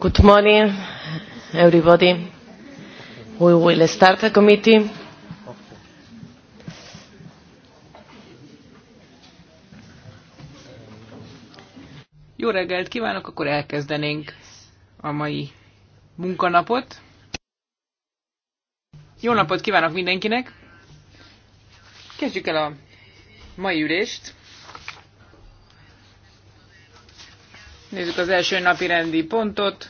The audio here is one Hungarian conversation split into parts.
Good morning, everybody. We will start the committee. Jó reggelt kívánok, akkor elkezdenénk a mai munkanapot. Jó napot kívánok mindenkinek! Kezdjük el a mai ülést. Nézzük az első napi rendi pontot.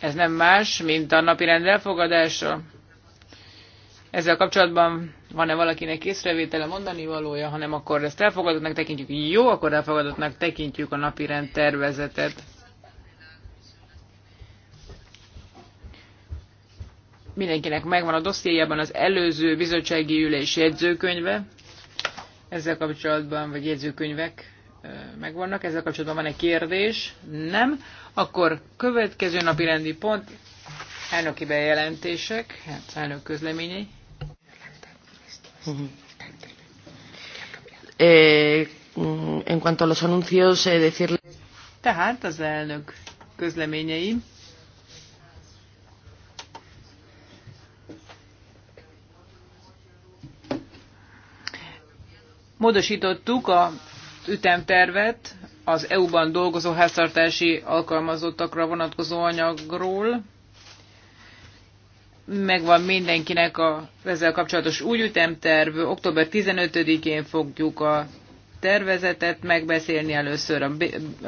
Ez nem más, mint a napi rend elfogadása. Ezzel kapcsolatban van-e valakinek észrevétele, mondani valója, hanem akkor ezt elfogadottnak tekintjük. Jó, akkor elfogadottnak tekintjük a napi rend tervezetet. Mindenkinek megvan a dossziéjában az előző bizottsági ülés jegyzőkönyve. Ezzel kapcsolatban, vagy jegyzőkönyvek megvannak. Ezzel kapcsolatban van egy kérdés? Nem. Akkor következő napi rendi pont, elnöki bejelentések, hát elnök közleményei. Eh, mm, en cuanto a los anuncios, eh, decirle... Tehát az elnök közleményei. Módosítottuk a ütemtervet az EU-ban dolgozó háztartási alkalmazottakra vonatkozó anyagról. Megvan mindenkinek a ezzel kapcsolatos új ütemterv. Október 15-én fogjuk a tervezetet megbeszélni először. A,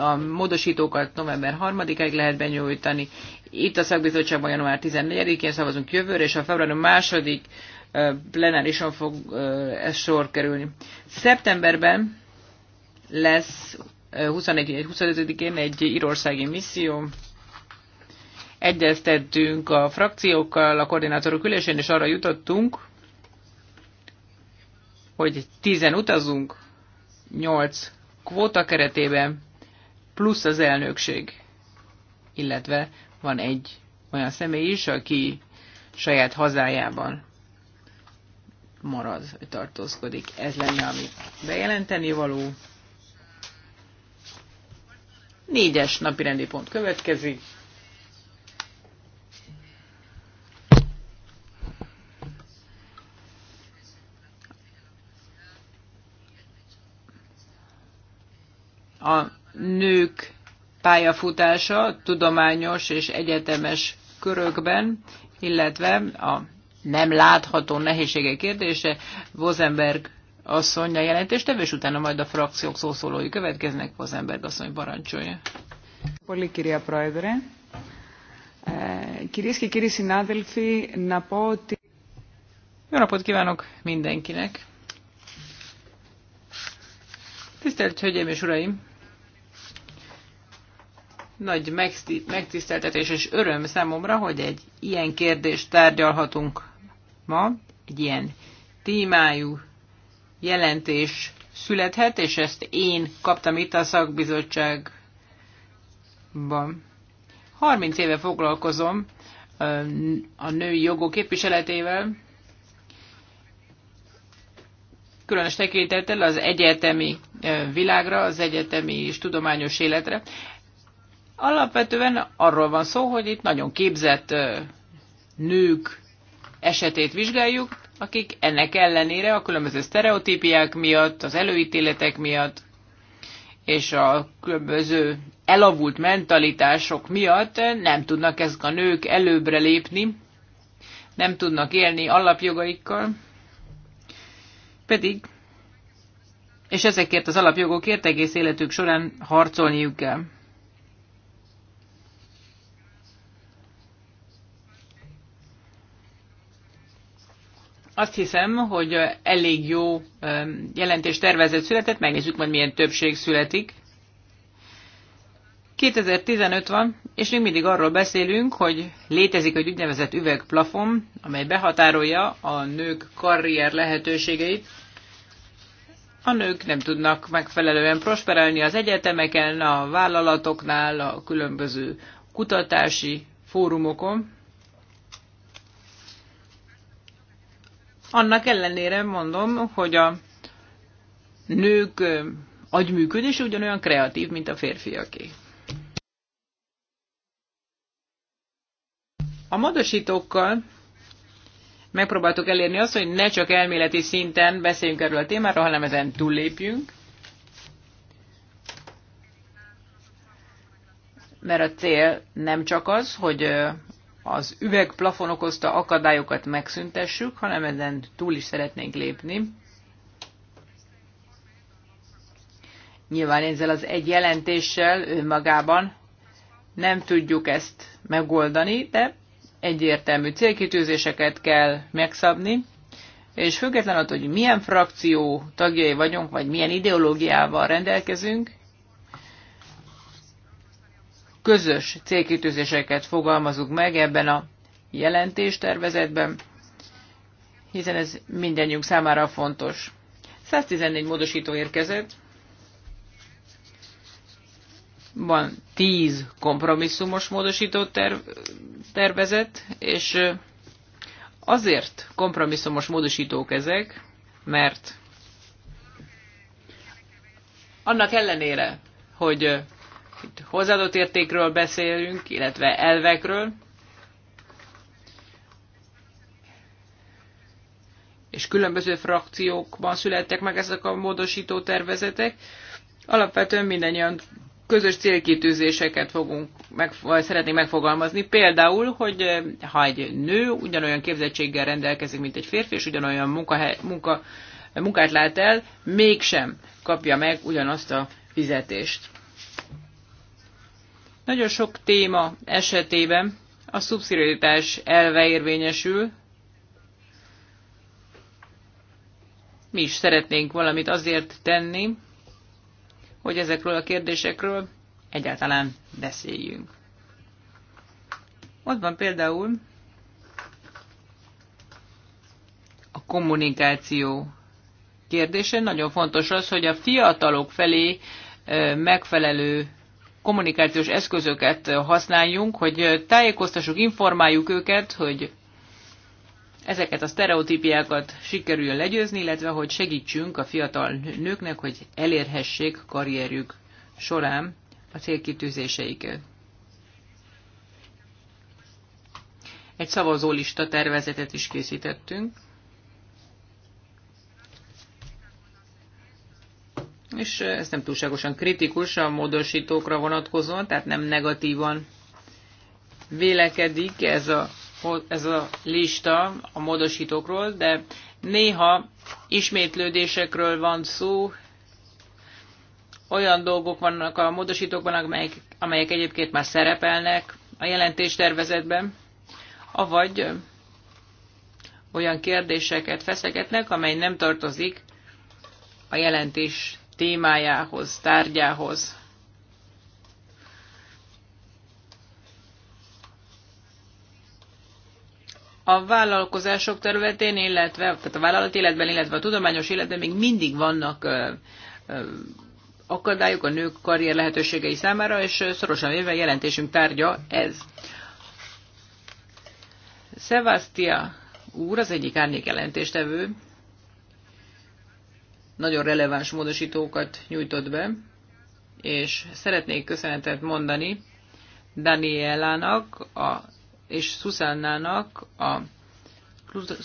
a módosítókat november 3-ig lehet benyújtani. Itt a szakbizottságban január 14-én szavazunk jövőre, és a február 2 plenárison fog ez sor kerülni. Szeptemberben lesz 21-25-én egy írországi misszió. Egyeztettünk a frakciókkal, a koordinátorok ülésén, és arra jutottunk, hogy 10 utazunk, 8 kvóta keretében, plusz az elnökség, illetve van egy olyan személy is, aki saját hazájában marad, tartózkodik. Ez lenne, ami bejelenteni való. Négyes napi rendi pont következik. A nők pályafutása tudományos és egyetemes körökben, illetve a nem látható nehézségek kérdése. Vozenberg asszony a jelentéstevő, és utána majd a frakciók szószólói következnek, az ember asszony parancsolja. Πολύ κυρία Πρόεδρε. Ε, κυρίες και κύριοι συνάδελφοι, να πω ότι... Jó napot kívánok mindenkinek! Tisztelt Hölgyeim és Uraim! Nagy megtiszteltetés és öröm számomra, hogy egy ilyen kérdést tárgyalhatunk ma, egy ilyen témájú jelentés születhet, és ezt én kaptam itt a szakbizottságban. 30 éve foglalkozom a női jogok képviseletével, különös tekintettel az egyetemi világra, az egyetemi és tudományos életre. Alapvetően arról van szó, hogy itt nagyon képzett nők esetét vizsgáljuk, akik ennek ellenére a különböző sztereotípiák miatt, az előítéletek miatt és a különböző elavult mentalitások miatt nem tudnak ezek a nők előbbre lépni, nem tudnak élni alapjogaikkal, pedig, és ezekért az alapjogokért egész életük során harcolniuk kell. Azt hiszem, hogy elég jó jelentés tervezet született, megnézzük majd milyen többség születik. 2015 van, és még mindig arról beszélünk, hogy létezik egy úgynevezett üvegplafon, amely behatárolja a nők karrier lehetőségeit. A nők nem tudnak megfelelően prosperálni az egyetemeken, a vállalatoknál, a különböző kutatási fórumokon. Annak ellenére mondom, hogy a nők agyműködés ugyanolyan kreatív, mint a férfiaké. A modosítókkal megpróbáltuk elérni azt, hogy ne csak elméleti szinten beszéljünk erről a témáról, hanem ezen túllépjünk. Mert a cél nem csak az, hogy az üvegplafon okozta akadályokat megszüntessük, hanem ezen túl is szeretnénk lépni. Nyilván ezzel az egy jelentéssel önmagában nem tudjuk ezt megoldani, de egyértelmű célkitűzéseket kell megszabni, és független attól, hogy milyen frakció tagjai vagyunk, vagy milyen ideológiával rendelkezünk, közös célkitűzéseket fogalmazunk meg ebben a jelentéstervezetben, hiszen ez mindenjünk számára fontos. 114 módosító érkezett, van 10 kompromisszumos módosító tervezet, és azért kompromisszumos módosítók ezek, mert annak ellenére, hogy itt hozzáadott értékről beszélünk, illetve elvekről. És különböző frakciókban születtek meg ezek a módosító tervezetek. Alapvetően mindannyian közös célkitűzéseket fogunk meg, szeretnénk megfogalmazni. Például, hogy eh, ha egy nő ugyanolyan képzettséggel rendelkezik, mint egy férfi, és ugyanolyan munka- munka, munkát lát el, mégsem kapja meg ugyanazt a fizetést. Nagyon sok téma esetében a szubszidiaritás elve érvényesül. Mi is szeretnénk valamit azért tenni, hogy ezekről a kérdésekről egyáltalán beszéljünk. Ott van például a kommunikáció kérdése. Nagyon fontos az, hogy a fiatalok felé megfelelő kommunikációs eszközöket használjunk, hogy tájékoztassuk, informáljuk őket, hogy ezeket a sztereotípiákat sikerül legyőzni, illetve hogy segítsünk a fiatal nőknek, hogy elérhessék karrierjük során a célkitűzéseiket. Egy szavazólista tervezetet is készítettünk. és ez nem túlságosan kritikus a módosítókra vonatkozóan, tehát nem negatívan vélekedik ez a, ez a lista a módosítókról, de néha ismétlődésekről van szó, olyan dolgok vannak a módosítókban, amelyek, amelyek egyébként már szerepelnek a jelentéstervezetben, avagy olyan kérdéseket feszegetnek, amely nem tartozik a jelentés témájához, tárgyához. a vállalkozások területén, illetve tehát a vállalat életben, illetve a tudományos életben még mindig vannak ö, ö, akadályok a nők karrier lehetőségei számára, és szorosan véve jelentésünk tárgya ez. Szevasztia úr, az egyik árnyék jelentéstevő, nagyon releváns módosítókat nyújtott be, és szeretnék köszönetet mondani Danielának a, és Susannának, a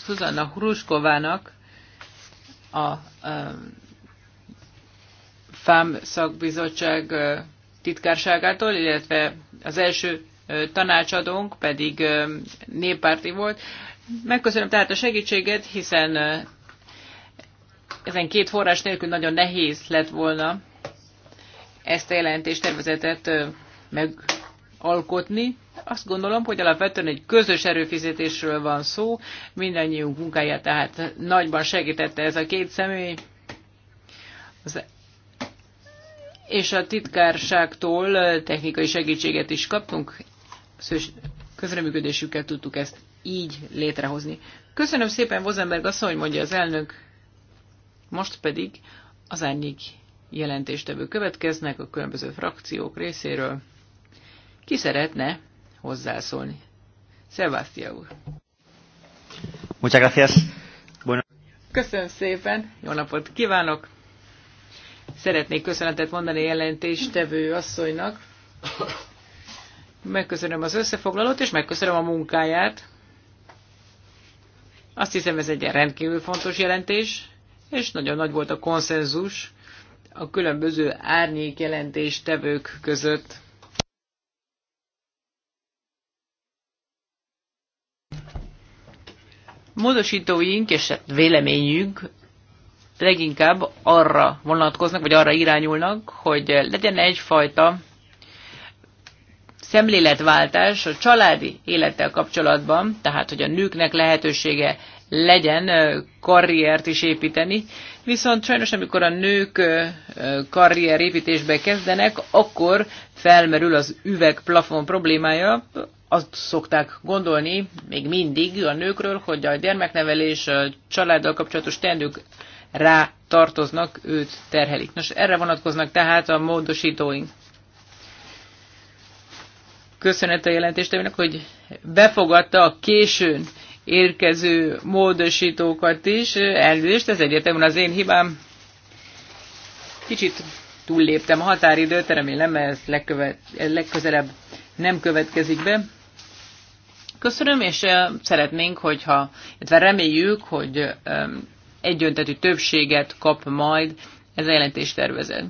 Susanna Hruskovának a, a FAM szakbizottság titkárságától, illetve az első tanácsadónk pedig néppárti volt. Megköszönöm tehát a segítséget, hiszen ezen két forrás nélkül nagyon nehéz lett volna ezt a jelentéstervezetet megalkotni. Azt gondolom, hogy alapvetően egy közös erőfizetésről van szó, mindannyiunk munkája tehát nagyban segítette ez a két személy. Az és a titkárságtól technikai segítséget is kaptunk, közreműködésükkel tudtuk ezt így létrehozni. Köszönöm szépen, Vozenberg asszony, mondja az elnök. Most pedig az árnyék jelentéstevő következnek a különböző frakciók részéről. Ki szeretne hozzászólni? Szevasztia úr! Muchas gracias. Bueno. Köszönöm szépen, jó napot kívánok! Szeretnék köszönetet mondani jelentéstevő asszonynak. Megköszönöm az összefoglalót, és megköszönöm a munkáját. Azt hiszem, ez egy rendkívül fontos jelentés, és nagyon nagy volt a konszenzus a különböző árnyék tevők között. Módosítóink és hát véleményünk leginkább arra vonatkoznak, vagy arra irányulnak, hogy legyen egyfajta szemléletváltás a családi élettel kapcsolatban, tehát hogy a nőknek lehetősége legyen karriert is építeni, viszont sajnos amikor a nők karrierépítésbe kezdenek, akkor felmerül az üvegplafon problémája, azt szokták gondolni még mindig a nőkről, hogy a gyermeknevelés, a családdal kapcsolatos teendők rá tartoznak, őt terhelik. Nos, erre vonatkoznak tehát a módosítóink. Köszönet a jelentéstevének, hogy befogadta a későn érkező módosítókat is. Elnézést, ez egyértelműen az én hibám. Kicsit túlléptem a határidőt, remélem ez legkövet, legközelebb nem következik be. Köszönöm, és szeretnénk, hogyha, illetve reméljük, hogy egyöntetű többséget kap majd ez a jelentéstervezet.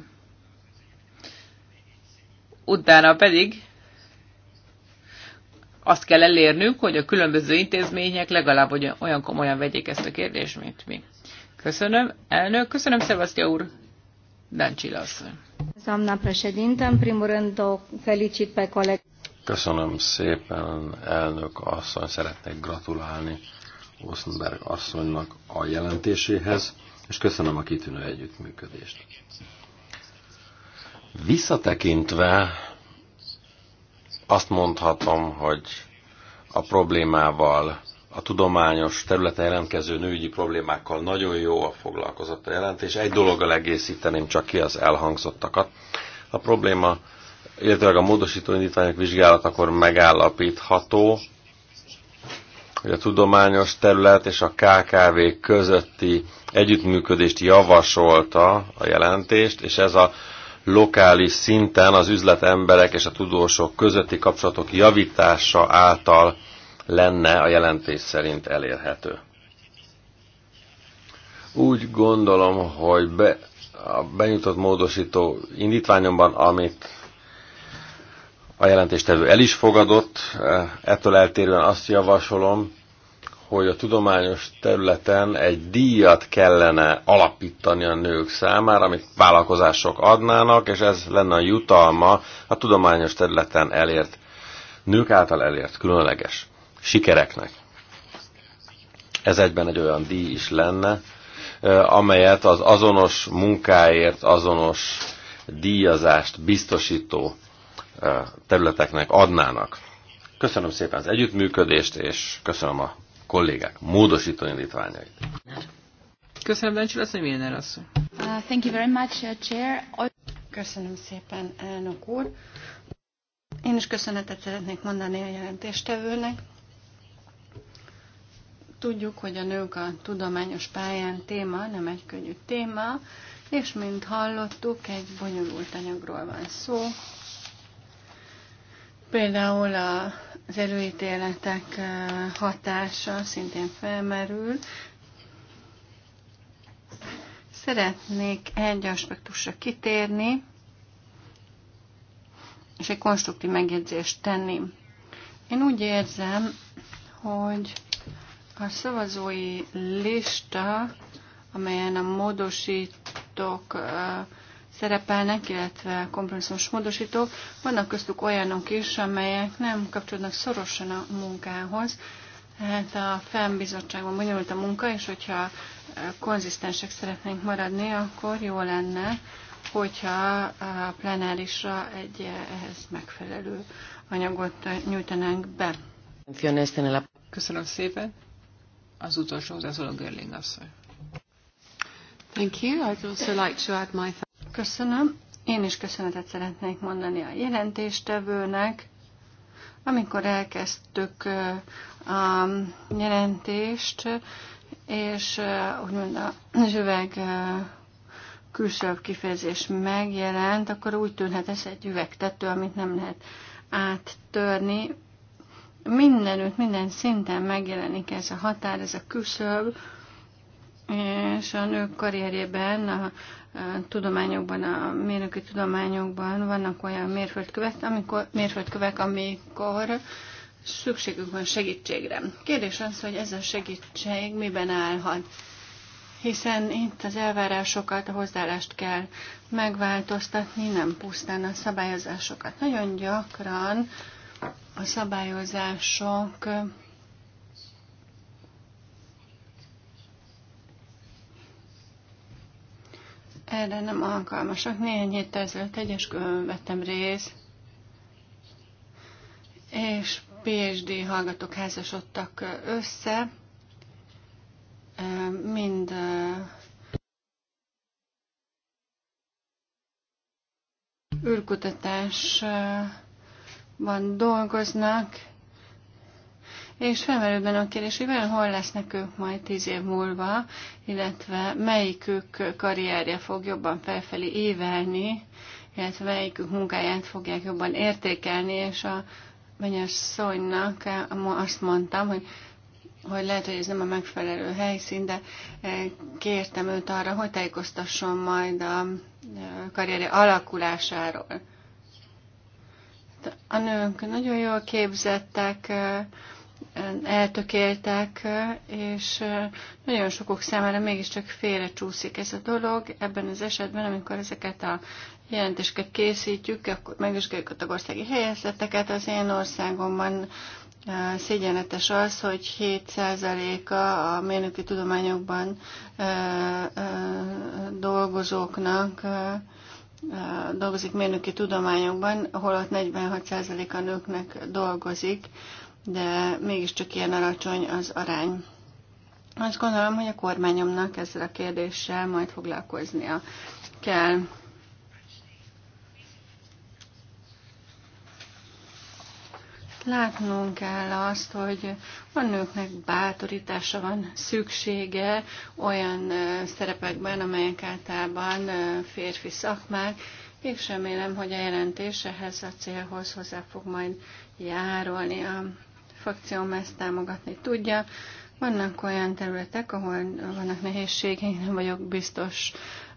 Utána pedig azt kell elérnünk, hogy a különböző intézmények legalább olyan komolyan vegyék ezt a kérdést, mint mi. Köszönöm, elnök. Köszönöm, Szevasztja úr. Dancsila asszony. felicit pe Köszönöm szépen, elnök asszony, szeretnék gratulálni Osnberg asszonynak a jelentéséhez, és köszönöm a kitűnő együttműködést. Visszatekintve azt mondhatom, hogy a problémával, a tudományos területen jelentkező nőügyi problémákkal nagyon jó a foglalkozott a jelentés. Egy dologgal egészíteném csak ki az elhangzottakat. A probléma, illetve a módosító indítványok vizsgálatakor megállapítható, hogy a tudományos terület és a KKV közötti együttműködést javasolta a jelentést, és ez a lokális szinten az üzletemberek és a tudósok közötti kapcsolatok javítása által lenne a jelentés szerint elérhető. Úgy gondolom, hogy be, a benyújtott módosító indítványomban, amit a jelentéstevő el is fogadott, eh, ettől eltérően azt javasolom, hogy a tudományos területen egy díjat kellene alapítani a nők számára, amit vállalkozások adnának, és ez lenne a jutalma a tudományos területen elért, nők által elért különleges sikereknek. Ez egyben egy olyan díj is lenne, amelyet az azonos munkáért, azonos díjazást biztosító területeknek adnának. Köszönöm szépen az együttműködést, és köszönöm a kollégák módosítani indítványait. Köszönöm, Bencsi, lesz, hogy milyen asszony. Uh, thank you very much, uh, Chair. Köszönöm szépen, elnök úr. Én is köszönetet szeretnék mondani a jelentéstevőnek. Tudjuk, hogy a nők a tudományos pályán téma, nem egy könnyű téma, és mint hallottuk, egy bonyolult anyagról van szó. Például a az előítéletek hatása szintén felmerül. Szeretnék egy aspektusra kitérni, és egy konstruktív megjegyzést tenni. Én úgy érzem, hogy a szavazói lista, amelyen a módosítók szerepelnek, illetve kompromisszumos módosítók. Vannak köztük olyanok is, amelyek nem kapcsolódnak szorosan a munkához, Hát a FEM bizottságban bonyolult a munka, és hogyha konzisztensek szeretnénk maradni, akkor jó lenne, hogyha a plenárisra egy ehhez megfelelő anyagot nyújtanánk be. Köszönöm szépen. Az utolsó a Görling asszony. Thank you. I'd also like to add my Köszönöm. Én is köszönetet szeretnék mondani a jelentéstevőnek. Amikor elkezdtük a jelentést, és úgymond a üveg külső kifejezés megjelent, akkor úgy tűnhet ez egy üvegtető, amit nem lehet áttörni. Mindenütt, minden szinten megjelenik ez a határ, ez a küszöb, és a nők karrierjében, a, tudományokban, a mérnöki tudományokban vannak olyan mérföldkövek, amikor, mérföldkövek, amikor szükségünk van segítségre. Kérdés az, hogy ez a segítség miben állhat, hiszen itt az elvárásokat, a hozzáállást kell megváltoztatni, nem pusztán a szabályozásokat. Nagyon gyakran a szabályozások erre nem alkalmasak. Néhány héttel ezelőtt egyesküvőn vettem részt, és PhD hallgatók házasodtak össze, mind űrkutatásban dolgoznak, és felmerül a kérdés, hogy vajon hol lesznek ők majd tíz év múlva, illetve melyikük karrierje fog jobban felfelé évelni, illetve melyikük munkáját fogják jobban értékelni, és a Benyes Szonynak eh, azt mondtam, hogy hogy lehet, hogy ez nem a megfelelő helyszín, de eh, kértem őt arra, hogy tájékoztasson majd a eh, karrieri alakulásáról. A nők nagyon jól képzettek, eltökéltek, és nagyon sokok számára mégiscsak félrecsúszik ez a dolog. Ebben az esetben, amikor ezeket a jelentéseket készítjük, akkor megvizsgáljuk a tagországi helyzeteket. Az én országomban szégyenletes az, hogy 7%-a a mérnöki tudományokban dolgozóknak dolgozik mérnöki tudományokban, holott 46% a nőknek dolgozik de mégiscsak ilyen alacsony az arány. Azt gondolom, hogy a kormányomnak ezzel a kérdéssel majd foglalkoznia kell. Látnunk kell azt, hogy a nőknek bátorítása van szüksége olyan szerepekben, amelyek általában férfi szakmák, és remélem, hogy a jelentés ehhez a célhoz hozzá fog majd járulni. A frakcióm ezt támogatni tudja. Vannak olyan területek, ahol vannak nehézségei, nem vagyok biztos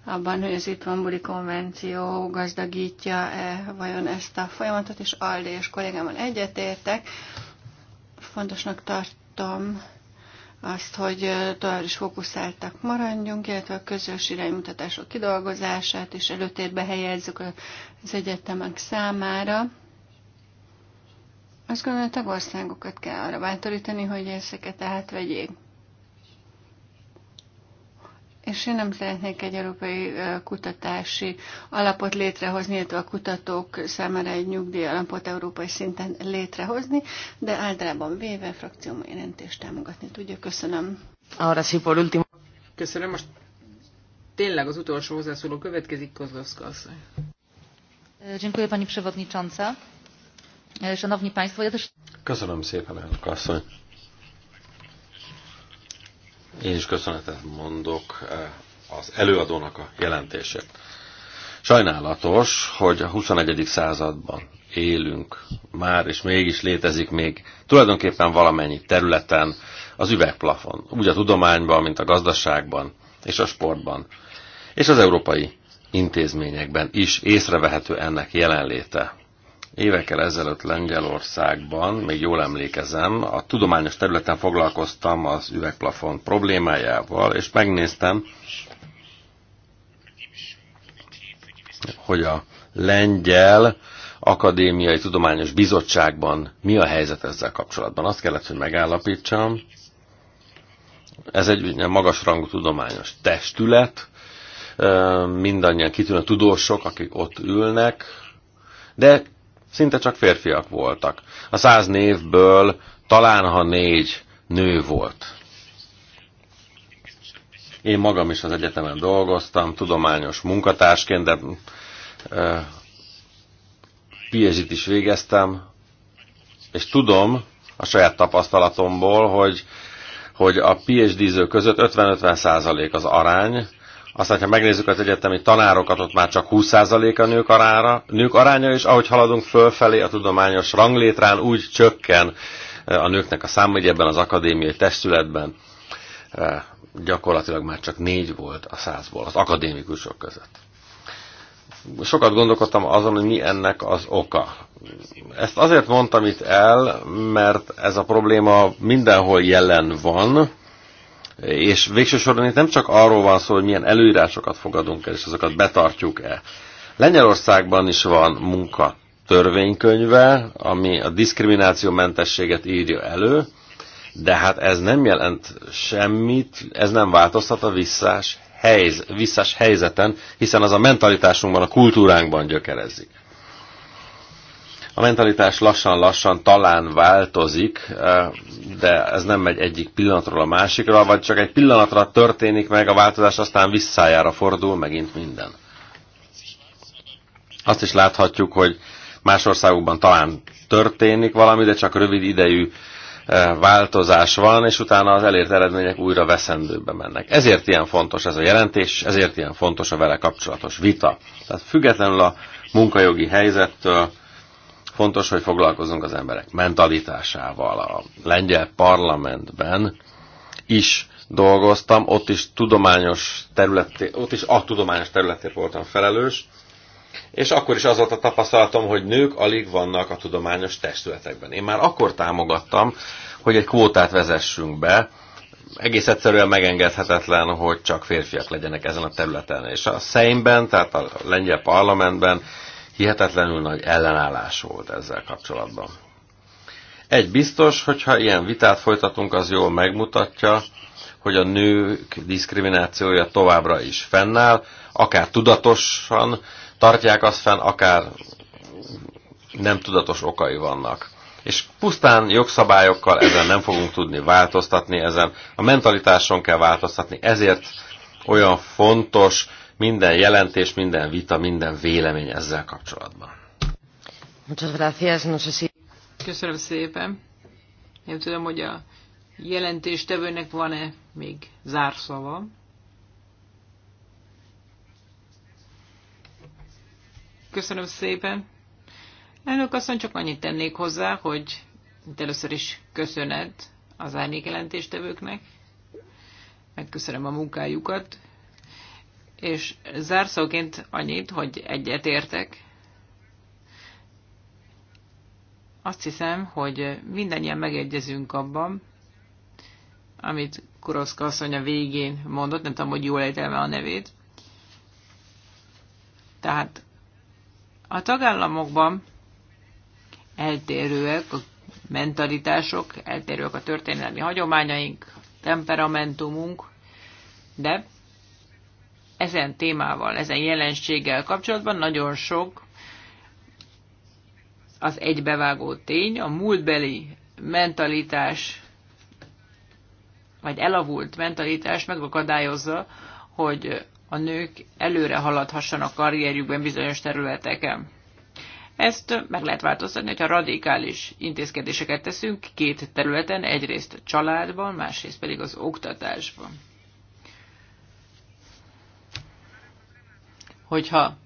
abban, hogy az Ittvanbuli konvenció gazdagítja-e vajon ezt a folyamatot, és Aldi és kollégámmal egyetértek. Fontosnak tartom azt, hogy tovább is fókuszáltak maradjunk, illetve a közös iránymutatások kidolgozását és előtérbe helyezzük az egyetemek számára. Azt gondolom, a tagországokat kell arra bátorítani, hogy ezeket átvegyék. És én nem szeretnék egy európai kutatási alapot létrehozni, illetve a kutatók számára egy nyugdíj alapot európai szinten létrehozni, de általában véve frakcióm jelentést támogatni tudja. Köszönöm. Arra sí, por Köszönöm. Most tényleg az utolsó hozzászóló következik, Kozlovszka asszony. Dziękuję Pani Przewodnicząca. E, szanowni Państwo, ja też... Köszönöm szépen, elnök asszony. Én is köszönetet mondok e, az előadónak a jelentését. Sajnálatos, hogy a 21. században élünk már, és mégis létezik még tulajdonképpen valamennyi területen az üvegplafon, úgy a tudományban, mint a gazdaságban és a sportban, és az európai intézményekben is észrevehető ennek jelenléte. Évekkel ezelőtt Lengyelországban, még jól emlékezem, a tudományos területen foglalkoztam az üvegplafon problémájával, és megnéztem, hogy a lengyel akadémiai tudományos bizottságban mi a helyzet ezzel kapcsolatban. Azt kellett, hogy megállapítsam. Ez egy magas rangú tudományos testület, mindannyian kitűnő tudósok, akik ott ülnek, de szinte csak férfiak voltak. A száz névből talán ha négy nő volt. Én magam is az egyetemen dolgoztam, tudományos munkatársként, de euh, t is végeztem, és tudom a saját tapasztalatomból, hogy, hogy a phd ző között 50-50 százalék -50 az arány, aztán, ha megnézzük az egyetemi tanárokat, ott már csak 20% a nők, arára, nők aránya, és ahogy haladunk fölfelé a tudományos ranglétrán, úgy csökken eh, a nőknek a szám, hogy ebben az akadémiai testületben eh, gyakorlatilag már csak négy volt a százból az akadémikusok között. Sokat gondolkodtam azon, hogy mi ennek az oka. Ezt azért mondtam itt el, mert ez a probléma mindenhol jelen van, és végső soron itt nem csak arról van szó, hogy milyen előírásokat fogadunk el, és azokat betartjuk-e. Lengyelországban is van munka törvénykönyve, ami a mentességet írja elő, de hát ez nem jelent semmit, ez nem változtat a visszás, helyz, visszás helyzeten, hiszen az a mentalitásunkban, a kultúránkban gyökerezik. A mentalitás lassan-lassan talán változik, de ez nem megy egyik pillanatról a másikra, vagy csak egy pillanatra történik meg a változás, aztán visszájára fordul megint minden. Azt is láthatjuk, hogy más országokban talán történik valami, de csak rövid idejű változás van, és utána az elért eredmények újra veszendőbe mennek. Ezért ilyen fontos ez a jelentés, ezért ilyen fontos a vele kapcsolatos vita. Tehát függetlenül a munkajogi helyzettől, Fontos, hogy foglalkozunk az emberek mentalitásával. A lengyel parlamentben is dolgoztam, ott is tudományos területé, ott is a tudományos területért voltam felelős, és akkor is az volt a tapasztalatom, hogy nők alig vannak a tudományos testületekben. Én már akkor támogattam, hogy egy kvótát vezessünk be, egész egyszerűen megengedhetetlen, hogy csak férfiak legyenek ezen a területen. És a Szeimben, tehát a lengyel parlamentben hihetetlenül nagy ellenállás volt ezzel kapcsolatban. Egy biztos, hogyha ilyen vitát folytatunk, az jól megmutatja, hogy a nők diszkriminációja továbbra is fennáll, akár tudatosan tartják azt fenn, akár nem tudatos okai vannak. És pusztán jogszabályokkal ezen nem fogunk tudni változtatni, ezen a mentalitáson kell változtatni, ezért olyan fontos minden jelentés, minden vita, minden vélemény ezzel kapcsolatban. Köszönöm szépen. Nem tudom, hogy a jelentéstevőnek van-e még zárszava. Köszönöm szépen. Elnök asszony, csak annyit tennék hozzá, hogy itt először is köszönet az árnyék jelentéstevőknek. Megköszönöm a munkájukat. És zárszóként annyit, hogy egyet értek. Azt hiszem, hogy mindannyian megegyezünk abban, amit Kuroszka asszony a végén mondott, nem tudom, hogy jól ejtelme a nevét. Tehát a tagállamokban eltérőek a mentalitások, eltérőek a történelmi hagyományaink, temperamentumunk, de ezen témával, ezen jelenséggel kapcsolatban nagyon sok az egybevágó tény, a múltbeli mentalitás, vagy elavult mentalitás megakadályozza, hogy a nők előre haladhassanak karrierjükben bizonyos területeken. Ezt meg lehet változtatni, hogyha radikális intézkedéseket teszünk két területen, egyrészt a családban, másrészt pedig az oktatásban. Hogyha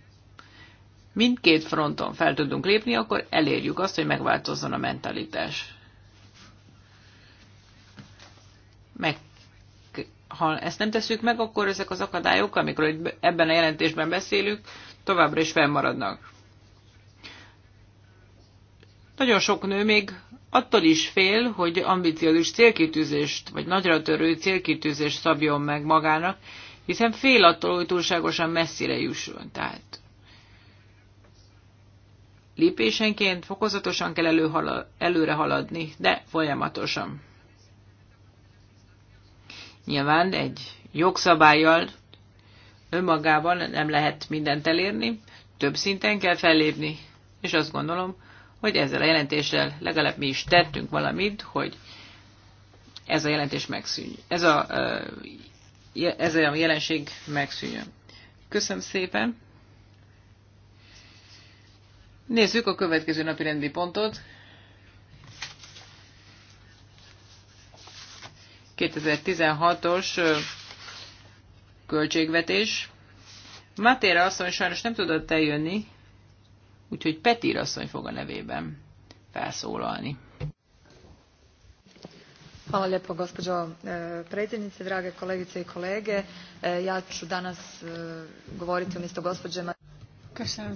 mindkét fronton fel tudunk lépni, akkor elérjük azt, hogy megváltozzon a mentalitás. Meg, ha ezt nem tesszük meg, akkor ezek az akadályok, amikről ebben a jelentésben beszélünk, továbbra is fennmaradnak. Nagyon sok nő még attól is fél, hogy ambiciózus célkitűzést, vagy nagyra törő célkitűzést szabjon meg magának, hiszen fél attól, hogy túlságosan messzire jusson. Tehát lépésenként fokozatosan kell előhala, előre haladni, de folyamatosan. Nyilván egy jogszabályjal önmagában nem lehet mindent elérni, több szinten kell fellépni, és azt gondolom, hogy ezzel a jelentéssel legalább mi is tettünk valamit, hogy ez a jelentés megszűnj, ez a uh, ez a jelenség megszűnjön. Köszönöm szépen! Nézzük a következő napi rendi pontot. 2016-os költségvetés. Matéra asszony sajnos nem tudott eljönni, úgyhogy Petír asszony fog a nevében felszólalni. Hvala lijepo gospođo e, predsjednice, drage kolegice i kolege. E, ja ću danas e, govoriti umjesto gospođe Köszönöm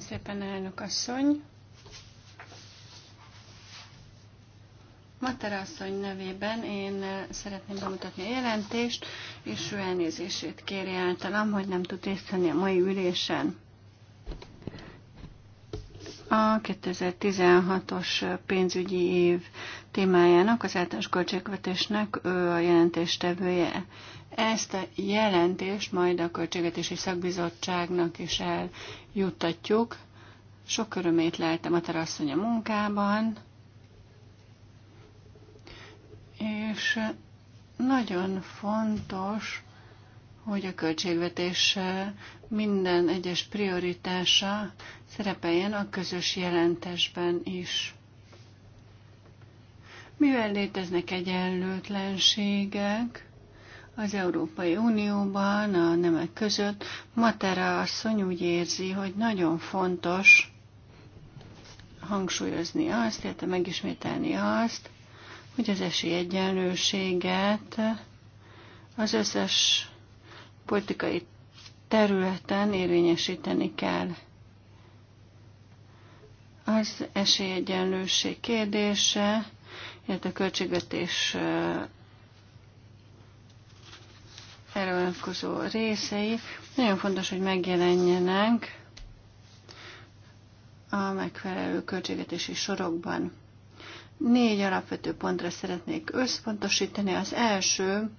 nevében én szeretném bemutatni a jelentést, és ő elnézését kéri általam, hogy nem tud részt venni a mai ülésen a 2016-os pénzügyi év témájának, az általános költségvetésnek ő a jelentéstevője. Ezt a jelentést majd a Költségvetési Szakbizottságnak is eljuttatjuk. Sok örömét leltem a terasszony a munkában, és nagyon fontos, hogy a költségvetés minden egyes prioritása szerepeljen a közös jelentésben is. Mivel léteznek egyenlőtlenségek az Európai Unióban, a nemek között, Matera asszony úgy érzi, hogy nagyon fontos hangsúlyozni azt, illetve megismételni azt, hogy az esélyegyenlőséget az összes politikai területen érvényesíteni kell. Az esélyegyenlőség kérdése, illetve a költségvetés eh, erre vonatkozó részei. Nagyon fontos, hogy megjelenjenek a megfelelő költségvetési sorokban. Négy alapvető pontra szeretnék összpontosítani. Az első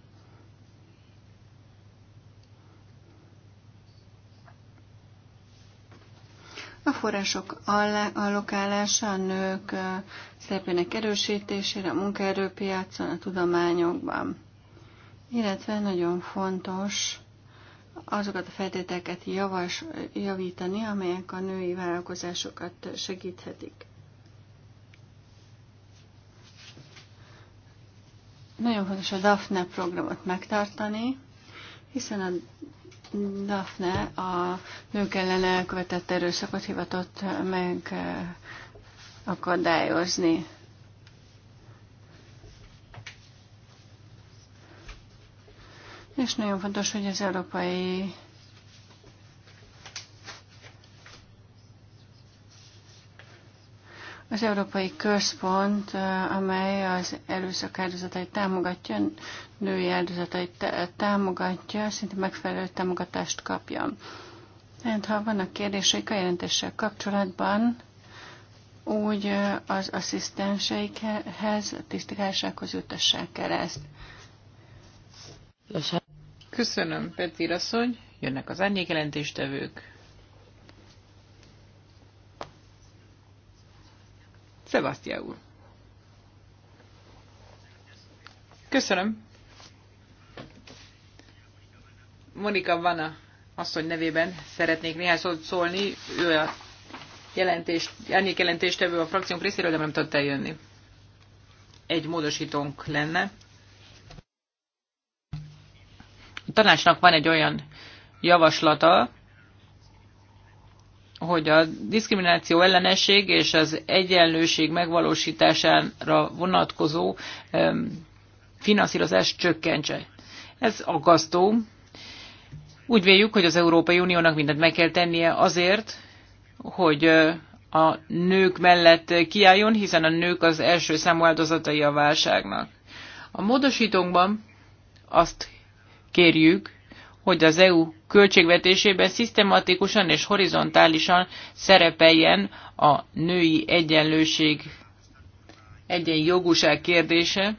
A források allokálása a nők szerepének erősítésére, a munkaerőpiacon, a tudományokban, illetve nagyon fontos azokat a feltételeket javas, javítani, amelyek a női vállalkozásokat segíthetik. Nagyon fontos a DAFNE programot megtartani, hiszen a Daphne a nők ellen elkövetett erőszakot hivatott meg eh, akadályozni. És nagyon fontos, hogy az Európai Az Európai Központ, amely az erőszak áldozatait támogatja, női áldozatait támogatja, szinte megfelelő támogatást kapjon. Tehát ha vannak kérdéseik a jelentéssel kapcsolatban, úgy az asszisztenseikhez, a tisztikálsághoz jutassák el ezt. Köszönöm, Peti asszony. Jönnek az jelentéstevők. Szevasztia úr. Köszönöm. Monika Vana asszony nevében szeretnék néhány szót szólni. Ő a jelentést, jelentést jelentéstevő a frakciónk részéről, de nem tudott eljönni. Egy módosítónk lenne. A tanácsnak van egy olyan javaslata, hogy a diszkrimináció ellenesség és az egyenlőség megvalósítására vonatkozó finanszírozás csökkentse. Ez aggasztó. Úgy véljük, hogy az Európai Uniónak mindent meg kell tennie azért, hogy a nők mellett kiálljon, hiszen a nők az első számú áldozatai a válságnak. A módosítónkban azt kérjük, hogy az EU költségvetésében szisztematikusan és horizontálisan szerepeljen a női egyenlőség egyenjogúság kérdése.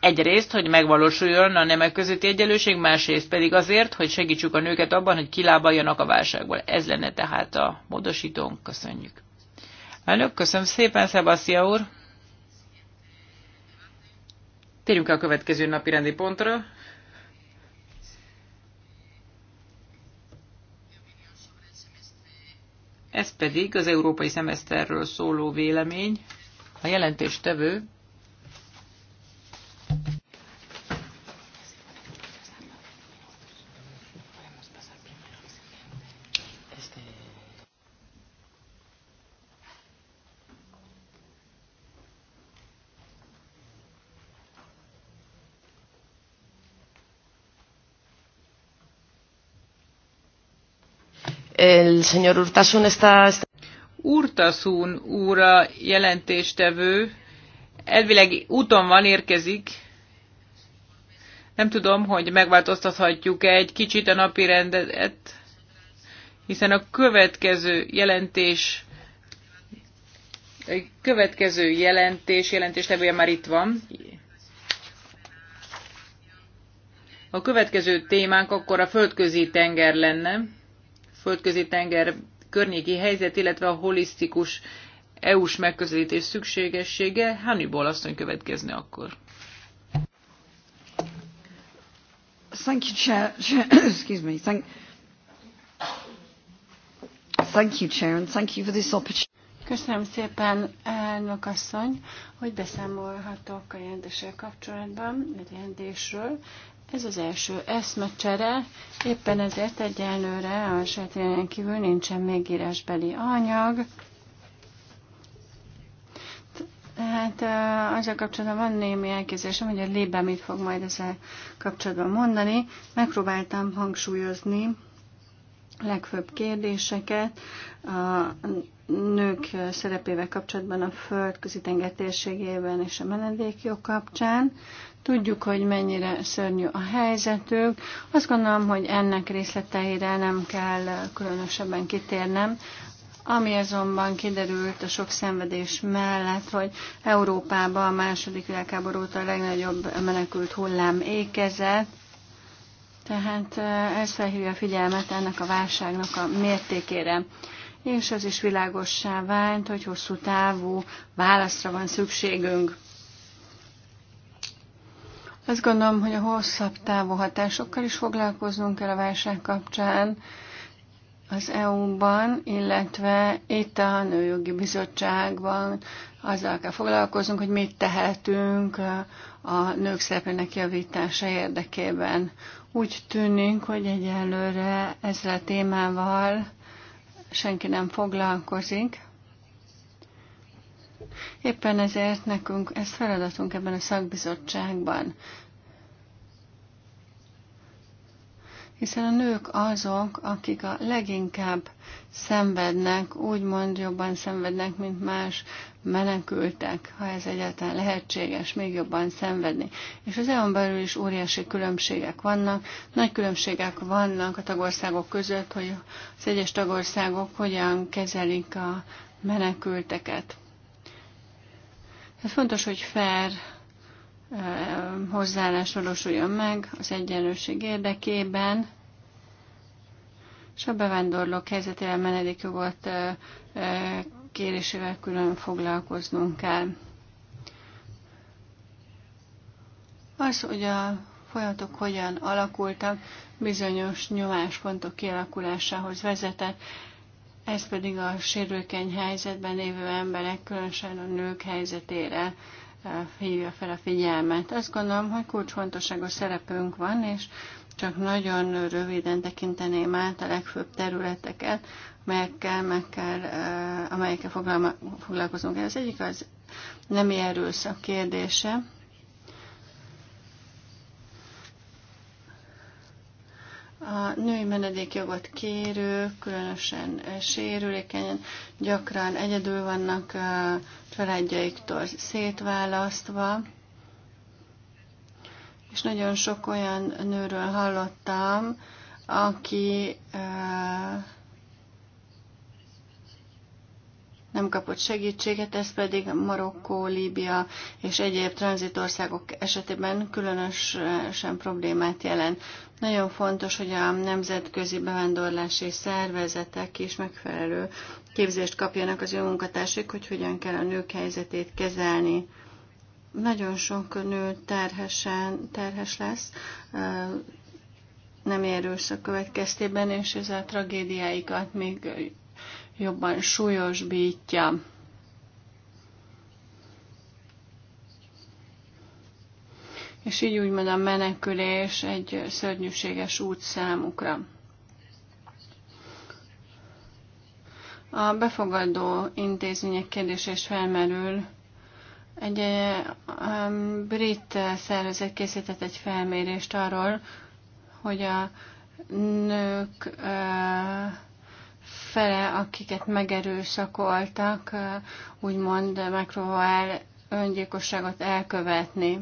Egyrészt, hogy megvalósuljon a nemek közötti egyenlőség, másrészt pedig azért, hogy segítsük a nőket abban, hogy kilábaljanak a válságból. Ez lenne tehát a módosítónk. Köszönjük. Elnök, köszönöm szépen, Szebaszia úr! Térjünk el a következő napi rendi pontra. Ez pedig az európai szemeszterről szóló vélemény. A jelentéstevő El señor Urtasun está... está... Urtasun úra jelentéstevő elvileg úton van, érkezik. Nem tudom, hogy megváltoztathatjuk -e egy kicsit a napi rendet, hiszen a következő jelentés egy következő jelentés, jelentéstevője már itt van. A következő témánk akkor a földközi tenger lenne földközi tenger környéki helyzet, illetve a holisztikus EU-s megközelítés szükségessége. Hannibal asszony következne akkor. Thank you, Chair. Excuse me. Thank, thank you, Chair, and thank you for this opportunity. Köszönöm szépen, elnök asszony, hogy beszámolhatok a jelentéssel kapcsolatban, a jelentésről. Ez az első eszmecsere, éppen ezért egyelőre a sejtélyen kívül nincsen még írásbeli anyag. Hát azzal kapcsolatban van némi elképzelésem, hogy a lébe mit fog majd ezzel kapcsolatban mondani. Megpróbáltam hangsúlyozni, legfőbb kérdéseket a nők szerepével kapcsolatban a földközi tenger térségében és a menedékjog kapcsán. Tudjuk, hogy mennyire szörnyű a helyzetük. Azt gondolom, hogy ennek részleteire nem kell különösebben kitérnem. Ami azonban kiderült a sok szenvedés mellett, hogy Európában a második világháború óta a legnagyobb menekült hullám ékezett, tehát ez felhívja a figyelmet ennek a válságnak a mértékére. És az is világossá vált, hogy hosszú távú válaszra van szükségünk. Azt gondolom, hogy a hosszabb távú hatásokkal is foglalkoznunk kell a válság kapcsán az EU-ban, illetve itt a Nőjogi Bizottságban azzal kell foglalkoznunk, hogy mit tehetünk a nők szerepének javítása érdekében. Úgy tűnik, hogy egyelőre ezzel a témával senki nem foglalkozik. Éppen ezért nekünk ez feladatunk ebben a szakbizottságban. hiszen a nők azok, akik a leginkább szenvednek, úgymond jobban szenvednek, mint más menekültek, ha ez egyáltalán lehetséges, még jobban szenvedni. És az EU-n belül is óriási különbségek vannak, nagy különbségek vannak a tagországok között, hogy az egyes tagországok hogyan kezelik a menekülteket. Ez fontos, hogy fair hozzáállás valósuljon meg az egyenlőség érdekében, és a bevándorlók helyzetére menedékjogot kérésével külön foglalkoznunk kell. Az, hogy a folyamatok hogyan alakultak, bizonyos nyomáspontok kialakulásához vezetett, ez pedig a sérülékeny helyzetben lévő emberek, különösen a nők helyzetére hívja fel a figyelmet. Azt gondolom, hogy kulcsfontosságú szerepünk van, és csak nagyon röviden tekinteném át a legfőbb területeket, eh, amelyekkel, meg kell, amelyekkel foglalkozunk. Ez egyik az nemi erőszak kérdése. A női menedékjogot kérők különösen sérülékenyen gyakran egyedül vannak családjaiktól szétválasztva, és nagyon sok olyan nőről hallottam, aki uh, nem kapott segítséget, ez pedig Marokkó, Líbia és egyéb tranzitországok esetében különösen problémát jelent. Nagyon fontos, hogy a nemzetközi bevándorlási szervezetek is megfelelő képzést kapjanak az ő munkatársaik, hogy hogyan kell a nők helyzetét kezelni. Nagyon sok nő terhesen, terhes lesz, nem a következtében, és ez a tragédiáikat még jobban súlyosbítja. És így úgymond a menekülés egy szörnyűséges út számukra. A befogadó intézmények kérdése is felmerül. Egy eh, brit szervezet készített egy felmérést arról, hogy a nők eh, fele, akiket megerőszakoltak, úgymond megpróbál öngyilkosságot elkövetni.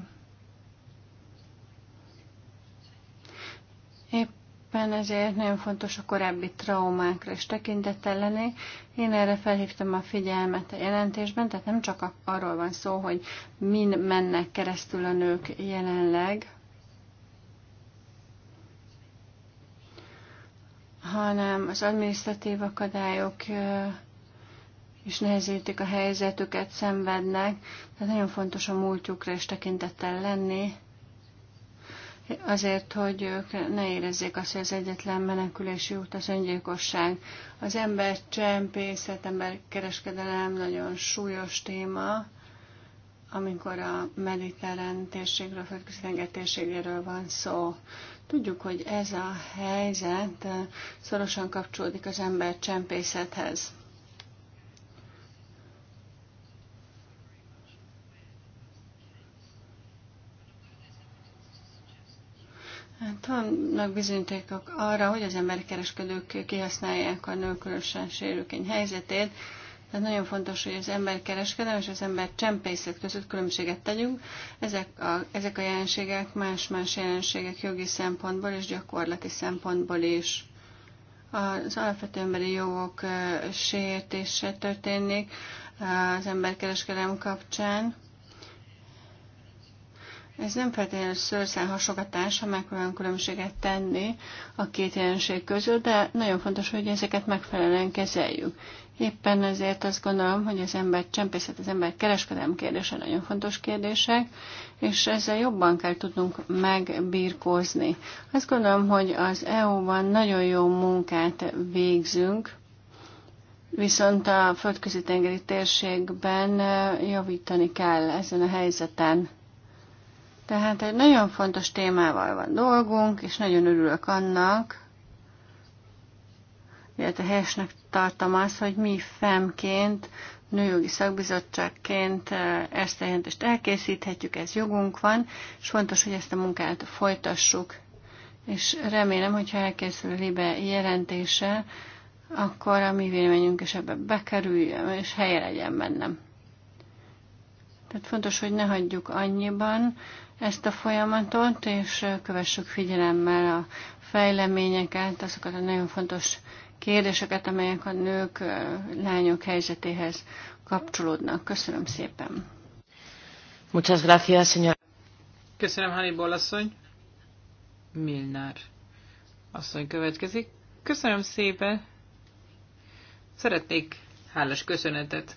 Éppen ezért nagyon fontos a korábbi traumákra is tekintettel lenni. Én erre felhívtam a figyelmet a jelentésben, tehát nem csak arról van szó, hogy min mennek keresztül a nők jelenleg, hanem az adminisztratív akadályok és nehezítik a helyzetüket, szenvednek, tehát nagyon fontos a múltjukra is tekintettel lenni, azért, hogy ők ne érezzék azt, hogy az egyetlen menekülési út az öngyilkosság. Az ember csempészet, ember kereskedelem nagyon súlyos téma, amikor a mediterrán térségről, a van szó. Tudjuk, hogy ez a helyzet eh, szorosan kapcsolódik az ember csempészethez. Hát vannak bizonyítékok arra, hogy az emberkereskedők kihasználják a nő különösen sérülékeny helyzetét, tehát nagyon fontos, hogy az ember kereskedelem és az ember csempészet között különbséget tegyünk. Ezek a, ezek a jelenségek más-más jelenségek jogi szempontból és gyakorlati szempontból is. Az alapvető emberi jogok sértése történik az emberkereskedelem kapcsán. Ez nem feltétlenül szőrszál hasogatás, ha megpróbálunk különbséget tenni a két jelenség között, de nagyon fontos, hogy ezeket megfelelően kezeljük. Éppen ezért azt gondolom, hogy az ember csempészet, az ember kereskedelmi kérdése nagyon fontos kérdések, és ezzel jobban kell tudnunk megbírkozni. Azt gondolom, hogy az EU-ban nagyon jó munkát végzünk, viszont a földközi tengeri térségben javítani kell ezen a helyzeten. Tehát egy nagyon fontos témával van dolgunk, és nagyon örülök annak, illetve helyesnek tartom azt, hogy mi femként, nőjogi szakbizottságként ezt a jelentést elkészíthetjük, ez jogunk van, és fontos, hogy ezt a munkát folytassuk. És remélem, hogyha elkészül a Libe jelentése, akkor a mi véleményünk is ebbe bekerüljön, és helye legyen bennem. Tehát fontos, hogy ne hagyjuk annyiban ezt a folyamatot, és kövessük figyelemmel a fejleményeket, azokat a nagyon fontos kérdéseket, amelyek a nők, lányok helyzetéhez kapcsolódnak. Köszönöm szépen. Muchas gracias, señor. Köszönöm, Hannibal asszony. Milnár asszony következik. Köszönöm szépen. Szeretnék hálás köszönetet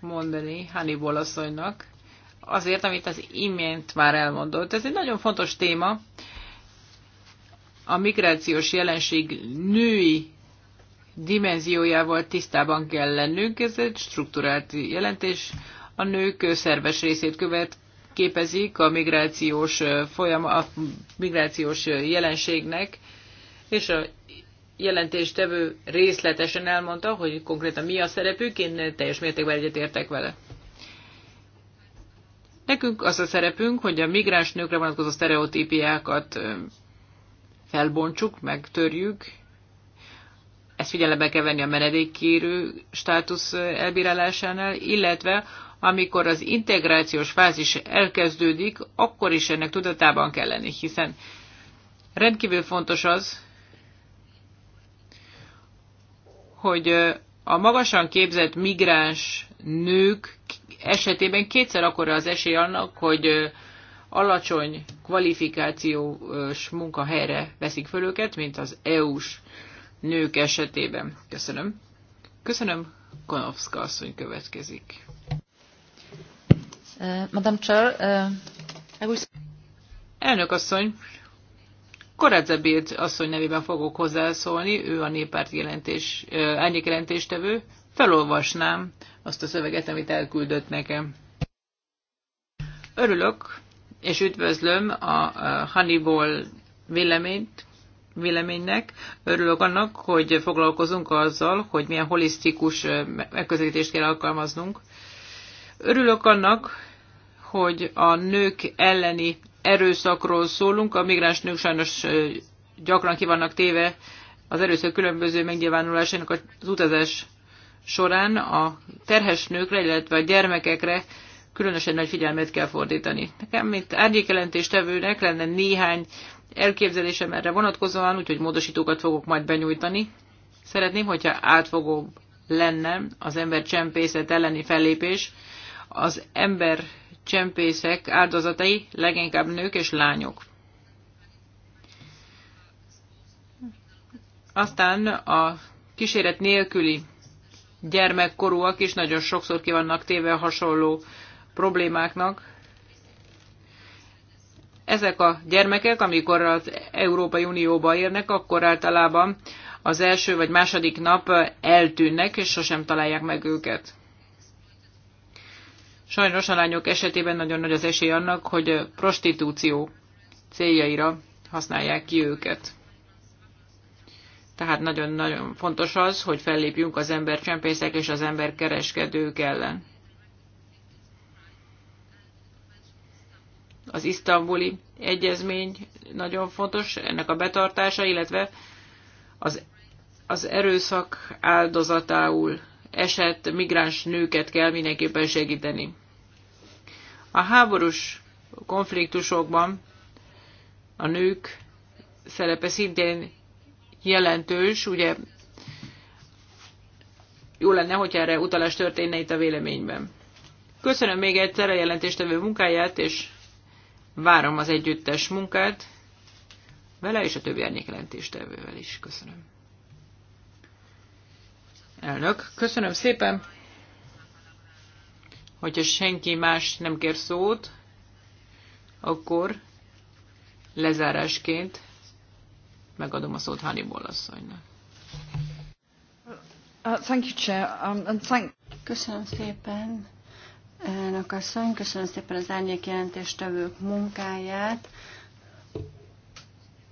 mondani Hannibal asszonynak azért, amit az imént már elmondott. Ez egy nagyon fontos téma. A migrációs jelenség női dimenziójával tisztában kell lennünk, ez egy strukturált jelentés. A nők szerves részét követ képezik a migrációs, folyam, a migrációs jelenségnek, és a jelentéstevő részletesen elmondta, hogy konkrétan mi a szerepük, én teljes mértékben egyetértek vele. Nekünk az a szerepünk, hogy a migráns nőkre vonatkozó sztereotípiákat felbontsuk, megtörjük, ezt figyelembe kell venni a menedékkérő státusz elbírálásánál, illetve amikor az integrációs fázis elkezdődik, akkor is ennek tudatában kell lenni, hiszen rendkívül fontos az, hogy a magasan képzett migráns nők esetében kétszer akkora az esély annak, hogy alacsony kvalifikációs munkahelyre veszik föl őket, mint az EU-s nők esetében. Köszönöm. Köszönöm. Konovska asszony következik. Uh, eh, Madame Chair, uh, Elnök asszony, Koradzebét asszony nevében fogok hozzászólni, ő a néppárt jelentés, eh, árnyék jelentéstevő. Felolvasnám azt a szöveget, amit elküldött nekem. Örülök, és üdvözlöm a Hannibal véleményt véleménynek. Örülök annak, hogy foglalkozunk azzal, hogy milyen holisztikus megközelítést kell alkalmaznunk. Örülök annak, hogy a nők elleni erőszakról szólunk. A migráns nők sajnos gyakran vannak téve az erőszak különböző megnyilvánulásának az utazás során a terhes nőkre, illetve a gyermekekre különösen nagy figyelmet kell fordítani. Nekem, mint árnyékelentéstevőnek lenne néhány elképzelésem erre vonatkozóan, úgyhogy módosítókat fogok majd benyújtani. Szeretném, hogyha átfogóbb lenne az embercsempészet elleni fellépés, az csempészek áldozatai leginkább nők és lányok. Aztán a kíséret nélküli gyermekkorúak is nagyon sokszor ki vannak téve hasonló problémáknak. Ezek a gyermekek, amikor az Európai Unióba érnek, akkor általában az első vagy második nap eltűnnek, és sosem találják meg őket. Sajnos a lányok esetében nagyon nagy az esély annak, hogy prostitúció céljaira használják ki őket. Tehát nagyon-nagyon fontos az, hogy fellépjünk az embercsempészek és az emberkereskedők ellen. az isztambuli egyezmény nagyon fontos, ennek a betartása, illetve az, az erőszak áldozatául esett migráns nőket kell mindenképpen segíteni. A háborús konfliktusokban a nők szerepe szintén jelentős, ugye jó lenne, hogy erre utalás történne itt a véleményben. Köszönöm még egyszer a jelentéstevő munkáját, és Várom az együttes munkát vele és a többi árnyékjelentéstevővel is. Köszönöm. Elnök, köszönöm szépen. Hogyha senki más nem kér szót, akkor lezárásként megadom a szót Hannibal asszonynak. Uh, um, köszönöm szépen. Elnök asszony, köszönöm szépen az árnyék jelentéstevők munkáját.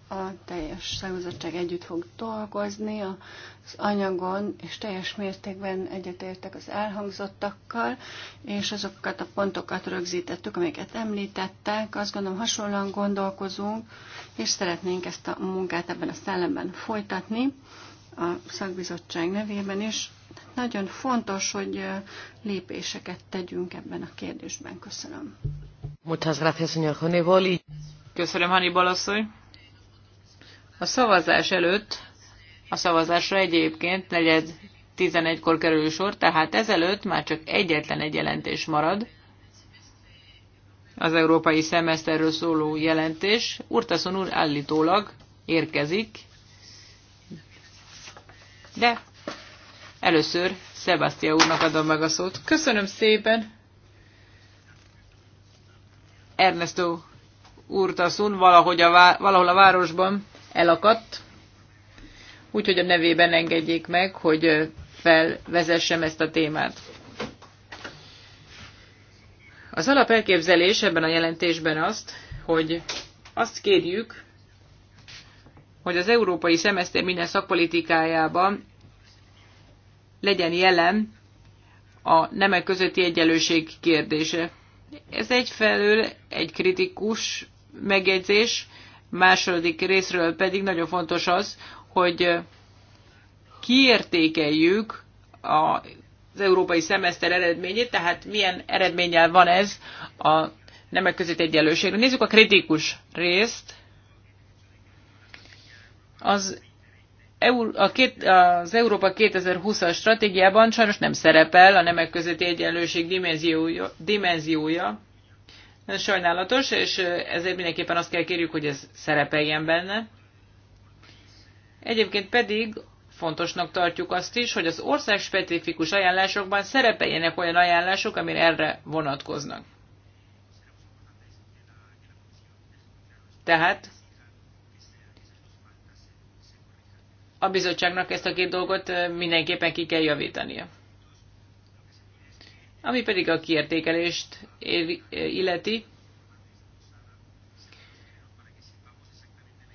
A teljes szakbizottság együtt fog dolgozni az anyagon, és teljes mértékben egyetértek az elhangzottakkal, és azokat a pontokat rögzítettük, amiket említettek. Azt gondolom, hasonlóan gondolkozunk, és szeretnénk ezt a munkát ebben a szellemben folytatni a szakbizottság nevében is nagyon fontos, hogy lépéseket tegyünk ebben a kérdésben. Köszönöm. Muchas gracias, señor Köszönöm, Hannibal asszony. A szavazás előtt, a szavazásra egyébként negyed 11-kor kerül sor, tehát ezelőtt már csak egyetlen egy jelentés marad, az európai szemeszterről szóló jelentés. Urtaszon úr állítólag érkezik, de Először Sebastian úrnak adom meg a szót. Köszönöm szépen! Ernesto úrtaszun valahogy a vá- valahol a városban elakadt, úgyhogy a nevében engedjék meg, hogy felvezessem ezt a témát. Az alapelképzelés ebben a jelentésben azt, hogy azt kérjük, hogy az európai szemeszter minden szakpolitikájában legyen jelen a nemek közötti egyenlőség kérdése. Ez egyfelől egy kritikus megjegyzés, második részről pedig nagyon fontos az, hogy kiértékeljük az európai szemeszter eredményét, tehát milyen eredménnyel van ez a nemek között egyenlőségre. Nézzük a kritikus részt. Az a két, az Európa 2020-as stratégiában sajnos nem szerepel a nemek közötti egyenlőség dimenziója, dimenziója. Ez sajnálatos, és ezért mindenképpen azt kell kérjük, hogy ez szerepeljen benne. Egyébként pedig fontosnak tartjuk azt is, hogy az ország specifikus ajánlásokban szerepeljenek olyan ajánlások, amire erre vonatkoznak. Tehát a bizottságnak ezt a két dolgot mindenképpen ki kell javítania. Ami pedig a kiértékelést illeti,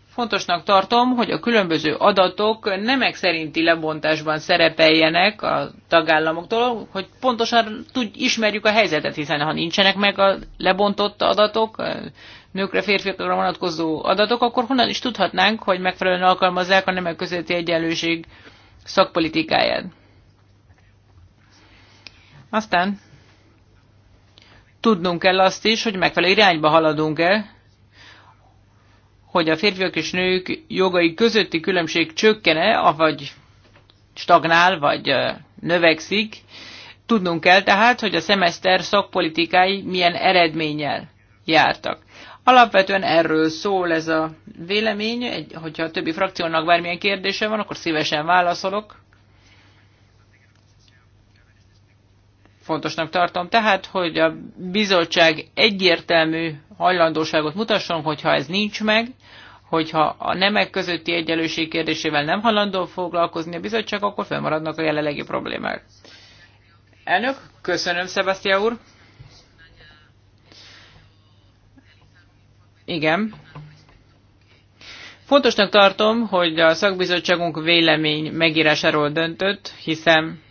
Fontosnak tartom, hogy a különböző adatok nemek szerinti lebontásban szerepeljenek a tagállamoktól, hogy pontosan tud, ismerjük a helyzetet, hiszen ha nincsenek meg a lebontott adatok, nőkre, férfiakra vonatkozó adatok, akkor honnan is tudhatnánk, hogy megfelelően alkalmazzák a nemek közötti egyenlőség szakpolitikáját. Aztán tudnunk kell azt is, hogy megfelelő irányba haladunk-e, hogy a férfiak és nők jogai közötti különbség csökkene, avagy stagnál, vagy növekszik. Tudnunk kell tehát, hogy a szemeszter szakpolitikái milyen eredménnyel jártak. Alapvetően erről szól ez a vélemény, egy, hogyha a többi frakciónak bármilyen kérdése van, akkor szívesen válaszolok. Fontosnak tartom tehát, hogy a bizottság egyértelmű hajlandóságot mutasson, hogyha ez nincs meg, hogyha a nemek közötti egyenlőség kérdésével nem hajlandó foglalkozni a bizottság, akkor fennmaradnak a jelenlegi problémák. Elnök, köszönöm, Sebastián úr! Igen. Fontosnak tartom, hogy a szakbizottságunk vélemény megírásáról döntött, hiszen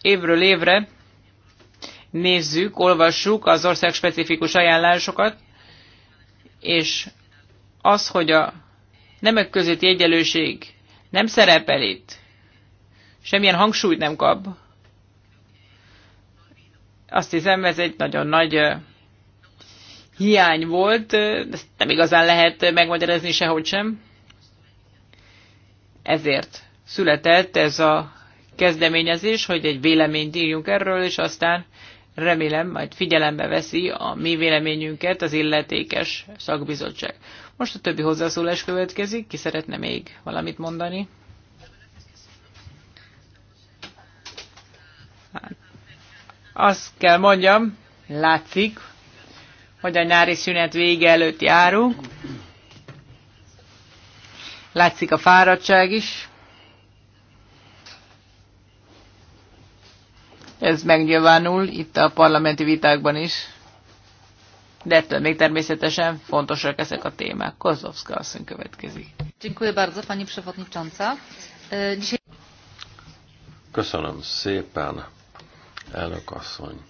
évről évre nézzük, olvassuk az ország specifikus ajánlásokat, és az, hogy a nemek közötti egyenlőség nem szerepel itt, semmilyen hangsúlyt nem kap, azt hiszem, ez egy nagyon nagy hiány volt, ezt nem igazán lehet megmagyarázni sehogy sem. Ezért született ez a kezdeményezés, hogy egy véleményt írjunk erről, és aztán remélem majd figyelembe veszi a mi véleményünket az illetékes szakbizottság. Most a többi hozzászólás következik, ki szeretne még valamit mondani? Hát, azt kell mondjam, látszik, hogy a nyári szünet vége előtt járunk. Látszik a fáradtság is. Ez megnyilvánul itt a parlamenti vitákban is. De ettől még természetesen fontosak ezek a témák. Kozlovska asszony következik. E, Köszönöm szépen, elnök asszony.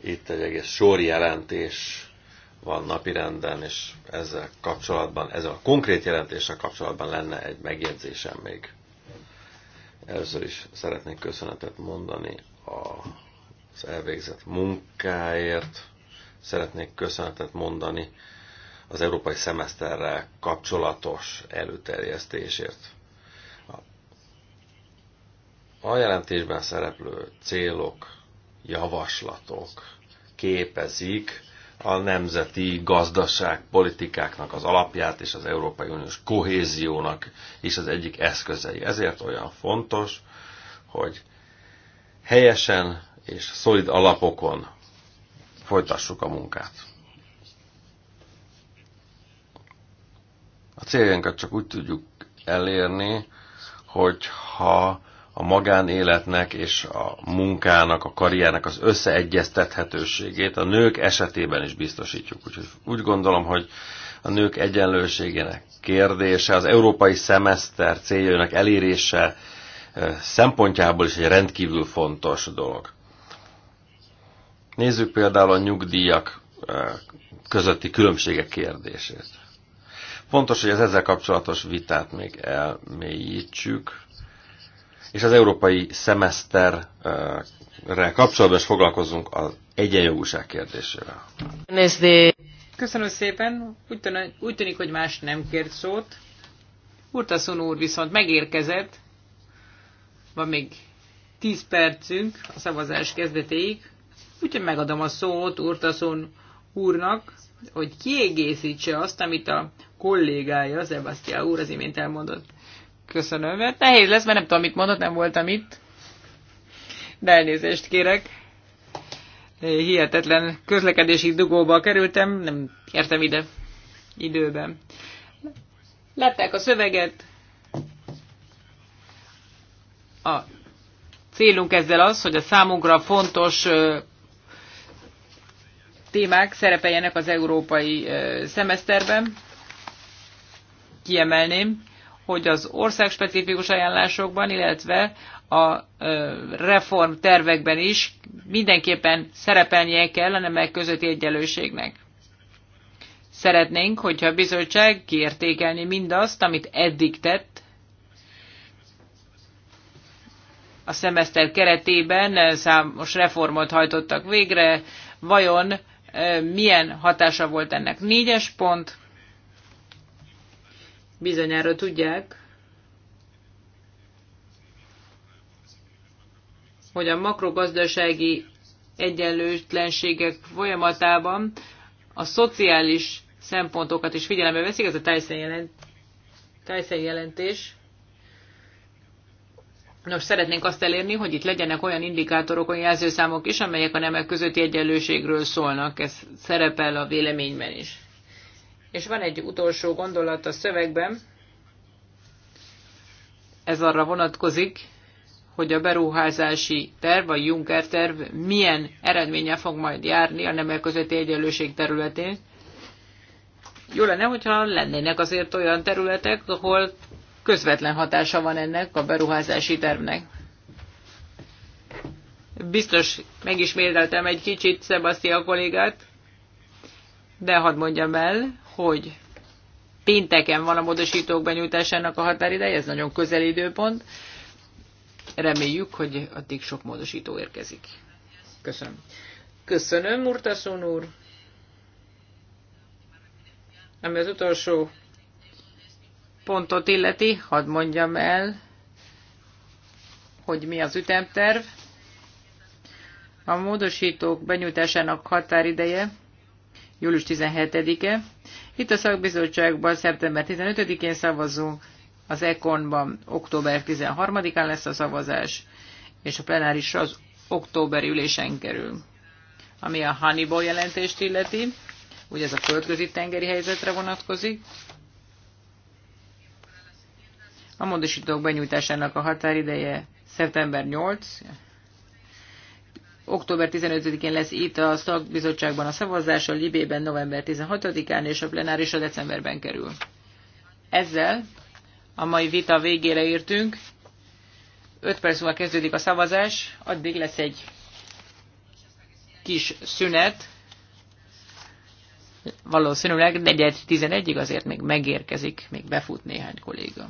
Itt egy egész jelentés van napirenden, és ezzel kapcsolatban, ezzel a konkrét jelentéssel kapcsolatban lenne egy megjegyzésem még. Először is szeretnék köszönetet mondani az elvégzett munkáért, szeretnék köszönetet mondani az európai szemeszterrel kapcsolatos előterjesztésért. A jelentésben szereplő célok, javaslatok képezik a nemzeti gazdaságpolitikáknak az alapját és az Európai Uniós kohéziónak is az egyik eszközei. Ezért olyan fontos, hogy helyesen és szolid alapokon folytassuk a munkát. A céljainkat csak úgy tudjuk elérni, hogyha a magánéletnek és a munkának, a karriernek az összeegyeztethetőségét a nők esetében is biztosítjuk. Úgyhogy úgy gondolom, hogy a nők egyenlőségének kérdése, az európai szemeszter céljainak elérése eh, szempontjából is egy rendkívül fontos dolog. Nézzük például a nyugdíjak eh, közötti különbségek kérdését. Fontos, hogy az ezzel kapcsolatos vitát még elmélyítsük, és az európai szemeszterrel kapcsolatban is foglalkozunk az egyenjogúság kérdésével. Eh. Köszönöm szépen. Úgy, tűnik, úgy tűnik, hogy más nem kért szót. Urtaszon úr viszont megérkezett. Van még 10 percünk a szavazás kezdetéig. Úgyhogy megadom a szót Urtaszon úrnak, hogy kiegészítse azt, amit a kollégája, Sebastian úr az imént elmondott. Köszönöm, mert hát nehéz lesz, mert nem tudom, mit mondott, nem voltam itt. De elnézést kérek. Hihetetlen közlekedési dugóba kerültem, nem értem ide időben. Látták a szöveget. A célunk ezzel az, hogy a számunkra fontos témák szerepeljenek az európai szemeszterben. Kiemelném, hogy az országspecifikus ajánlásokban, illetve a reformtervekben is mindenképpen szerepelnie kell a nemek közötti egyenlőségnek. Szeretnénk, hogyha a bizottság kiértékelni mindazt, amit eddig tett, a szemeszter keretében számos reformot hajtottak végre, vajon milyen hatása volt ennek. Négyes pont, bizonyára tudják, hogy a makrogazdasági egyenlőtlenségek folyamatában a szociális szempontokat is figyelembe veszik, ez a Tyson, jelent, jelentés. Nos, szeretnénk azt elérni, hogy itt legyenek olyan indikátorok, olyan jelzőszámok is, amelyek a nemek közötti egyenlőségről szólnak. Ez szerepel a véleményben is. És van egy utolsó gondolat a szövegben. Ez arra vonatkozik, hogy a beruházási terv, a Juncker terv milyen eredménye fog majd járni a nemek közötti egyenlőség területén. Jó lenne, hogyha lennének azért olyan területek, ahol közvetlen hatása van ennek a beruházási tervnek. Biztos megismételtem egy kicsit Sebastian kollégát, de hadd mondjam el, hogy pénteken van a módosítók benyújtásának a határideje, ez nagyon közel időpont. Reméljük, hogy addig sok módosító érkezik. Köszönöm. Köszönöm, Murtasun úr. Ami az utolsó pontot illeti, hadd mondjam el, hogy mi az ütemterv. A módosítók benyújtásának határideje július 17-e. Itt a szakbizottságban szeptember 15-én szavazunk, az Econban október 13-án lesz a szavazás, és a plenáris az októberi ülésen kerül. Ami a Hannibal jelentést illeti, ugye ez a földközi tengeri helyzetre vonatkozik, a módosítók benyújtásának a határideje szeptember 8. Október 15-én lesz itt a szakbizottságban a szavazás, a Libében november 16-án, és a plenáris a decemberben kerül. Ezzel a mai vita végére értünk. 5 perc múlva kezdődik a szavazás, addig lesz egy kis szünet. Valószínűleg 4.11-ig azért még megérkezik, még befut néhány kolléga.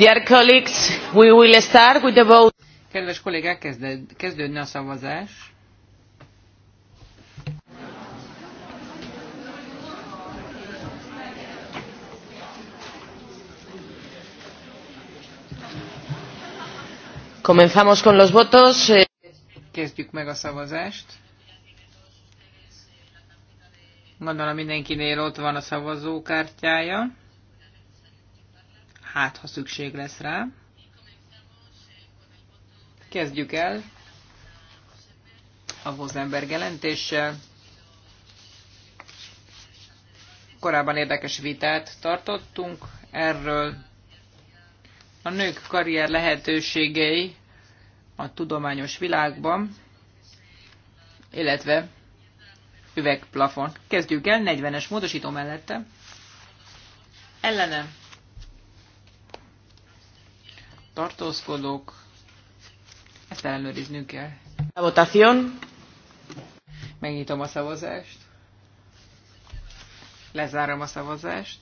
Dear colleagues, we will start with the vote. Kedves kollégák, kezdődne a szavazás. Comenzamos con los votos. Kezdjük meg a szavazást. Gondolom mindenkinél ott van a szavazókártyája hát ha szükség lesz rá. Kezdjük el a Vosenberg jelentéssel. Korábban érdekes vitát tartottunk erről. A nők karrier lehetőségei a tudományos világban, illetve üvegplafon. Kezdjük el, 40-es módosító mellette. Ellenem tartózkodók, ezt ellenőriznünk kell. A votación. Megnyitom a szavazást. Lezárom a szavazást.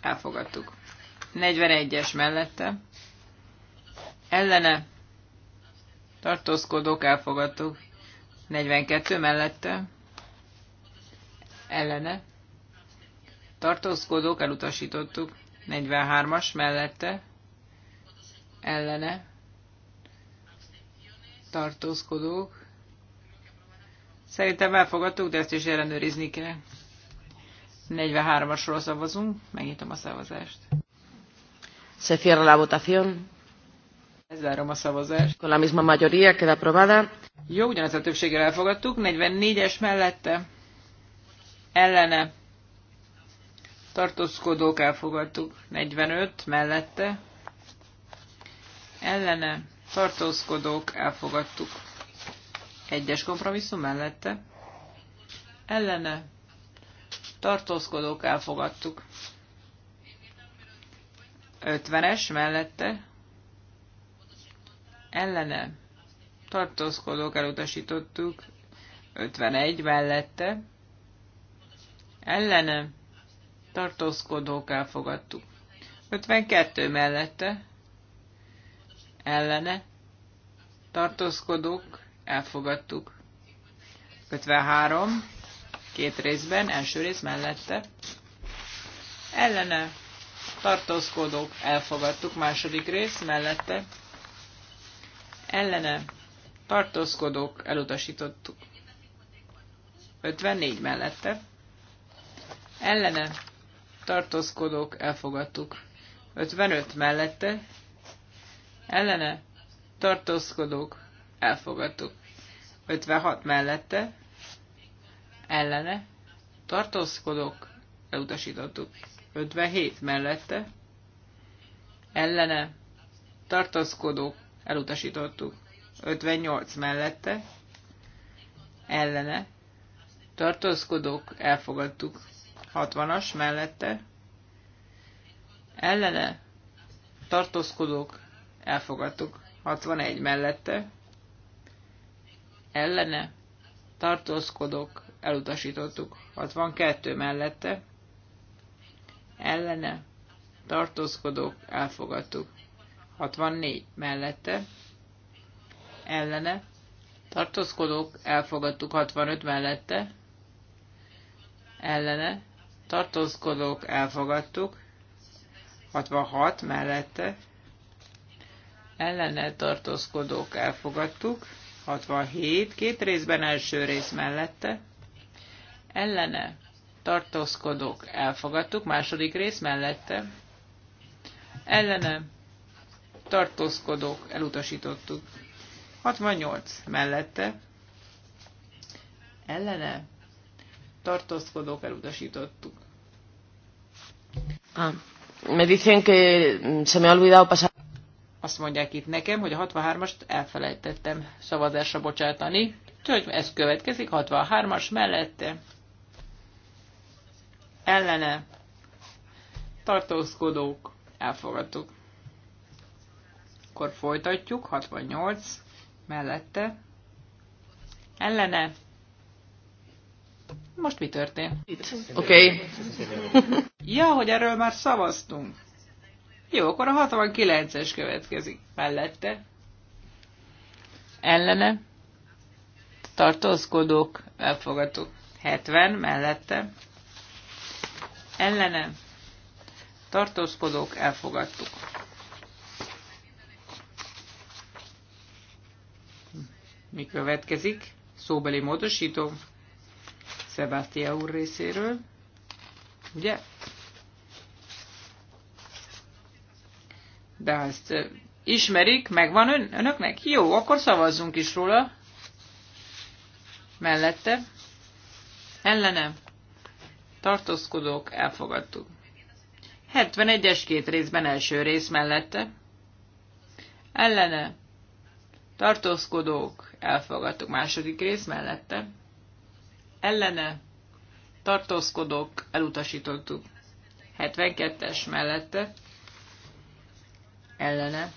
Elfogadtuk. 41-es mellette. Ellene. Tartózkodók elfogadtuk. 42 mellette. Ellene tartózkodók, elutasítottuk. 43-as mellette, ellene, tartózkodók. Szerintem elfogadtuk, de ezt is ellenőrizni kell. 43-asról szavazunk, megnyitom a szavazást. Se cierra la votación. Lezárom a szavazást. Con la misma mayoría queda aprobada. Jó, ugyanez a többséggel elfogadtuk. 44-es mellette. Ellene tartózkodók elfogadtuk, 45 mellette, ellene tartózkodók elfogadtuk, egyes kompromisszum mellette, ellene tartózkodók elfogadtuk, 50-es mellette, ellene tartózkodók elutasítottuk, 51 mellette, ellene tartózkodók elfogadtuk. 52 mellette ellene tartózkodók elfogadtuk. 53 két részben, első rész mellette ellene tartózkodók elfogadtuk, második rész mellette ellene tartózkodók elutasítottuk. 54 mellette ellene tartózkodók, elfogadtuk. 55 mellette, ellene, tartózkodók, elfogadtuk. 56 mellette, ellene, tartózkodók, elutasítottuk. 57 mellette, ellene, tartózkodók, elutasítottuk. 58 mellette, ellene, tartózkodók, elfogadtuk. 60-as mellette ellene tartózkodók elfogadtuk. 61 mellette ellene tartózkodók elutasítottuk. 62 mellette ellene tartózkodók elfogadtuk. 64 mellette ellene tartózkodók elfogadtuk. 65 mellette ellene tartózkodók elfogadtuk, 66 mellette, ellene tartózkodók elfogadtuk, 67, két részben első rész mellette, ellene tartózkodók elfogadtuk, második rész mellette, ellene tartózkodók elutasítottuk, 68 mellette, ellene tartózkodók elutasítottuk. Ah, me dicen que mm, se me ha olvidado pasar. Azt mondják itt nekem, hogy a 63-ast elfelejtettem szavazásra bocsátani, úgyhogy ez következik, 63-as mellette. Ellene tartózkodók elfogadtuk. Akkor folytatjuk, 68 mellette. Ellene most mi történt? Oké. Okay. ja, hogy erről már szavaztunk. Jó, akkor a 69-es következik. Mellette. Ellene. Tartózkodók. Elfogadtuk. 70 mellette. Ellene. Tartózkodók. Elfogadtuk. Mi következik? Szóbeli módosító. Sebastia úr részéről. Ugye? De ezt ismerik, megvan ön, önöknek? Jó, akkor szavazzunk is róla. Mellette. Ellene. Tartózkodók, elfogadtuk. 71-es két részben első rész mellette. Ellene. Tartózkodók, elfogadtuk második rész mellette ellene tartózkodók elutasítottuk. 72-es mellette ellene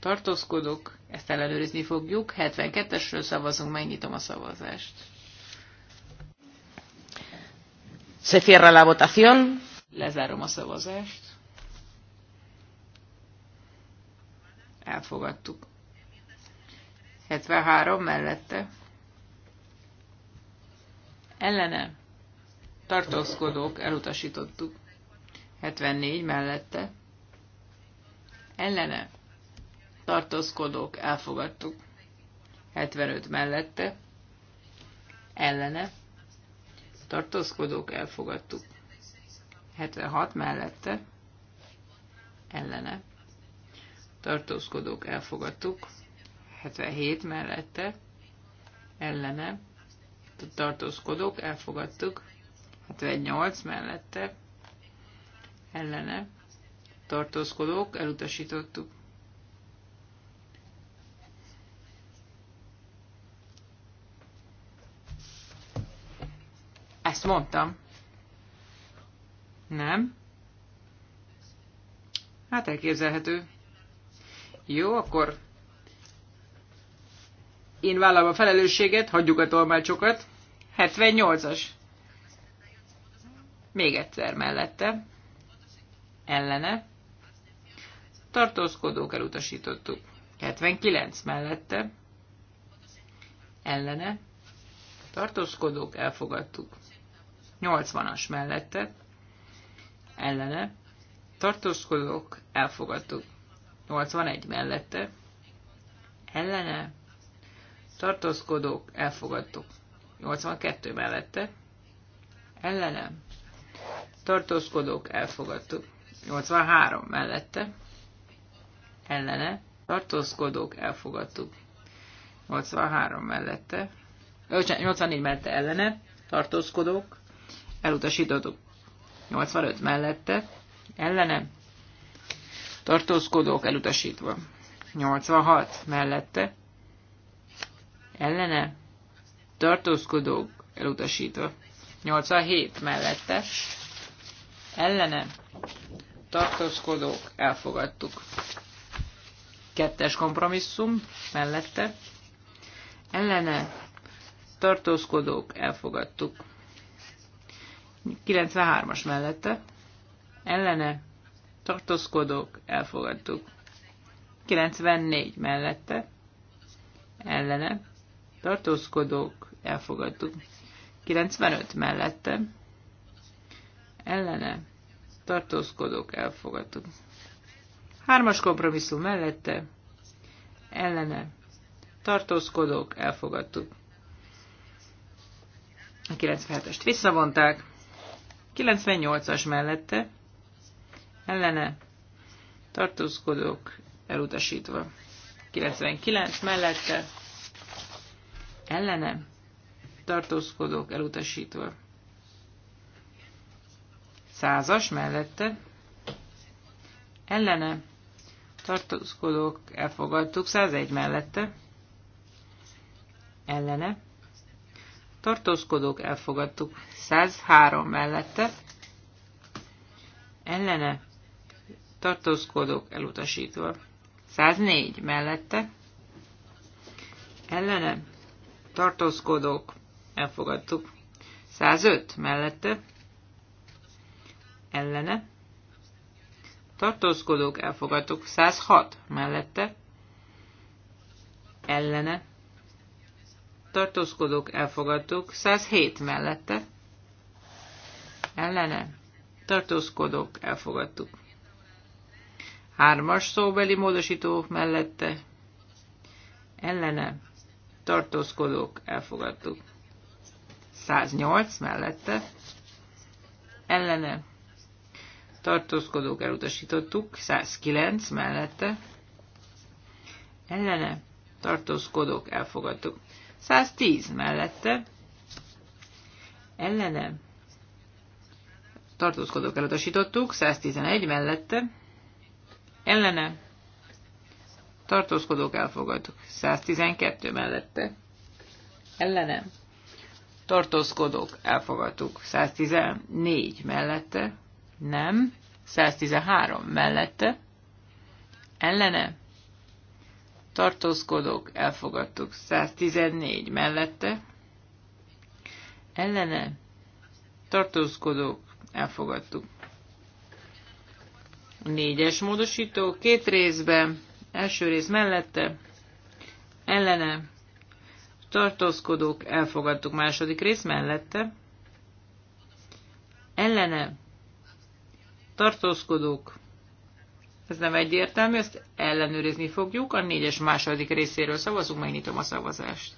tartózkodók, ezt ellenőrizni fogjuk. 72-esről szavazunk, megnyitom a szavazást. Se cierra la votación. Lezárom a szavazást. Elfogadtuk. 73 mellette ellene tartózkodók elutasítottuk. 74 mellette ellene tartózkodók elfogadtuk. 75 mellette ellene tartózkodók elfogadtuk. 76 mellette ellene tartózkodók elfogadtuk. 77 mellette ellene tartózkodók, elfogadtuk. 78 mellette, ellene, tartózkodók, elutasítottuk. Ezt mondtam. Nem? Hát elképzelhető. Jó, akkor én vállalom a felelősséget, hagyjuk a tolmácsokat. 78-as. Még egyszer mellette. Ellene. Tartózkodók elutasítottuk. 79 mellette. Ellene. Tartózkodók elfogadtuk. 80-as mellette. Ellene. Tartózkodók elfogadtuk. 81 mellette. Ellene tartózkodók, elfogadtuk. 82 mellette, ellenem, tartózkodók, elfogadtuk. 83 mellette, ellene, tartózkodók, elfogadtuk. 83 mellette, 84 mellette ellene, tartózkodók, elutasítottuk. 85 mellette, ellene, tartózkodók elutasítva. 86 mellette, ellene tartózkodók elutasítva. 87 mellette ellene tartózkodók elfogadtuk. Kettes kompromisszum mellette ellene tartózkodók elfogadtuk. 93-as mellette ellene tartózkodók elfogadtuk. 94 mellette ellene tartózkodók, elfogadtuk. 95 mellette, ellene, tartózkodók, elfogadtuk. Hármas kompromisszum mellette, ellene, tartózkodók, elfogadtuk. A 97-est visszavonták, 98-as mellette, ellene, tartózkodók, elutasítva. 99 mellette, ellene tartózkodók elutasítva. Százas mellette ellene tartózkodók elfogadtuk, 101 mellette ellene tartózkodók elfogadtuk, 103 mellette ellene tartózkodók elutasítva. 104 mellette ellene tartózkodók, elfogadtuk. 105 mellette, ellene, tartózkodók, elfogadtuk. 106 mellette, ellene, tartózkodók, elfogadtuk. 107 mellette, ellene, tartózkodók, elfogadtuk. Hármas szóbeli módosító mellette, ellene, tartózkodók elfogadtuk. 108 mellette ellene tartózkodók elutasítottuk, 109 mellette ellene tartózkodók elfogadtuk, 110 mellette ellene tartózkodók elutasítottuk, 111 mellette ellene tartózkodók elfogadtuk. 112 mellette Ellenem. tartózkodók elfogadtuk. 114 mellette nem. 113 mellette ellene tartózkodók elfogadtuk. 114 mellette ellene tartózkodók elfogadtuk. Négyes módosító két részben Első rész mellette, ellene, tartózkodók, elfogadtuk. Második rész mellette, ellene, tartózkodók, ez nem egyértelmű, ezt ellenőrizni fogjuk. A négyes második részéről szavazunk, megnyitom a szavazást.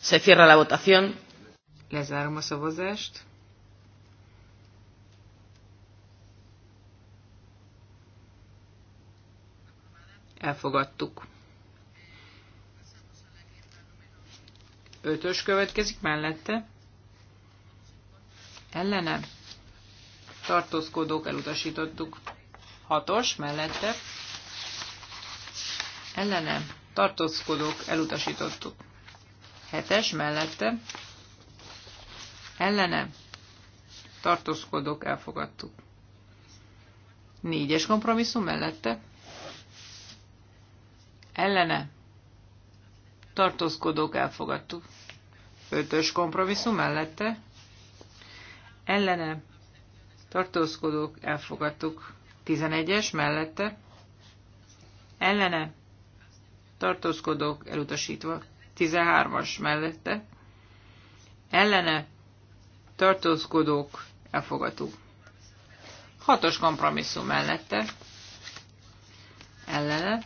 Se cierra la votación. Lezárom a szavazást. Elfogadtuk. Ötös következik mellette. Ellene. Tartózkodók elutasítottuk. Hatos mellette. Ellene. Tartózkodók elutasítottuk. Hetes mellette. Ellene. Tartózkodók elfogadtuk. Négyes kompromisszum mellette ellene tartózkodók elfogadtuk. Ötös kompromisszum mellette ellene tartózkodók elfogadtuk. 11-es mellette ellene tartózkodók elutasítva. 13-as mellette ellene tartózkodók elfogadtuk. Hatos kompromisszum mellette ellene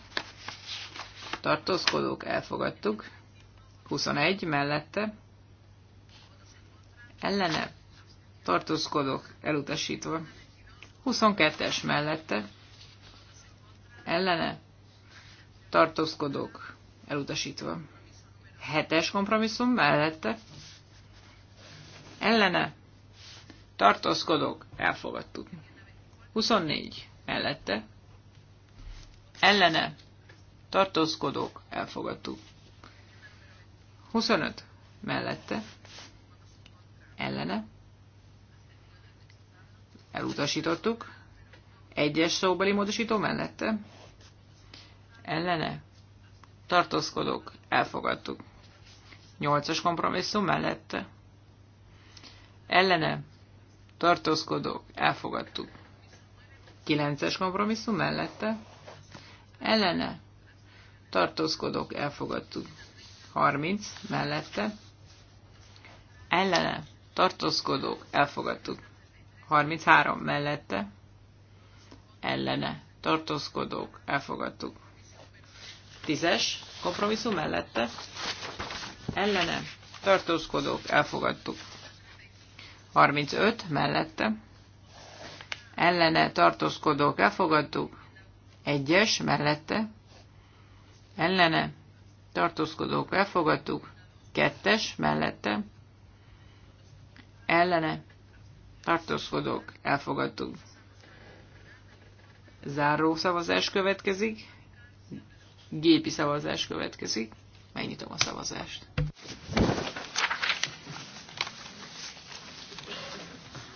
tartózkodók elfogadtuk. 21 mellette ellene tartózkodók elutasítva. 22-es mellette ellene tartózkodók elutasítva. 7-es kompromisszum mellette ellene tartózkodók elfogadtuk. 24 mellette ellene tartózkodók, elfogadtuk. 25 mellette, ellene, elutasítottuk. Egyes szóbeli módosító mellette, ellene, tartózkodók, elfogadtuk. 8-as kompromisszum mellette, ellene, tartózkodók, elfogadtuk. 9-es kompromisszum mellette, ellene, tartózkodok, elfogadtuk. 30 mellette, ellene, tartózkodok, elfogadtuk. 33 mellette, ellene, tartózkodok, elfogadtuk. 10-es kompromisszum mellette, ellene, tartózkodok, elfogadtuk. 35 mellette, ellene tartózkodók elfogadtuk, 1-es mellette, ellene, tartózkodók elfogadtuk, kettes mellette, ellene, tartózkodók elfogadtuk. Záró szavazás következik, gépi szavazás következik, megnyitom a szavazást.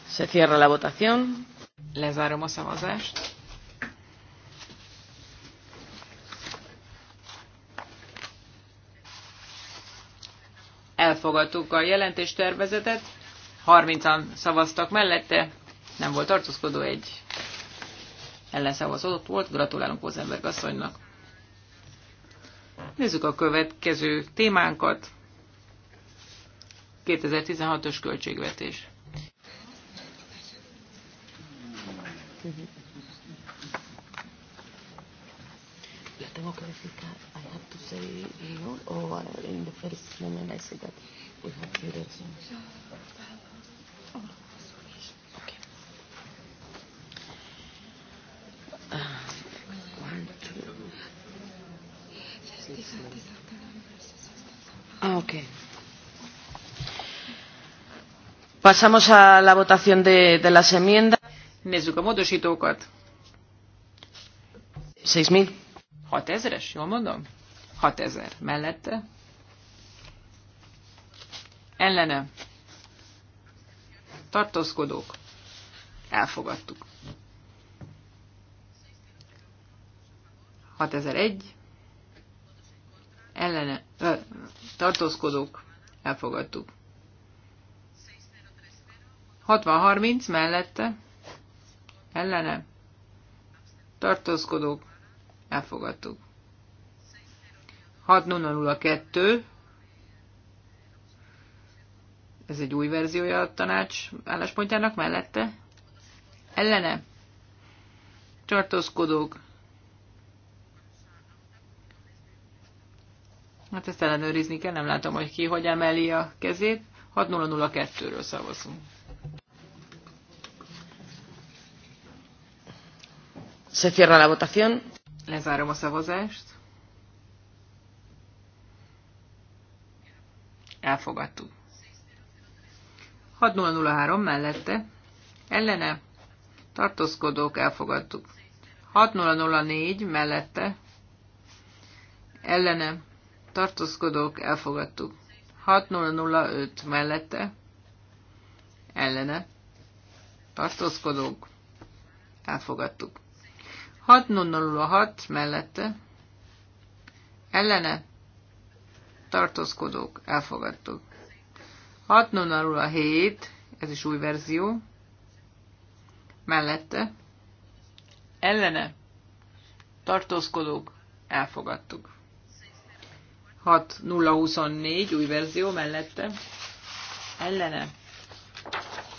Se cierra la votación. Lezárom a szavazást. elfogadtuk a jelentéstervezetet, 30-an szavaztak mellette, nem volt tartózkodó, egy ellenszavazott volt, gratulálunk Ozenberg asszonynak. Nézzük a következő témánkat. 2016-os költségvetés. mm democracy card, I have to say you know, or whatever. In the first moment, I said that we have to do Okay. Uh, one, two. ah, okay. Pasamos a la votación de, de las enmiendas. Nézzük a módosítókat. 6.000. 6000-es, jól mondom? 6000 mellette. Ellene. Tartózkodók. Elfogadtuk. 6001. Ellene. Ö, tartózkodók. Elfogadtuk. 60-30 mellette. Ellene. Tartózkodók Elfogadtuk. 6002. Ez egy új verziója a tanács álláspontjának mellette. Ellene. Csartózkodók. Hát ezt ellenőrizni kell, nem látom, hogy ki hogy emeli a kezét. 6002-ről szavazunk. Se cierra la votación. Lezárom a szavazást. Elfogadtuk. 6003 mellette, ellene, tartózkodók, elfogadtuk. 6004 mellette, ellene, tartózkodók, elfogadtuk. 6005 mellette, ellene, tartózkodók, elfogadtuk. 6006 mellette ellene tartózkodók elfogadtuk. 6007, ez is új verzió, mellette ellene tartózkodók elfogadtuk. 6024 új verzió mellette ellene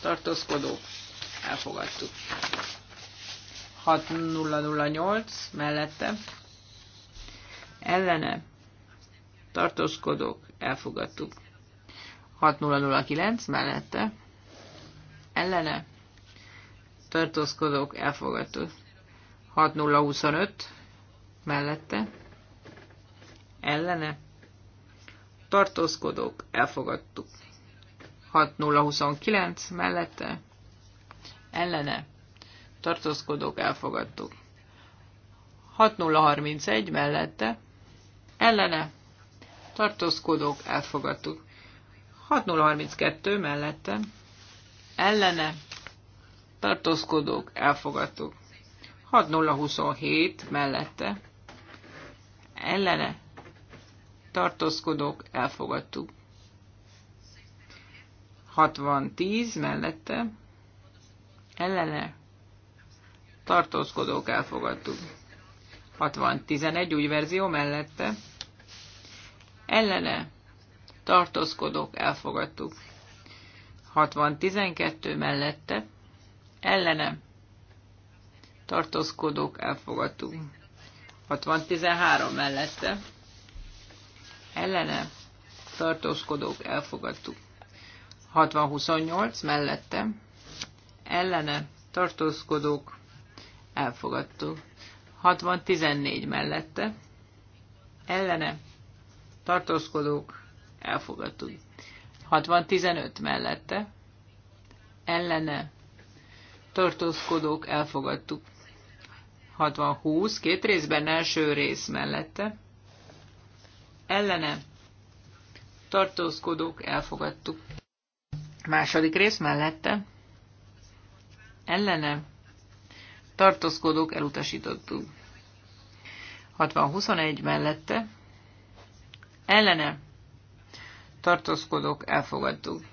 tartózkodók elfogadtuk. 6008 mellette ellene tartózkodók elfogadtuk. 6009 mellette ellene tartózkodók elfogadtuk. 6025 mellette ellene tartózkodók elfogadtuk. 6029 mellette ellene tartózkodók elfogadtuk. 6031 mellette, ellene, tartózkodók elfogadtuk. 6032 mellette, ellene, tartózkodók elfogadtuk. 6027 mellette, ellene, tartózkodók elfogadtuk. 6010 mellette, ellene, tartózkodók elfogadtuk. 60 új verzió mellette, ellene tartózkodók elfogadtuk. 6012 mellette, ellene tartózkodók elfogadtuk. 6013 mellette, ellene tartózkodók elfogadtuk. 6028 mellette, ellene tartózkodók elfogadtuk. 60-14 mellette, ellene, tartózkodók, elfogadtuk. 60-15 mellette, ellene, tartózkodók, elfogadtuk. 60-20, két részben első rész mellette, ellene, tartózkodók, elfogadtuk. Második rész mellette, ellene, tartózkodók elutasítottuk. 60-21 mellette ellene tartózkodók elfogadtuk.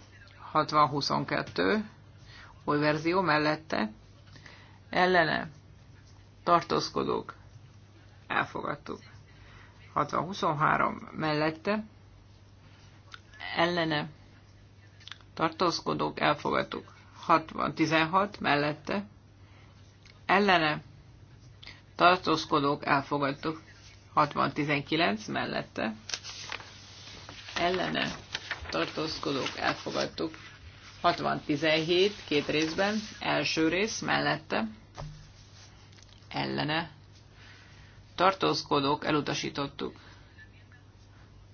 60-22 új verzió mellette ellene tartózkodók elfogadtuk. 60-23 mellette ellene tartózkodók elfogadtuk. 60-16 mellette ellene tartózkodók elfogadtuk. 6019 mellette ellene tartózkodók elfogadtuk. 6017 két részben, első rész mellette ellene tartózkodók elutasítottuk.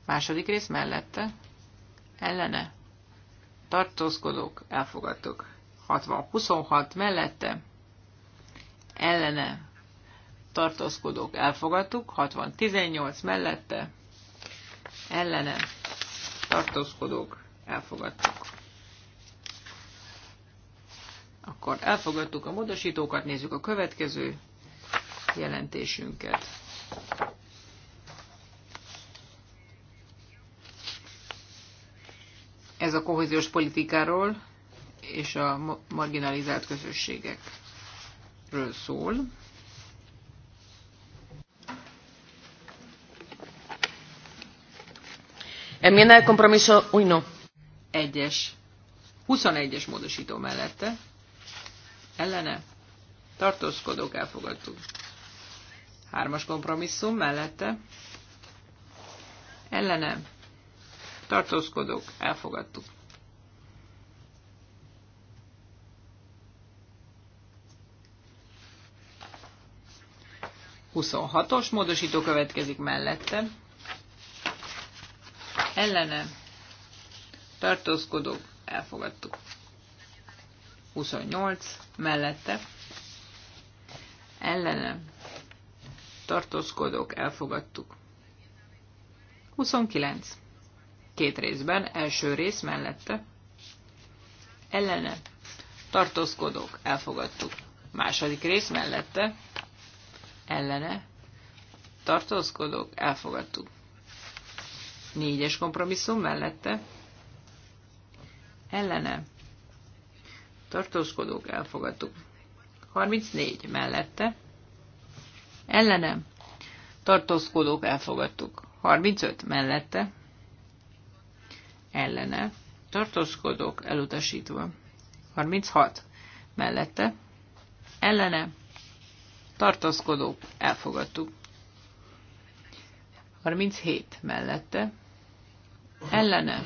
Második rész mellette ellene tartózkodók elfogadtuk. 6026 mellette ellene tartózkodók elfogadtuk, 60-18 mellette ellene tartózkodók elfogadtuk. Akkor elfogadtuk a módosítókat, nézzük a következő jelentésünket. Ez a kohéziós politikáról és a marginalizált közösségek ről szól. Enmienda de compromiso, uy no. Egyes. 21-es módosító mellette. Ellene. Tartózkodók elfogadtuk. Hármas kompromisszum mellette. Ellene. Tartózkodók elfogadtuk. 26-os módosító következik mellette. Ellene tartózkodók elfogadtuk. 28 mellette. Ellene tartózkodók elfogadtuk. 29. Két részben, első rész mellette. Ellene tartózkodók elfogadtuk. Második rész mellette ellene tartózkodók, elfogadtuk. Négyes kompromisszum mellette ellene tartózkodók, elfogadtuk. 34 mellette ellene tartózkodók, elfogadtuk. 35 mellette ellene tartózkodók, elutasítva. 36 mellette ellene tartózkodók, elfogadtuk. 37 mellette, ellene,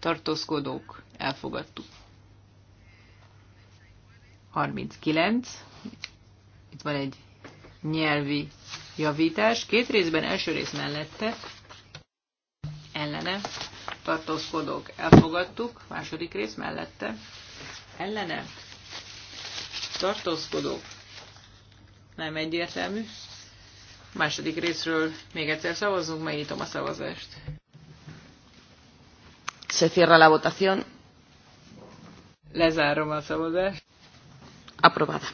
tartózkodók, elfogadtuk. 39, itt van egy nyelvi javítás, két részben első rész mellette, ellene, tartózkodók, elfogadtuk, második rész mellette, ellene, tartózkodók, nem egyértelmű. A második részről még egyszer szavazzunk, megnyitom a szavazást. Se cierra la votación. Lezárom a szavazást. Aprobada.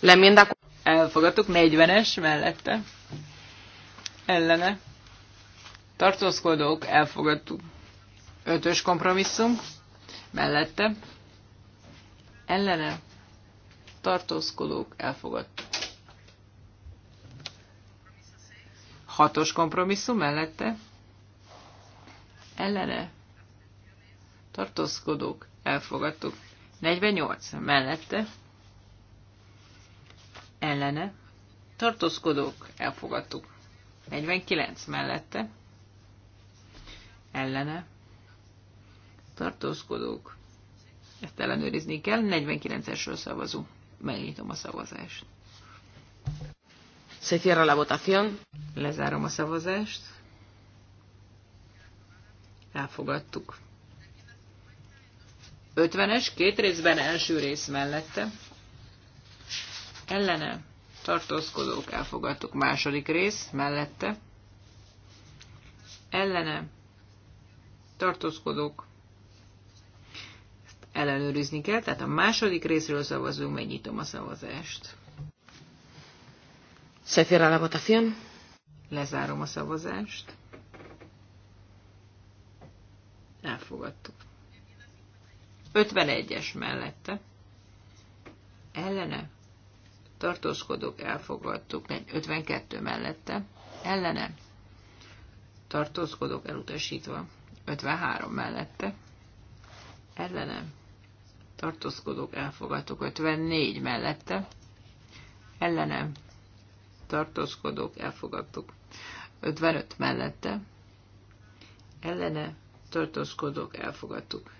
La enmienda... Elfogadtuk 40-es mellette. Ellene. Tartózkodók, elfogadtuk. Ötös kompromisszum. Mellette. Ellene tartózkodók elfogadtuk. Hatos kompromisszum mellette ellene tartózkodók elfogadtuk. 48 mellette ellene tartózkodók elfogadtuk. 49 mellette ellene tartózkodók. Ezt ellenőrizni kell, 49-esről szavazunk. Megnyitom a szavazást. Se cierra la votación. Lezárom a szavazást. Elfogadtuk. 50-es, két részben első rész mellette. Ellene tartózkodók elfogadtuk. Második rész mellette. Ellene tartózkodók ellenőrizni kell, tehát a második részről szavazunk, megnyitom a szavazást. Se cierra la votación. Lezárom a szavazást. Elfogadtuk. 51-es mellette. Ellene. Tartózkodok, elfogadtuk. 52 mellette. Ellene. Tartózkodok, elutasítva. 53 mellette. Ellene tartózkodók elfogadtuk 54 mellette, ellenem tartózkodók elfogadtuk 55 mellette, ellene tartózkodók elfogadtuk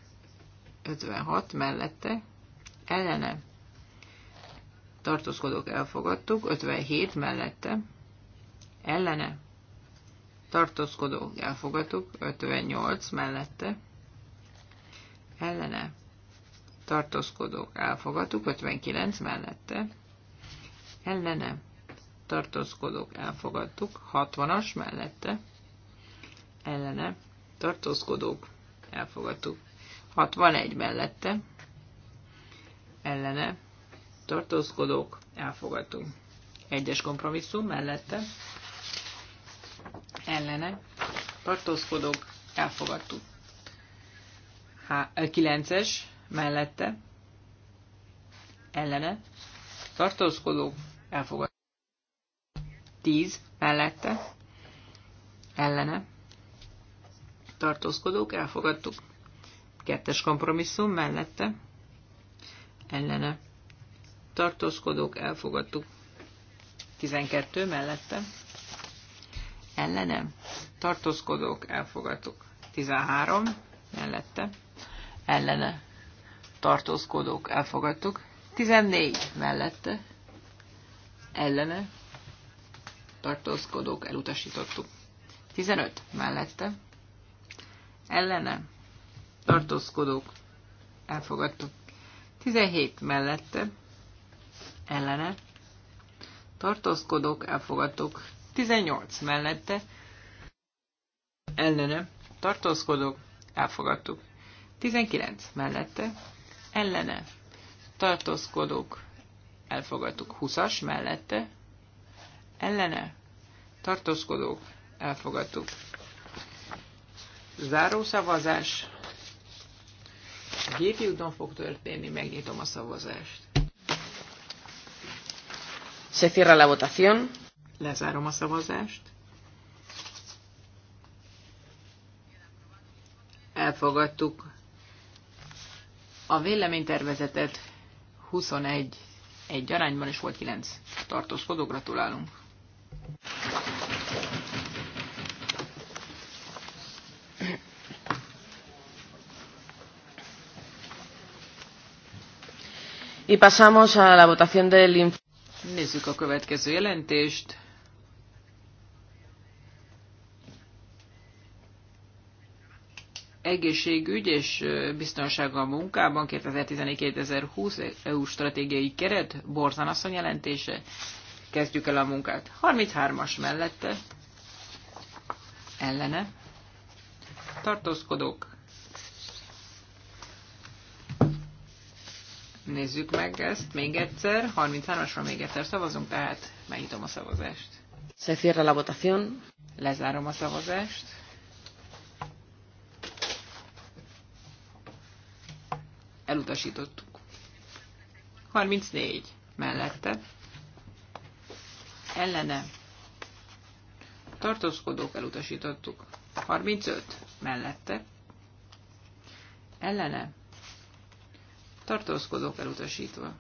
56 mellette, ellene tartózkodók elfogadtuk 57 mellette, ellene tartózkodók elfogadtuk 58 mellette, ellene tartózkodók elfogadtuk, 59 mellette, ellene tartózkodók elfogadtuk, 60-as mellette, ellene tartózkodók elfogadtuk, 61 mellette, ellene tartózkodók elfogadtuk, egyes kompromisszum mellette, ellene tartózkodók elfogadtuk. 9-es mellette, ellene, tartózkodó, elfogadó. 10 mellette, ellene, tartózkodók, elfogadtuk. Kettes kompromisszum mellette, ellene, tartózkodók, elfogadtuk. 12 mellette, ellene, tartózkodók, elfogadtuk. 13 mellette, ellene, tartózkodók elfogadtuk. 14 mellette ellene tartózkodók elutasítottuk. 15 mellette ellene tartózkodók elfogadtuk. 17 mellette ellene tartózkodók elfogadtuk. 18 mellette ellene tartózkodók elfogadtuk. 19 mellette ellene tartózkodók elfogadtuk. 20-as mellette ellene tartózkodók elfogadtuk. Záró Gépi úton fog történni, megnyitom a szavazást. Se cierra la votación. Lezárom a szavazást. Elfogadtuk a véleménytervezetet 21 egy arányban, és volt 9 tartózkodó. Gratulálunk! Y pasamos a la votación del Nézzük a következő jelentést. egészségügy és biztonság a munkában 2014-2020 EU stratégiai keret, Borzanasszony jelentése. Kezdjük el a munkát. 33-as mellette, ellene, tartózkodók. Nézzük meg ezt még egyszer. 33-asra még egyszer szavazunk, tehát megnyitom a szavazást. Se cierra la votación. Lezárom a szavazást. elutasítottuk. 34 mellette ellene tartózkodók elutasítottuk. 35 mellette ellene tartózkodók elutasítva.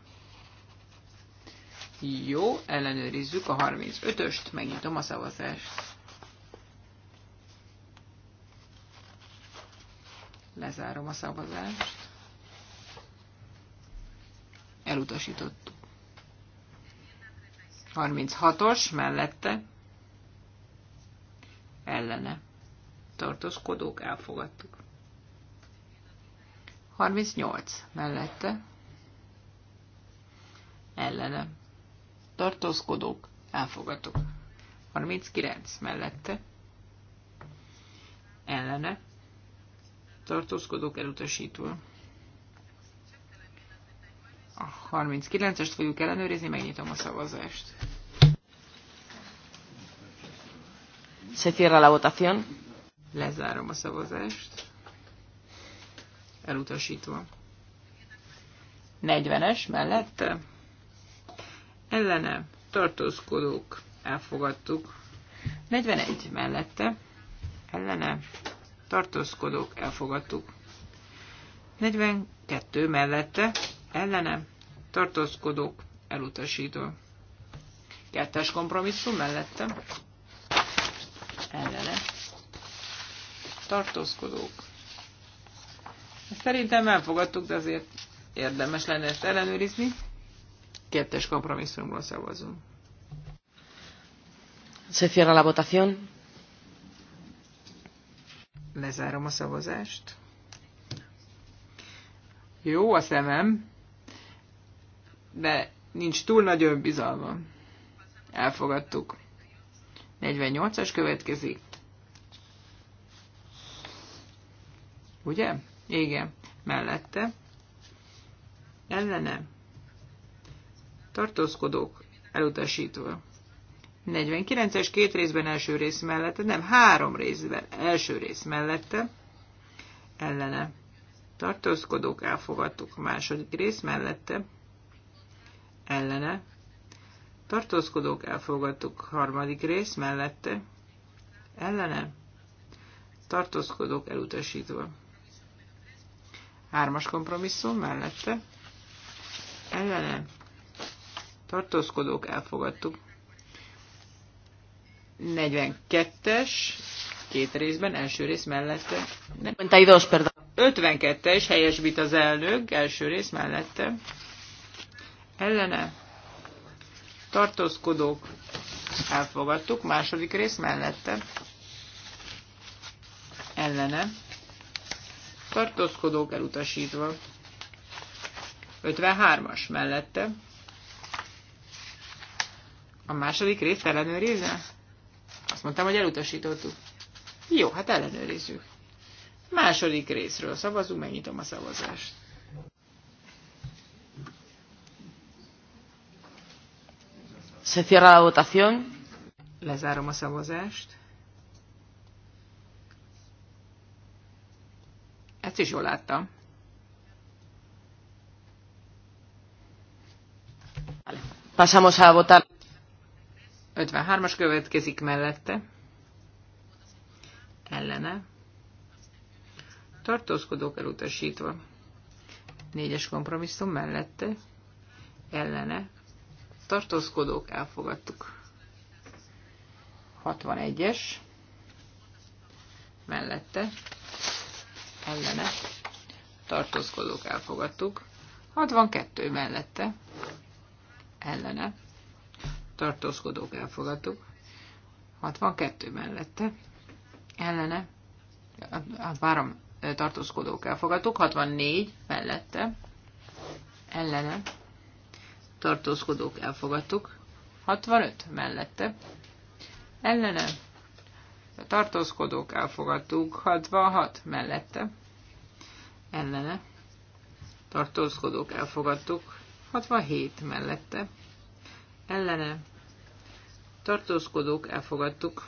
Jó, ellenőrizzük a 35-öst, megnyitom a szavazást. Lezárom a szavazást elutasítottuk. 36-os mellette ellene tartózkodók elfogadtuk. 38 mellette ellene tartózkodók elfogadtuk. 39 mellette ellene tartózkodók elutasítva. A 39-est fogjuk ellenőrizni, megnyitom a szavazást. Se cierra la votación. Lezárom a szavazást. Elutasítva. 40-es mellette. Ellene tartózkodók elfogadtuk. 41 mellette. Ellene tartózkodók elfogadtuk. 42 mellette ellene tartózkodók elutasító. Kettes kompromisszum mellette ellene tartózkodók. Szerintem elfogadtuk, de azért érdemes lenne ezt ellenőrizni. Kettes kompromisszumról szavazunk. Se cierra la votación. Lezárom a szavazást. Jó a szemem de nincs túl nagy önbizalma. Elfogadtuk. 48-as következik. Ugye? Igen. Mellette. Ellene. Tartózkodók. Elutasítva. 49-es két részben első rész mellette, nem, három részben első rész mellette, ellene. Tartózkodók elfogadtuk második rész mellette, ellene, tartózkodók elfogadtuk harmadik rész mellette, ellene, tartózkodók elutasítva. Hármas kompromisszum mellette, ellene, tartózkodók elfogadtuk. 42-es, két részben, első rész mellette. 52-es, 52-es helyesbít az elnök, első rész mellette ellene tartózkodók elfogadtuk, második rész mellette ellene tartózkodók elutasítva. 53-as mellette a második rész ellenőrizze? Azt mondtam, hogy elutasítottuk. Jó, hát ellenőrizzük. Második részről szavazunk, megnyitom a szavazást. Se cierra la votación. Lezárom a szavazást. Ezt is jól láttam. Pasamos a votar. 53-as következik mellette. Ellene. Tartózkodók elutasítva. 4-es kompromisszum mellette. Ellene tartózkodók elfogadtuk. 61-es mellette ellene tartózkodók elfogadtuk. 62 mellette ellene tartózkodók elfogadtuk. 62 mellette ellene várom tartózkodók elfogadtuk. 64 mellette ellene tartózkodók elfogadtuk. 65 mellette. Ellene a tartózkodók elfogadtuk. 66 mellette. Ellene tartózkodók elfogadtuk. 67 mellette. Ellene tartózkodók elfogadtuk.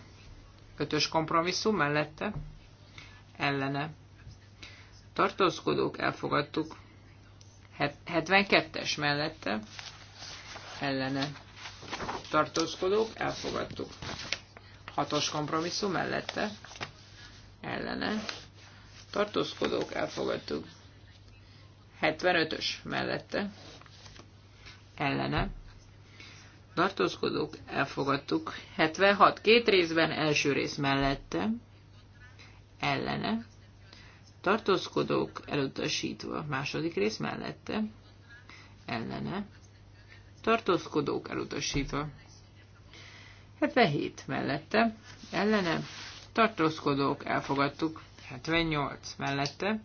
Ötös kompromisszum mellette. Ellene tartózkodók elfogadtuk. 72-es mellette ellene tartózkodók, elfogadtuk. Hatos kompromisszum mellette, ellene tartózkodók, elfogadtuk. 75-ös mellette, ellene tartózkodók, elfogadtuk. 76 két részben, első rész mellette, ellene tartózkodók elutasítva, második rész mellette, ellene tartózkodók elutasítva. 77 mellette, ellene, tartózkodók elfogadtuk. 78 mellette,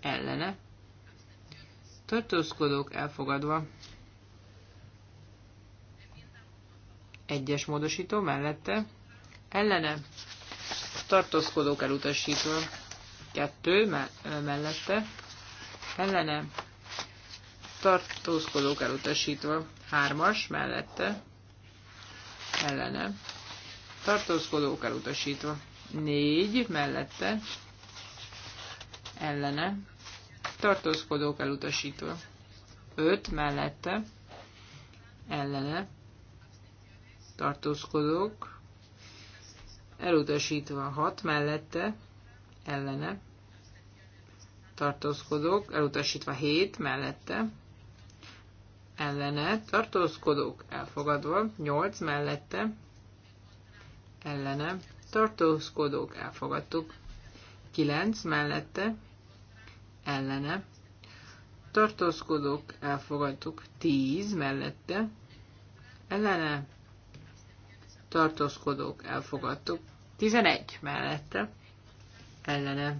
ellene, tartózkodók elfogadva. Egyes módosító mellette, ellene, tartózkodók elutasítva. Kettő mellette, ellene, tartózkodók elutasítva. Hármas mellette ellene tartózkodók elutasítva. Négy mellette ellene tartózkodók elutasítva. Öt mellette ellene tartózkodók elutasítva. Hat mellette ellene tartózkodók elutasítva. Hét mellette ellene, tartózkodók elfogadva, 8 mellette, ellene, tartózkodók elfogadtuk, 9 mellette, ellene, tartózkodók elfogadtuk, 10 mellette, ellene, tartózkodók elfogadtuk, 11 mellette, ellene,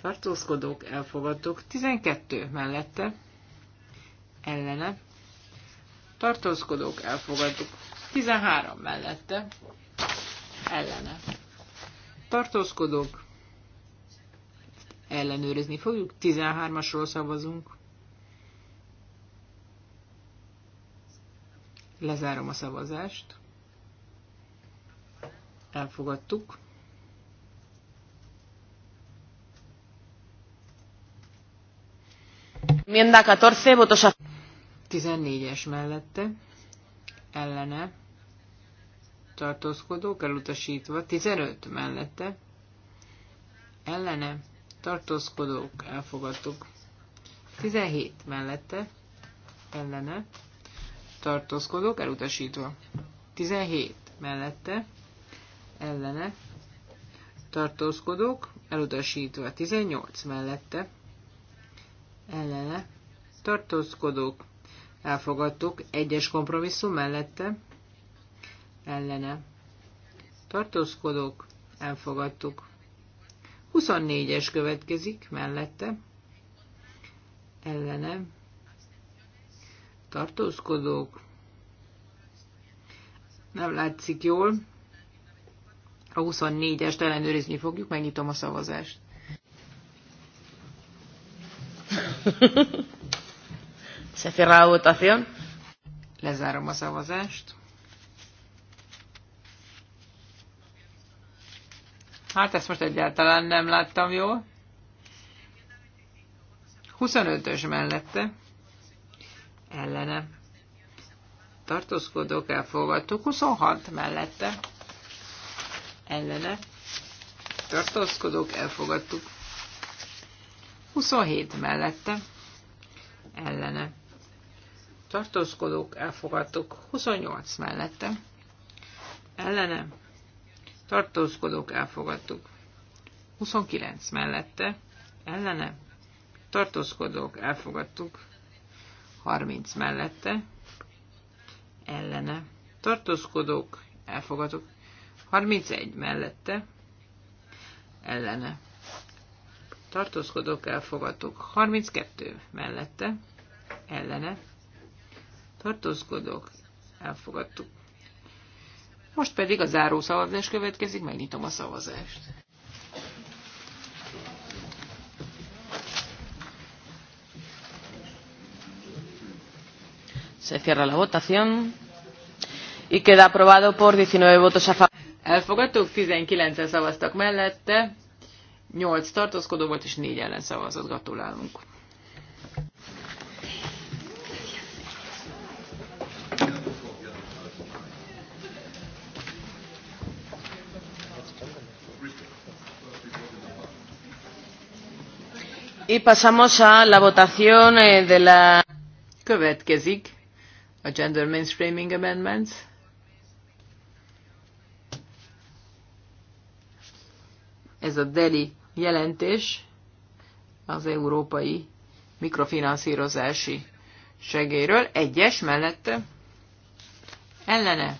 tartózkodók elfogadtuk, 12 mellette, ellene. Tartózkodók elfogadók. 13 mellette ellene. Tartózkodók ellenőrizni fogjuk. 13-asról szavazunk. Lezárom a szavazást. Elfogadtuk. a 14, votos a 14-es mellette ellene tartózkodók elutasítva, 15 mellette ellene tartózkodók elfogadtuk, 17 mellette ellene tartózkodók elutasítva, 17 mellette ellene tartózkodók elutasítva, 18 mellette ellene tartózkodók elfogadtuk, egyes kompromisszum mellette, ellene, tartózkodók, elfogadtuk. 24-es következik mellette, ellene, tartózkodók, nem látszik jól, a 24-est ellenőrizni fogjuk, megnyitom a szavazást. Se cierra la votación. Lezárom a szavazást. Hát ezt most egyáltalán nem láttam jól. 25-ös mellette. Ellene. Tartózkodók elfogadtuk. 26 mellette. Ellene. Tartózkodók elfogadtuk. 27 mellette. Ellene tartózkodók elfogadtuk 28 mellette, ellene tartózkodók elfogadtuk 29 mellette, ellene tartózkodók elfogadtuk 30 mellette, ellene tartózkodók elfogadtuk 31 mellette, ellene tartózkodók elfogadtuk 32 mellette, ellene tartózkodok, elfogadtuk. Most pedig a záró szavazás következik, megnyitom a szavazást. Se cierra la votación y queda aprobado por 19 votos a favor. Elfogadtuk, 19 szavaztak mellette, 8 tartózkodó volt és 4 ellen szavazott. Gratulálunk. pasamos a la votación eh, de la... Következik a Gender Mainstreaming Amendments. Ez a DELI jelentés az európai mikrofinanszírozási segélyről. Egyes mellette ellene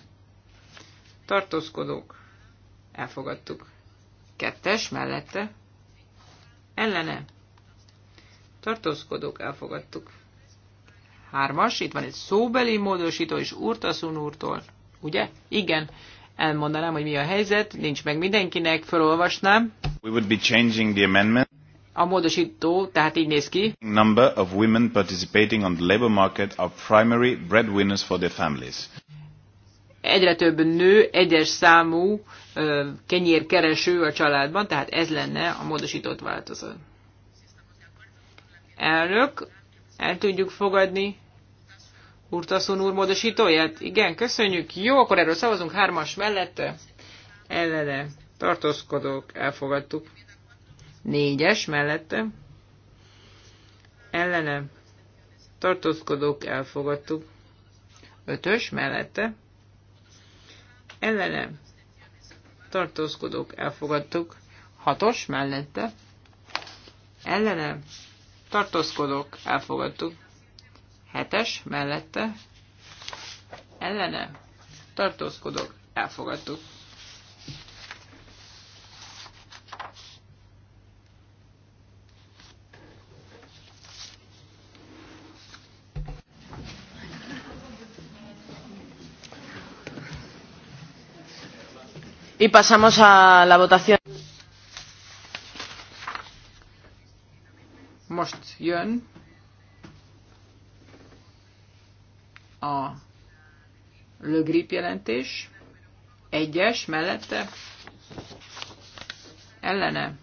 tartózkodók elfogadtuk. Kettes mellette ellene tartózkodók elfogadtuk. Hármas, itt van egy szóbeli módosító is Urtaszun úrtól, ugye? Igen, elmondanám, hogy mi a helyzet, nincs meg mindenkinek, felolvasnám. We would be changing the amendment. A módosító tehát így néz ki. Number of women participating on the labor market are primary breadwinners for their families. Egyre több nő, egyes számú kenyérkereső a családban, tehát ez lenne a módosított változat. Elnök, el tudjuk fogadni Hurtaszon úr módosítóját? Igen, köszönjük. Jó, akkor erről szavazunk hármas mellette. Ellene tartózkodók, elfogadtuk. Négyes mellette. Ellene tartózkodók, elfogadtuk. Ötös mellette. Ellene tartózkodók, elfogadtuk. Hatos mellette. Ellene Tartózkodok, elfogadtuk. Hetes, mellette, ellene, tartózkodok, elfogadtuk. Y pasamos a la votación. jön a Le Grip jelentés, egyes mellette, ellene,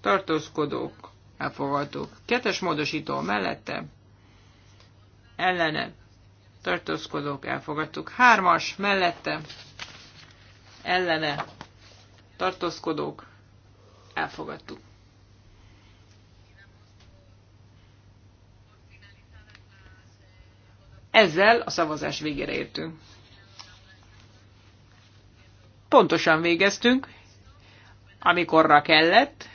tartózkodók, elfogadók, kettes módosító mellette, ellene, tartózkodók, elfogadtuk, hármas mellette, ellene, tartózkodók, elfogadtuk. Ezzel a szavazás végére értünk. Pontosan végeztünk, amikorra kellett.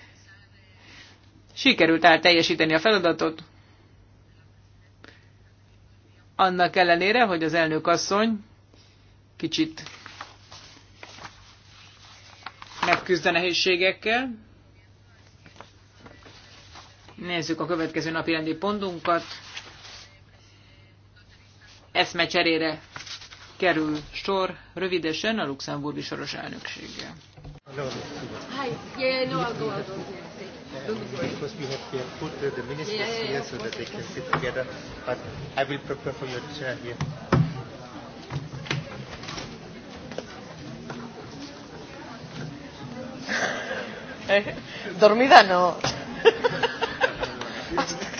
Sikerült el teljesíteni a feladatot, annak ellenére, hogy az elnök asszony kicsit megküzd a nehézségekkel. Nézzük a következő napi rendi pontunkat eszmecserére kerül sor rövidesen a luxemburgi soros elnökséggel. Because we have, we have put the, the ministers yeah, here so that they can sit together, but I will prepare for your chair here. Eh, dormida no.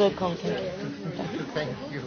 good content. Thank you.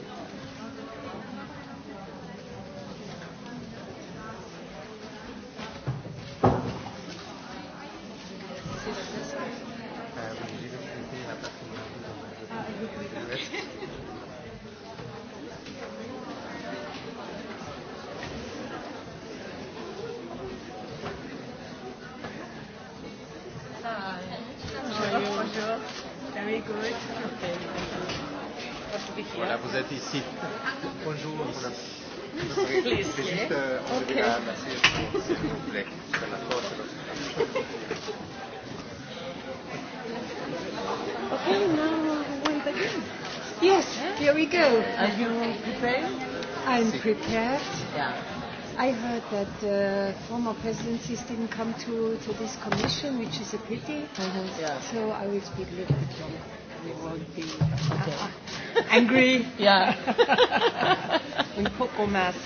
Here we go. Are you prepared? I'm prepared. Yeah. I heard that uh, former presidencies didn't come to, to this commission, which is a pity. Uh-huh. Yeah. So I will speak a little bit longer. We won't be okay. Uh-uh. angry. yeah. we cook mass.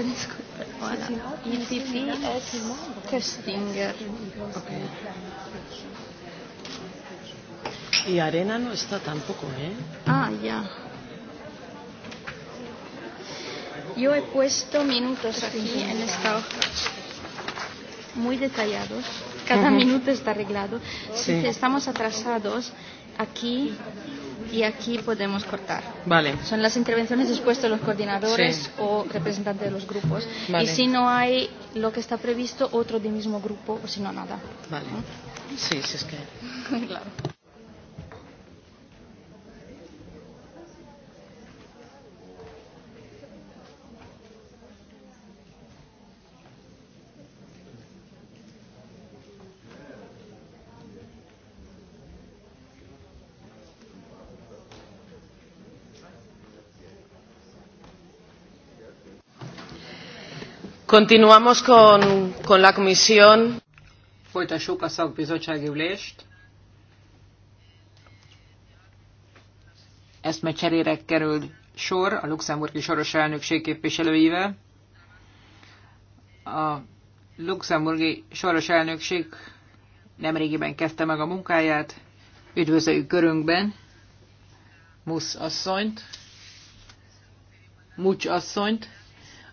Jens. Voilà. ICPS Köstinger. Okay. Y Arena no está tampoco, ¿eh? Ah, ya. Yo he puesto minutos aquí en esta hoja, muy detallados. Cada uh -huh. minuto está arreglado. Sí. Si estamos atrasados, aquí y aquí podemos cortar. Vale. Son las intervenciones después de los coordinadores sí. o representantes de los grupos. Vale. Y si no hay lo que está previsto, otro del mismo grupo, o si no, nada. Vale. ¿Eh? Sí, si es que. claro. Continuamos con, con la comisión. Folytassuk a szakbizottsági ülést. Eszmecserére kerül sor a luxemburgi soros elnökség képviselőivel. A luxemburgi soros elnökség nemrégiben kezdte meg a munkáját. Üdvözöljük körünkben Musz asszonyt, Mucs asszonyt,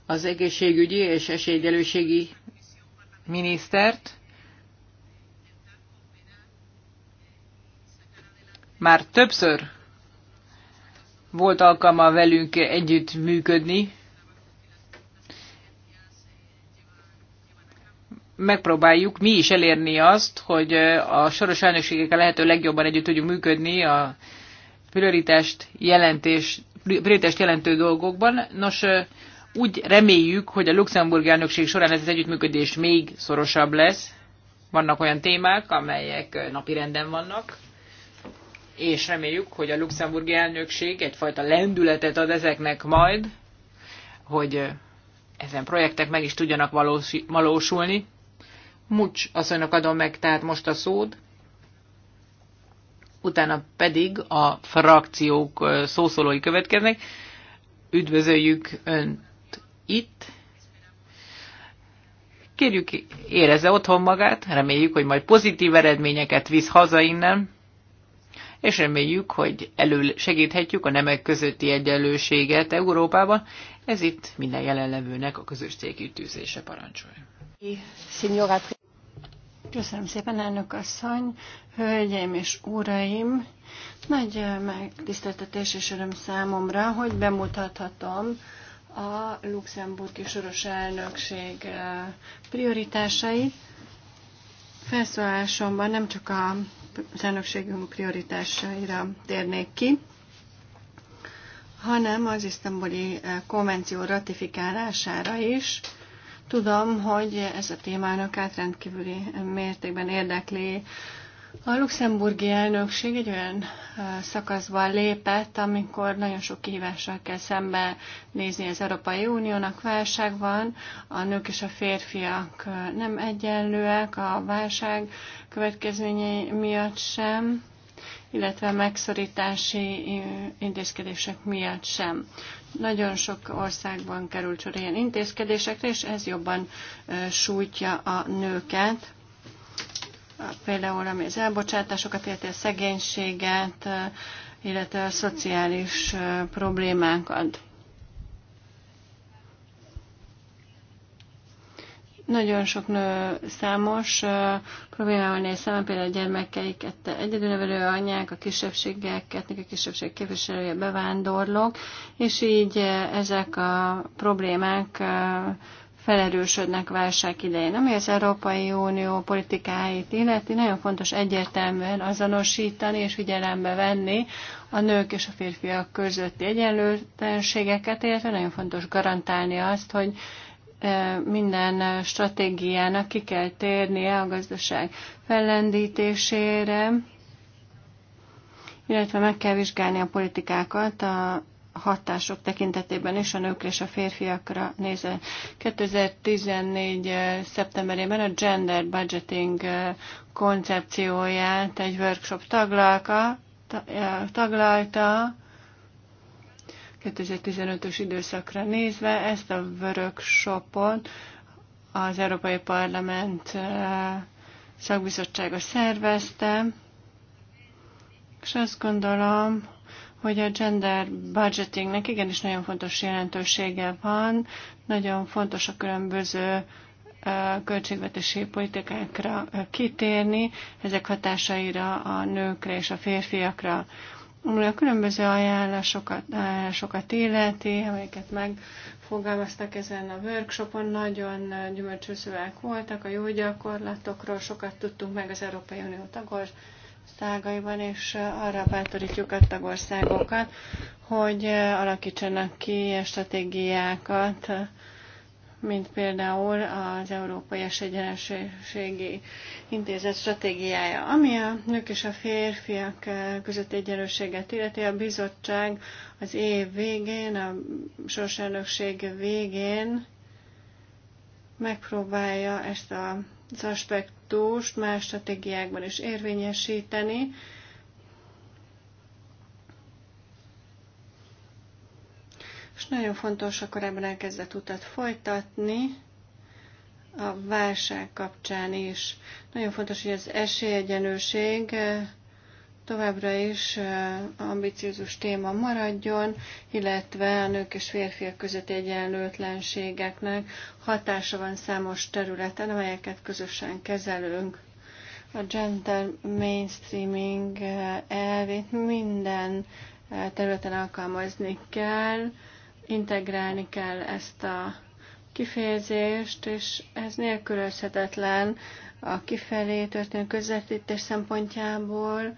az egészségügyi és esélyegyelőségi minisztert. Már többször volt alkalma velünk együtt működni. Megpróbáljuk mi is elérni azt, hogy a soros elnökségekkel lehető legjobban együtt tudjuk működni a prioritást, jelentés, prioritást jelentő dolgokban. Nos, úgy reméljük, hogy a Luxemburg elnökség során ez az együttműködés még szorosabb lesz. Vannak olyan témák, amelyek napirenden vannak, és reméljük, hogy a luxemburgi elnökség egyfajta lendületet ad ezeknek majd, hogy ezen projektek meg is tudjanak valósulni. Mucs asszonynak adom meg tehát most a szót, utána pedig a frakciók szószólói következnek. Üdvözöljük ön, itt. Kérjük, érezze otthon magát, reméljük, hogy majd pozitív eredményeket visz haza innen, és reméljük, hogy elő segíthetjük a nemek közötti egyenlőséget Európában. Ez itt minden jelenlevőnek a közös tűzése parancsolja. Köszönöm szépen, elnök asszony, hölgyeim és uraim! Nagy megtiszteltetés és öröm számomra, hogy bemutathatom a luxemburgi soros elnökség prioritásai. Felszólásomban nem csak a az elnökségünk prioritásaira térnék ki, hanem az isztambuli konvenció ratifikálására is. Tudom, hogy ez a témának átrendkívüli mértékben érdekli a luxemburgi elnökség egy olyan szakaszban lépett, amikor nagyon sok kihívással kell szembe nézni az Európai Uniónak. Válság van, a nők és a férfiak nem egyenlőek, a válság következményei miatt sem illetve megszorítási intézkedések miatt sem. Nagyon sok országban került sor ilyen intézkedésekre, és ez jobban sújtja a nőket például ami az elbocsátásokat illeti, a szegénységet, illetve a szociális problémákat. Nagyon sok nő számos problémával néz szemben, például a gyermekeiket egyedülnevelő anyák, a kisebbségek, a kisebbség képviselője, bevándorlók, és így ezek a problémák felerősödnek válság idején. Ami az Európai Unió politikáit illeti, nagyon fontos egyértelműen azonosítani és figyelembe venni a nők és a férfiak közötti egyenlőtlenségeket, illetve nagyon fontos garantálni azt, hogy e, minden stratégiának ki kell térnie a gazdaság fellendítésére, illetve meg kell vizsgálni a politikákat a hatások tekintetében is a nőkre és a férfiakra nézve. 2014. Eh, szeptemberében a gender budgeting eh, koncepcióját egy workshop taglalka, eh, taglalta, 2015-ös időszakra nézve ezt a workshopon az Európai Parlament szakbizottsága szervezte, és azt gondolom, hogy a gender budgetingnek igenis nagyon fontos jelentősége van, nagyon fontos a különböző költségvetési politikákra kitérni, ezek hatásaira a nőkre és a férfiakra. a különböző ajánlásokat, ajánlásokat illeti, amelyeket megfogalmaztak ezen a workshopon, nagyon gyümölcsözőek voltak, a jó gyakorlatokról sokat tudtunk meg az Európai Unió tagországokról, országaiban, és arra bátorítjuk a tagországokat, hogy alakítsanak ki stratégiákat, mint például az Európai Egyenlőségi Intézet stratégiája, ami a nők és a férfiak között egyenlőséget illeti. A bizottság az év végén, a sorselnökség végén megpróbálja ezt az aspektus, aspektust más stratégiákban is érvényesíteni. És nagyon fontos akkor ebben elkezdett utat folytatni, a válság kapcsán is. Nagyon fontos, hogy az esélyegyenőség eh, továbbra is ambiciózus téma maradjon, illetve a nők és férfiak közötti egyenlőtlenségeknek hatása van számos területen, amelyeket közösen kezelünk. A gender mainstreaming elvét minden területen alkalmazni kell, integrálni kell ezt a kifejezést, és ez nélkülözhetetlen a kifelé történő közvetítés szempontjából,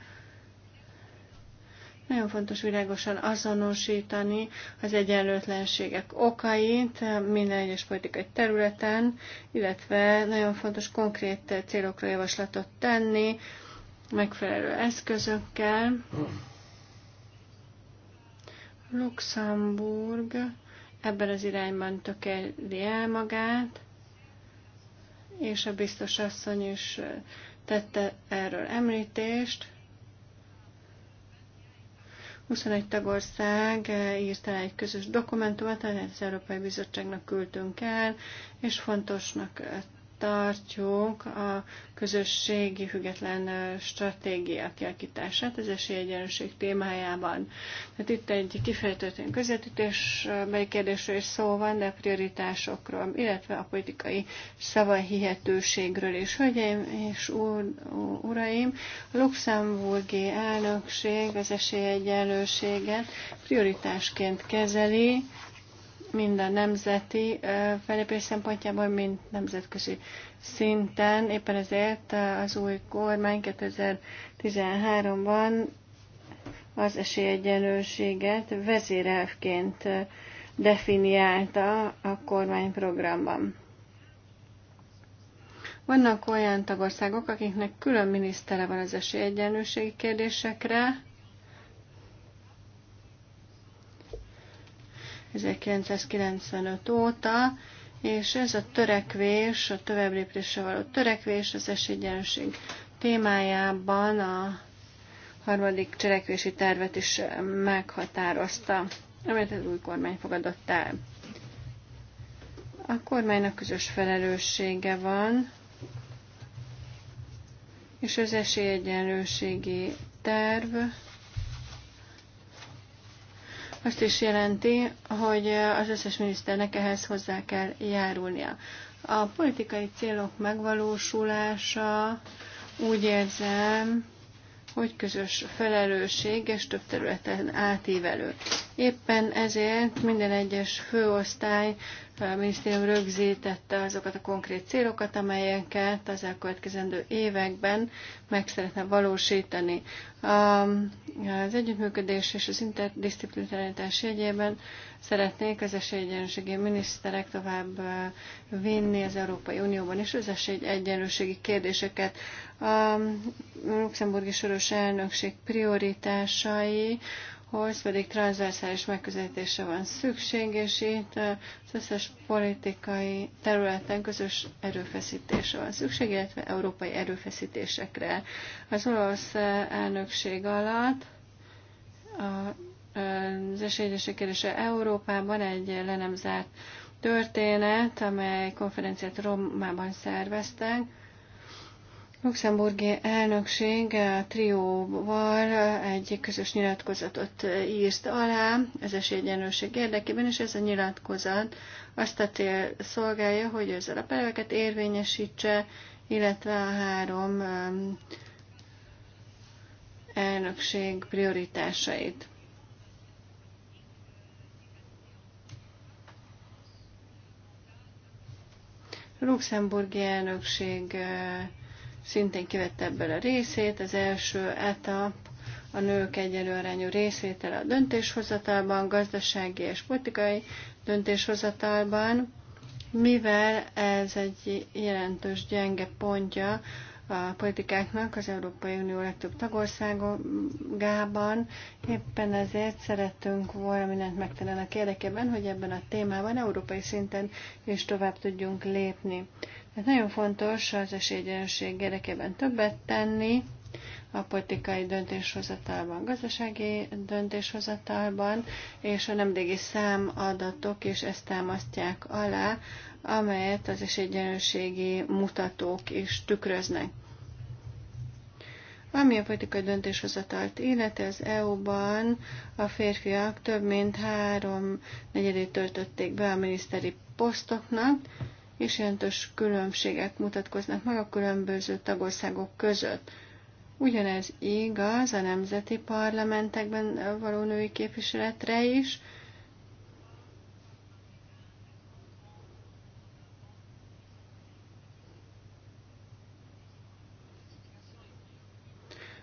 nagyon fontos világosan azonosítani az egyenlőtlenségek okait minden egyes politikai területen, illetve nagyon fontos konkrét célokra javaslatot tenni, megfelelő eszközökkel. Luxemburg ebben az irányban tökéli el magát, és a biztos asszony is tette erről említést. 21 tagország eh, írt el egy közös dokumentumot, amit az Európai Bizottságnak küldtünk el, és fontosnak tartjuk a közösségi független stratégia kialakítását az esélyegyenlőség témájában. Tehát itt egy kifejtetően közvetítésbeli kérdésről is szó van, de a prioritásokról, illetve a politikai szavahihetőségről is. Hölgyeim és uraim, a luxemburgi elnökség az esélyegyenlőséget prioritásként kezeli, mind a nemzeti felépés szempontjából, mind nemzetközi szinten. Éppen ezért az új kormány 2013-ban az esélyegyenlőséget vezérelvként definiálta a kormányprogramban. Vannak olyan tagországok, akiknek külön minisztere van az esélyegyenlőségi kérdésekre, 1995 óta, és ez a törekvés, a lépésre való törekvés az esélyegyenlőség témájában a harmadik cselekvési tervet is meghatározta, amelyet az új kormány fogadott el. A kormánynak közös felelőssége van, és az esélyegyenlőségi terv azt is jelenti, hogy az összes miniszternek ehhez hozzá kell járulnia. A politikai célok megvalósulása úgy érzem, hogy közös felelősség és több területen átívelő. Éppen ezért minden egyes főosztály a minisztérium rögzítette azokat a konkrét célokat, amelyeket az elkövetkezendő években meg szeretne valósítani. Az együttműködés és az interdisziplinaritás jegyében szeretnék az esélyegyenlőségi miniszterek tovább vinni az Európai Unióban is az esélyegyenlőségi kérdéseket. A luxemburgi soros elnökség prioritásai hoz pedig transzverszális megközelítésre van szükség, és itt eh, az összes politikai területen közös erőfeszítésre van szükség, illetve európai erőfeszítésekre. Az olasz eh, elnökség alatt eh, az esélyesek kérdése Európában egy le nem zárt történet, amely konferenciát Romában szerveztek, luxemburgi elnökség a trióval egy közös nyilatkozatot írt alá az esélyegyenlőség érdekében, és ez a nyilatkozat azt a cél szolgálja, hogy az alapelveket érvényesítse, illetve a három um, elnökség prioritásait. luxemburgi elnökség uh, szintén kivette ebből a részét. Az első etap a nők egyenlő arányú részvétele a döntéshozatalban, gazdasági és politikai döntéshozatalban, mivel ez egy jelentős gyenge pontja a politikáknak az Európai Unió legtöbb tagországában. Éppen ezért szerettünk volna mindent megtenni a érdekében, hogy ebben a témában európai szinten is tovább tudjunk lépni. Tehát nagyon fontos az esélyegyenlőség érdekében többet tenni, a politikai döntéshozatalban, gazdasági döntéshozatalban, és a nemdégi számadatok is ezt támasztják alá, amelyet az esélyegyenlőségi mutatók is tükröznek. Ami a politikai döntéshozatalt illeti, az EU-ban a férfiak több mint három negyedét töltötték be a miniszteri posztoknak, és jelentős különbségek mutatkoznak meg a különböző tagországok között. Ugyanez igaz a nemzeti parlamentekben való női képviseletre is,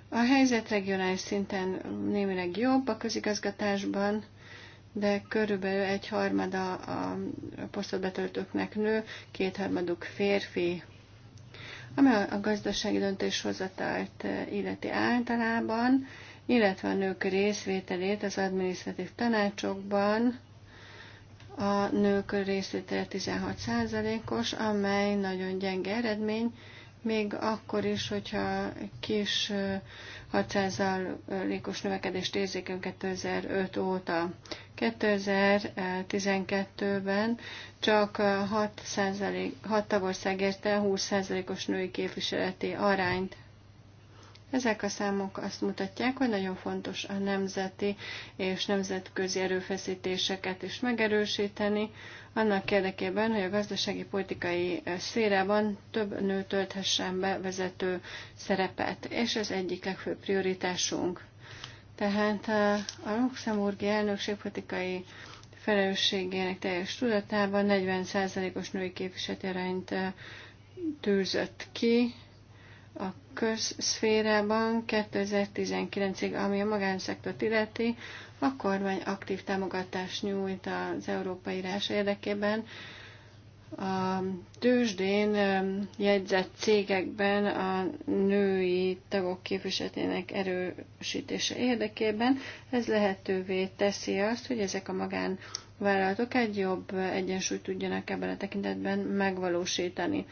A helyzet regionális szinten némileg jobb a közigazgatásban, de körülbelül egy harmada a posztot betöltőknek nő, kétharmaduk férfi. Ami a gazdasági döntéshozatalt eh, illeti általában, illetve a nők részvételét az adminisztratív tanácsokban, a nők részvétele 16%-os, amely nagyon gyenge eredmény, még akkor is, hogyha kis eh, 6%-os növekedést érzékeny 2005 óta. 2012-ben csak 6, 6 tagország érte 20%-os női képviseleti arányt. Ezek a számok azt mutatják, hogy nagyon fontos a nemzeti és nemzetközi erőfeszítéseket is megerősíteni, annak érdekében, hogy a gazdasági politikai szférában több nő tölthessen be vezető szerepet, és ez egyik legfőbb prioritásunk. Tehát eh, a luxemburgi elnökség politikai felelősségének teljes tudatában 40%-os női képviseleti arányt eh, tűzött ki, a közszférában 2019-ig, ami a magánszektort illeti, a kormány aktív támogatást nyújt az európai írás érdekében. A tőzsdén jegyzett cégekben a női tagok képviseletének erősítése érdekében ez lehetővé teszi azt, hogy ezek a magánvállalatok egy jobb egyensúlyt tudjanak ebben a tekintetben megvalósítani.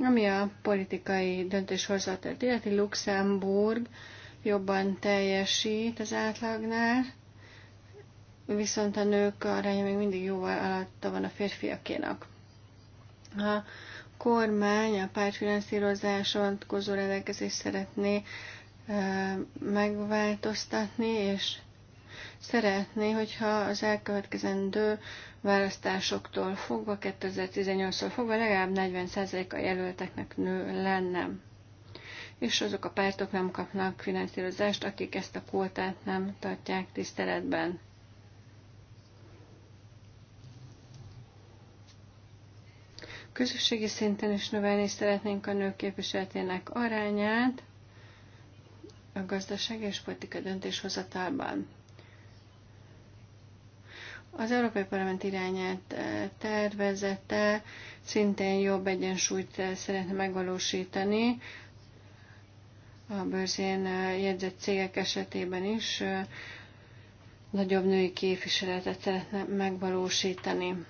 Ami a politikai döntéshozatát illeti, Luxemburg jobban teljesít az átlagnál, viszont a nők aránya még mindig jóval alatta van a férfiakénak. A kormány a pártfinanszírozáson vonatkozó rendelkezést szeretné megváltoztatni, és szeretné, hogyha az elkövetkezendő választásoktól fogva, 2018-tól fogva legalább 40% a jelölteknek nő lenne. És azok a pártok nem kapnak finanszírozást, akik ezt a kultát nem tartják tiszteletben. Közösségi szinten is növelni szeretnénk a nők képviseletének arányát, a gazdaság és politika döntéshozatalban. Az Európai Parlament irányát eh, tervezete szintén jobb egyensúlyt eh, szeretne megvalósítani a bőrzén eh, jegyzett cégek esetében is nagyobb női képviseletet szeretne megvalósítani.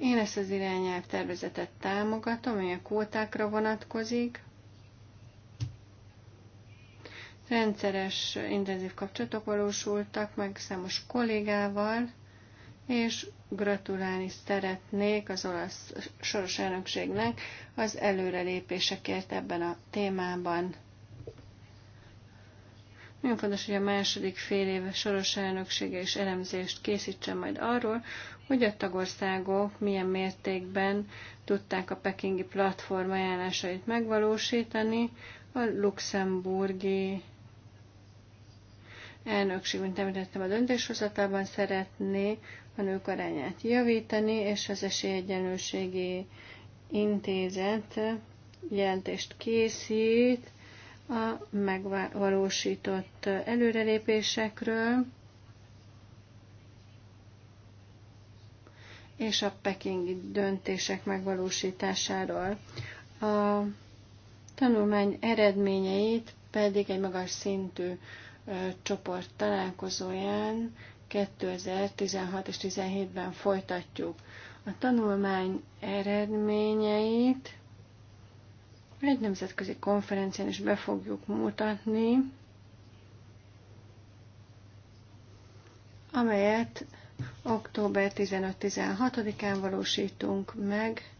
Én ezt az irányelv tervezetet támogatom, ami a kótákra vonatkozik. Rendszeres, intenzív kapcsolatok valósultak meg számos kollégával, és gratulálni szeretnék az olasz soros elnökségnek az előrelépésekért ebben a témában. Nagyon fontos, hogy a második fél év soros elnöksége és elemzést készítsen majd arról, hogy a tagországok milyen mértékben tudták a pekingi platform ajánlásait megvalósítani, a luxemburgi elnökség, mint említettem, a döntéshozatában szeretné a nők arányát javítani, és az esélyegyenlőségi intézet jelentést készít a megvalósított előrelépésekről, és a pekingi döntések megvalósításáról. A tanulmány eredményeit pedig egy magas szintű csoport találkozóján 2016 és 2017-ben folytatjuk. A tanulmány eredményeit egy nemzetközi konferencián is be fogjuk mutatni, amelyet október 15-16-án valósítunk meg,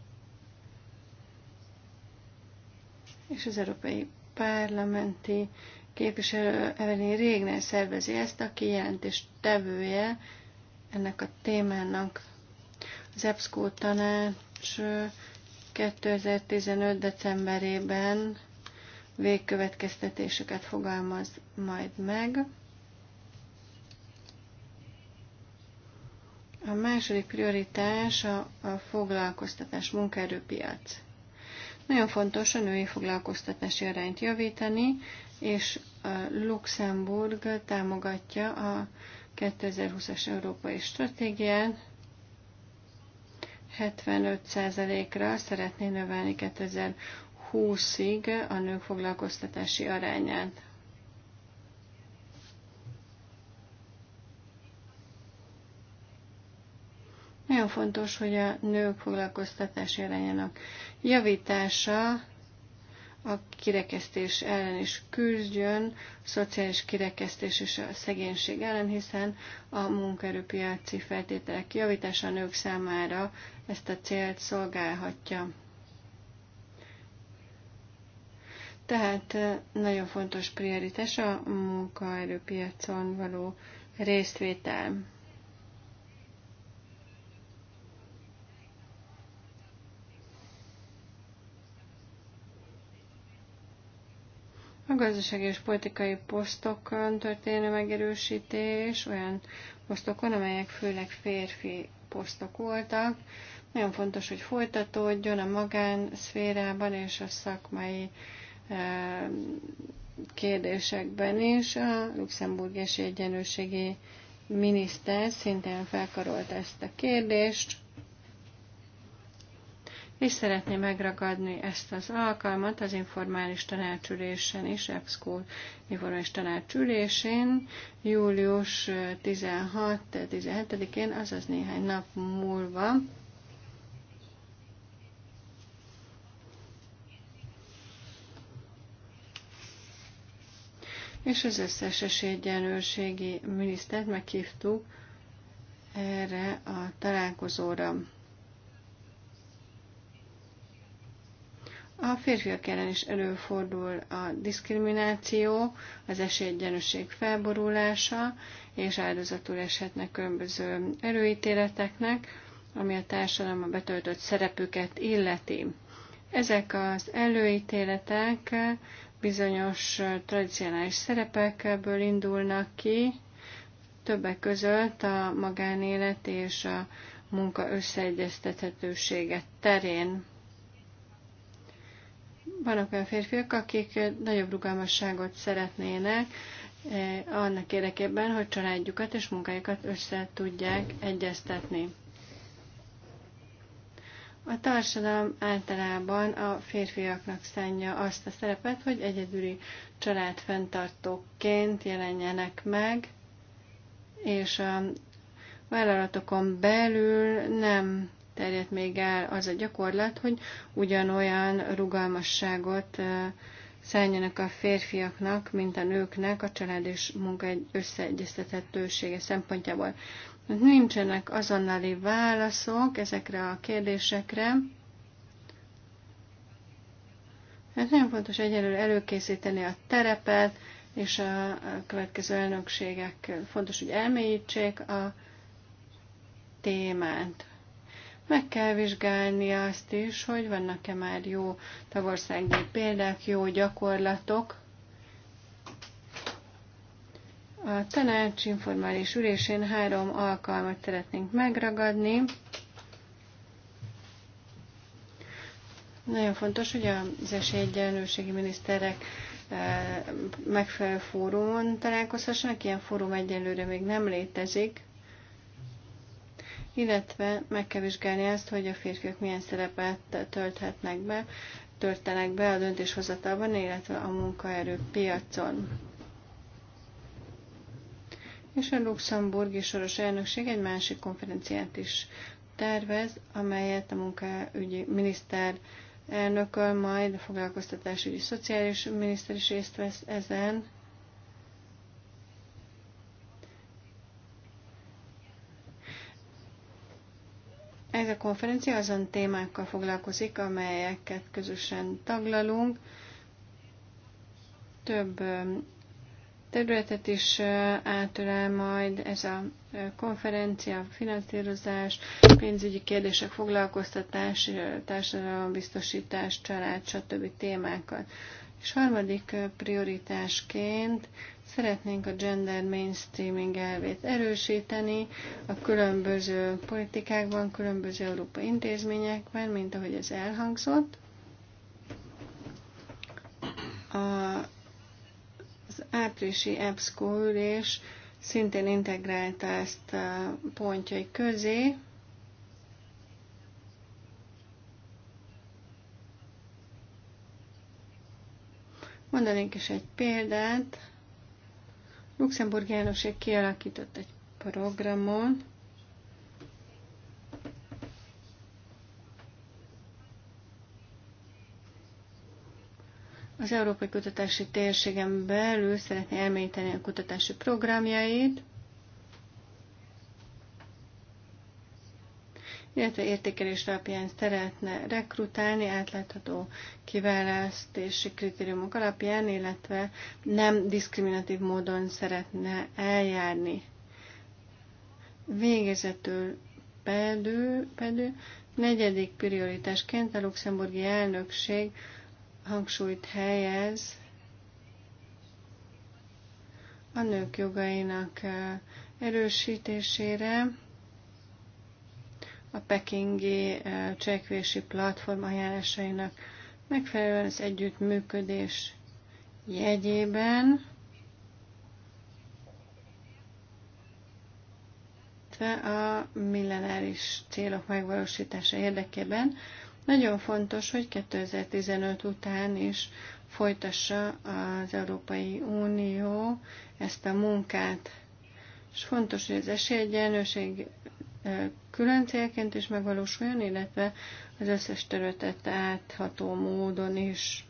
és az Európai Parlamenti képviselő Evelyn Régnél szervezi ezt, aki jelentés tevője ennek a témának. Az EBSCO tanács 2015. decemberében végkövetkeztetéseket fogalmaz majd meg. A második prioritás a, a foglalkoztatás munkaerőpiac. Nagyon fontos a női foglalkoztatási arányt javítani, és Luxemburg támogatja a 2020-as európai stratégián 75%-ra szeretné növelni 2020-ig a nők foglalkoztatási arányát. Nagyon fontos, hogy a nők foglalkoztatási arányának javítása a kirekesztés ellen is küzdjön, a szociális kirekesztés és a szegénység ellen, hiszen a munkaerőpiaci feltételek javítása a nők számára ezt a célt szolgálhatja. Tehát eh, nagyon fontos prioritás a munkaerőpiacon való részvétel. A gazdasági és politikai posztokon történő megerősítés, olyan posztokon, amelyek főleg férfi posztok voltak. Nagyon fontos, hogy folytatódjon a magánszférában és a szakmai e, kérdésekben is. A luxemburg és egyenlőségi miniszter szintén felkarolt ezt a kérdést és szeretné megragadni ezt az alkalmat az informális tanácsülésen is, EBSCO informális tanácsülésén, július 16-17-én, azaz néhány nap múlva. És az összes esélyegyenlőségi minisztert meghívtuk erre a találkozóra. A férfiak ellen is előfordul a diszkrimináció, az esélyegyenlőség felborulása, és áldozatul eshetnek különböző előítéleteknek, ami a a betöltött szerepüket illeti. Ezek az előítéletek bizonyos tradicionális szerepekből indulnak ki, többek között a magánélet és a munka összeegyeztethetősége terén. Vannak olyan férfiak, akik nagyobb rugalmasságot szeretnének, eh, annak érdekében, hogy családjukat és munkájukat össze tudják egyeztetni. A társadalom általában a férfiaknak szánja azt a szerepet, hogy egyedüli családfenntartóként jelenjenek meg, és a vállalatokon belül nem terjedt még el az a gyakorlat, hogy ugyanolyan rugalmasságot szálljanak a férfiaknak, mint a nőknek a család és munka összeegyeztethetősége szempontjából. Nincsenek azonnali válaszok ezekre a kérdésekre. Hát nagyon fontos egyelőre előkészíteni a terepet, és a következő elnökségek fontos, hogy elmélyítsék a témát meg kell vizsgálni azt is, hogy vannak-e már jó tagországi példák, jó gyakorlatok. A tanács informális ülésén három alkalmat szeretnénk megragadni. Nagyon fontos, hogy az esélyegyenlőségi miniszterek eh, megfelelő fórumon találkozhassanak. Ilyen fórum egyelőre még nem létezik illetve meg kell vizsgálni azt, hogy a férfiak milyen szerepet tölthetnek be, töltenek be a döntéshozatalban, illetve a munkaerőpiacon. És a luxemburgi soros elnökség egy másik konferenciát is tervez, amelyet a munkaügyi miniszter elnököl, majd a foglalkoztatásügyi szociális miniszter is részt vesz ezen, Ez a konferencia azon témákkal foglalkozik, amelyeket közösen taglalunk. Több területet is átölel majd ez a konferencia, finanszírozás, pénzügyi kérdések, foglalkoztatás, társadalombiztosítás, család, stb. témákat. És harmadik prioritásként szeretnénk a gender mainstreaming elvét erősíteni a különböző politikákban, különböző európai intézményekben, mint ahogy ez elhangzott. A, az áprilisi EBSCO ülés szintén integrálta ezt a pontjai közé, Mondanék is egy példát. Luxemburg elnökség kialakított egy programon, az Európai Kutatási Térségen belül szeretné elmélyíteni a kutatási programjait, illetve értékelés alapján szeretne rekrutálni átlátható kiválasztási kritériumok alapján, illetve nem diszkriminatív módon szeretne eljárni. Végezetül pedig, pedig negyedik prioritásként a luxemburgi elnökség hangsúlyt helyez a nők jogainak eh, erősítésére, a pekingi eh, cselekvési platform ajánlásainak megfelelően az együttműködés jegyében, a millenáris célok megvalósítása érdekében. Nagyon fontos, hogy 2015 után is folytassa az Európai Unió ezt a munkát. És fontos, hogy az esélyegyenlőség külön célként is megvalósuljon, illetve az összes területet átható módon is.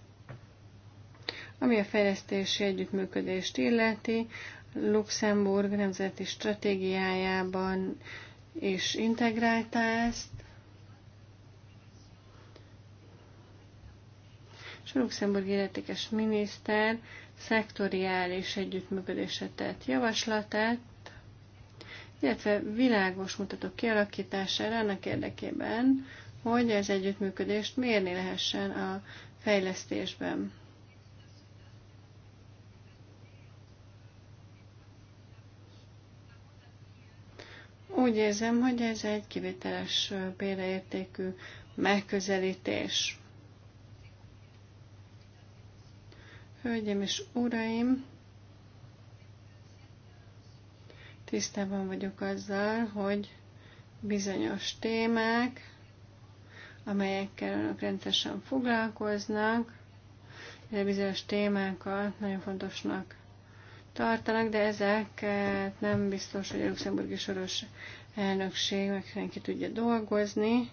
Ami a fejlesztési együttműködést illeti, Luxemburg nemzeti stratégiájában is integrálta ezt, és a luxemburgi illetékes miniszter szektoriális együttműködésre tett javaslatát, illetve világos mutatók kialakítására annak érdekében, hogy az együttműködést mérni lehessen a fejlesztésben. Úgy érzem, hogy ez egy kivételes példaértékű megközelítés. Hölgyeim és uraim, Tisztában vagyok azzal, hogy bizonyos témák, amelyekkel önök rendszeresen foglalkoznak, de bizonyos témákat nagyon fontosnak tartanak, de ezeket nem biztos, hogy a luxemburgi soros elnökség meg senki tudja dolgozni.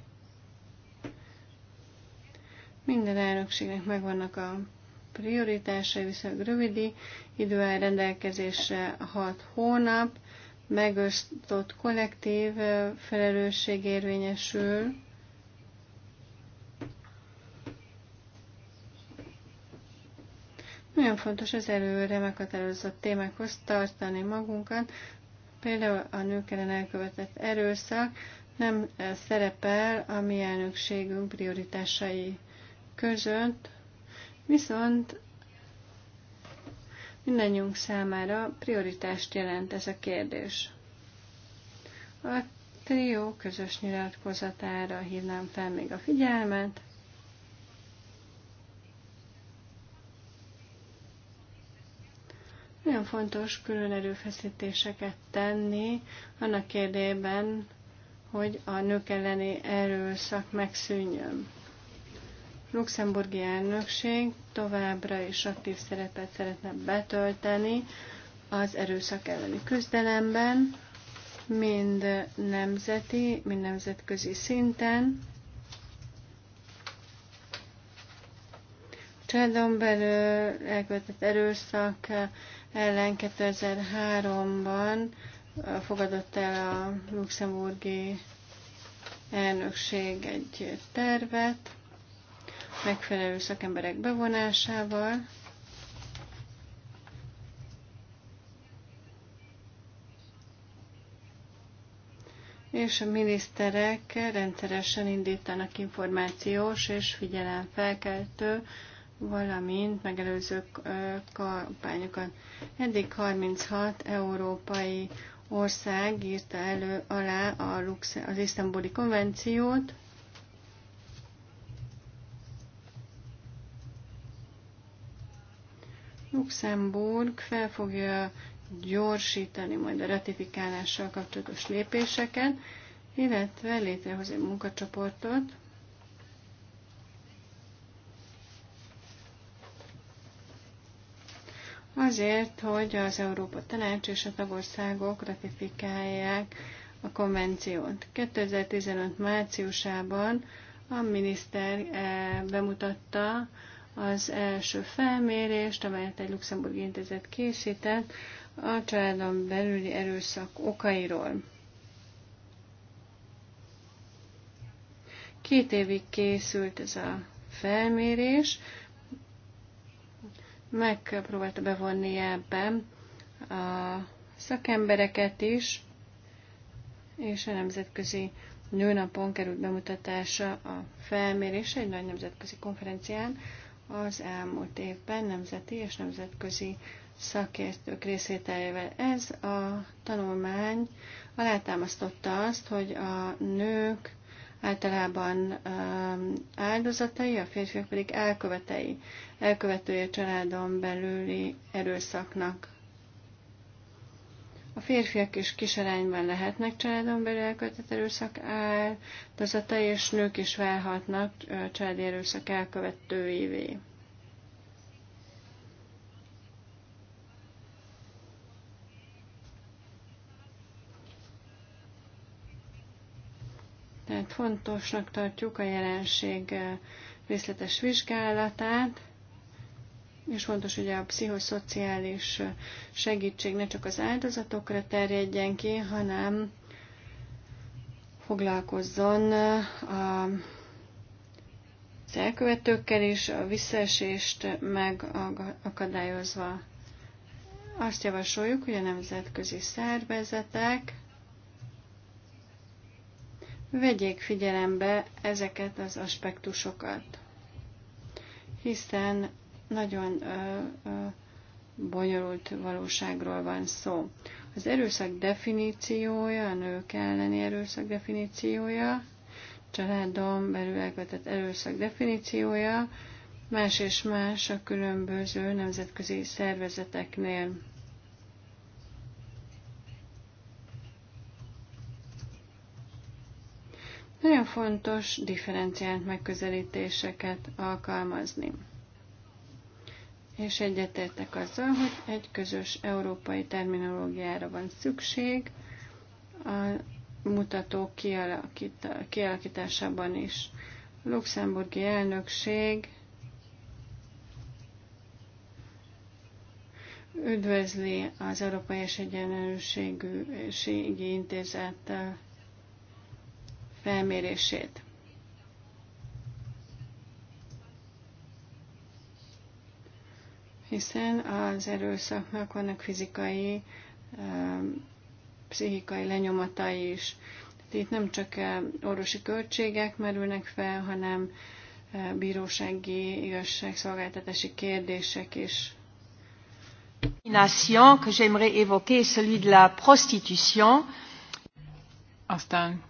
Minden elnökségnek megvannak a prioritásai, viszont rövidi idő rendelkezésre 6 hónap, megosztott kollektív felelősség érvényesül, Nagyon fontos az előre meghatározott témákhoz tartani magunkat, például a nők ellen elkövetett erőszak nem szerepel a mi elnökségünk prioritásai között, viszont Mindennyiunk számára prioritást jelent ez a kérdés. A trió közös nyilatkozatára hívnám fel még a figyelmet. Nagyon fontos külön erőfeszítéseket tenni annak érdében, hogy a nők elleni erőszak megszűnjön luxemburgi elnökség továbbra is aktív szerepet szeretne betölteni az erőszak elleni küzdelemben, mind nemzeti, mind nemzetközi szinten. Csádon belül elkövetett erőszak ellen 2003-ban fogadott el a luxemburgi elnökség egy tervet, megfelelő szakemberek bevonásával. és a miniszterek rendszeresen indítanak információs és figyelemfelkeltő, valamint megelőző kampányokat. Eddig 36 európai ország írta elő alá a az isztambuli konvenciót, Luxemburg fel fogja gyorsítani majd a ratifikálással kapcsolatos lépéseket, illetve létrehoz egy munkacsoportot, Azért, hogy az Európa Tanács és a tagországok ratifikálják a konvenciót. 2015 márciusában a miniszter eh, bemutatta az első felmérést, amelyet egy luxemburgi intézet készített a családon belüli erőszak okairól. Két évig készült ez a felmérés, megpróbálta bevonni ebbe a szakembereket is, és a nemzetközi nőnapon került bemutatása a felmérés egy nagy nemzetközi konferencián, az elmúlt évben nemzeti és nemzetközi szakértők részételével. Ez a tanulmány alátámasztotta azt, hogy a nők általában um, áldozatai, a férfiak pedig elkövetei, elkövetője családon belüli erőszaknak. A férfiak is kiserányban lehetnek családon belül elkövetett erőszak áldozata, és nők is válhatnak családi erőszak elkövetőivé. Tehát fontosnak tartjuk a jelenség részletes vizsgálatát, és fontos, hogy a pszichoszociális segítség ne csak az áldozatokra terjedjen ki, hanem foglalkozzon a az elkövetőkkel is, a visszaesést megakadályozva. Azt javasoljuk, hogy a nemzetközi szervezetek vegyék figyelembe ezeket az aspektusokat, hiszen nagyon bonyolult valóságról van szó. Az erőszak definíciója, a nők elleni erőszak definíciója, családom belül elkövetett erőszak definíciója, más és más a különböző nemzetközi szervezeteknél. Nagyon fontos differenciált megközelítéseket alkalmazni és egyetértek azzal, hogy egy közös európai terminológiára van szükség a mutatók kialakításában is. A luxemburgi elnökség üdvözli az Európai és Egyenlőségi Intézet uh, felmérését. hiszen az erőszaknak vannak fizikai, um, pszichikai lenyomatai is. Tehát itt nem csak eh, orvosi költségek merülnek fel, hanem eh, bírósági, igazságszolgáltatási kérdések is. que j'aimerais évoquer, celui de la prostitution. Aztán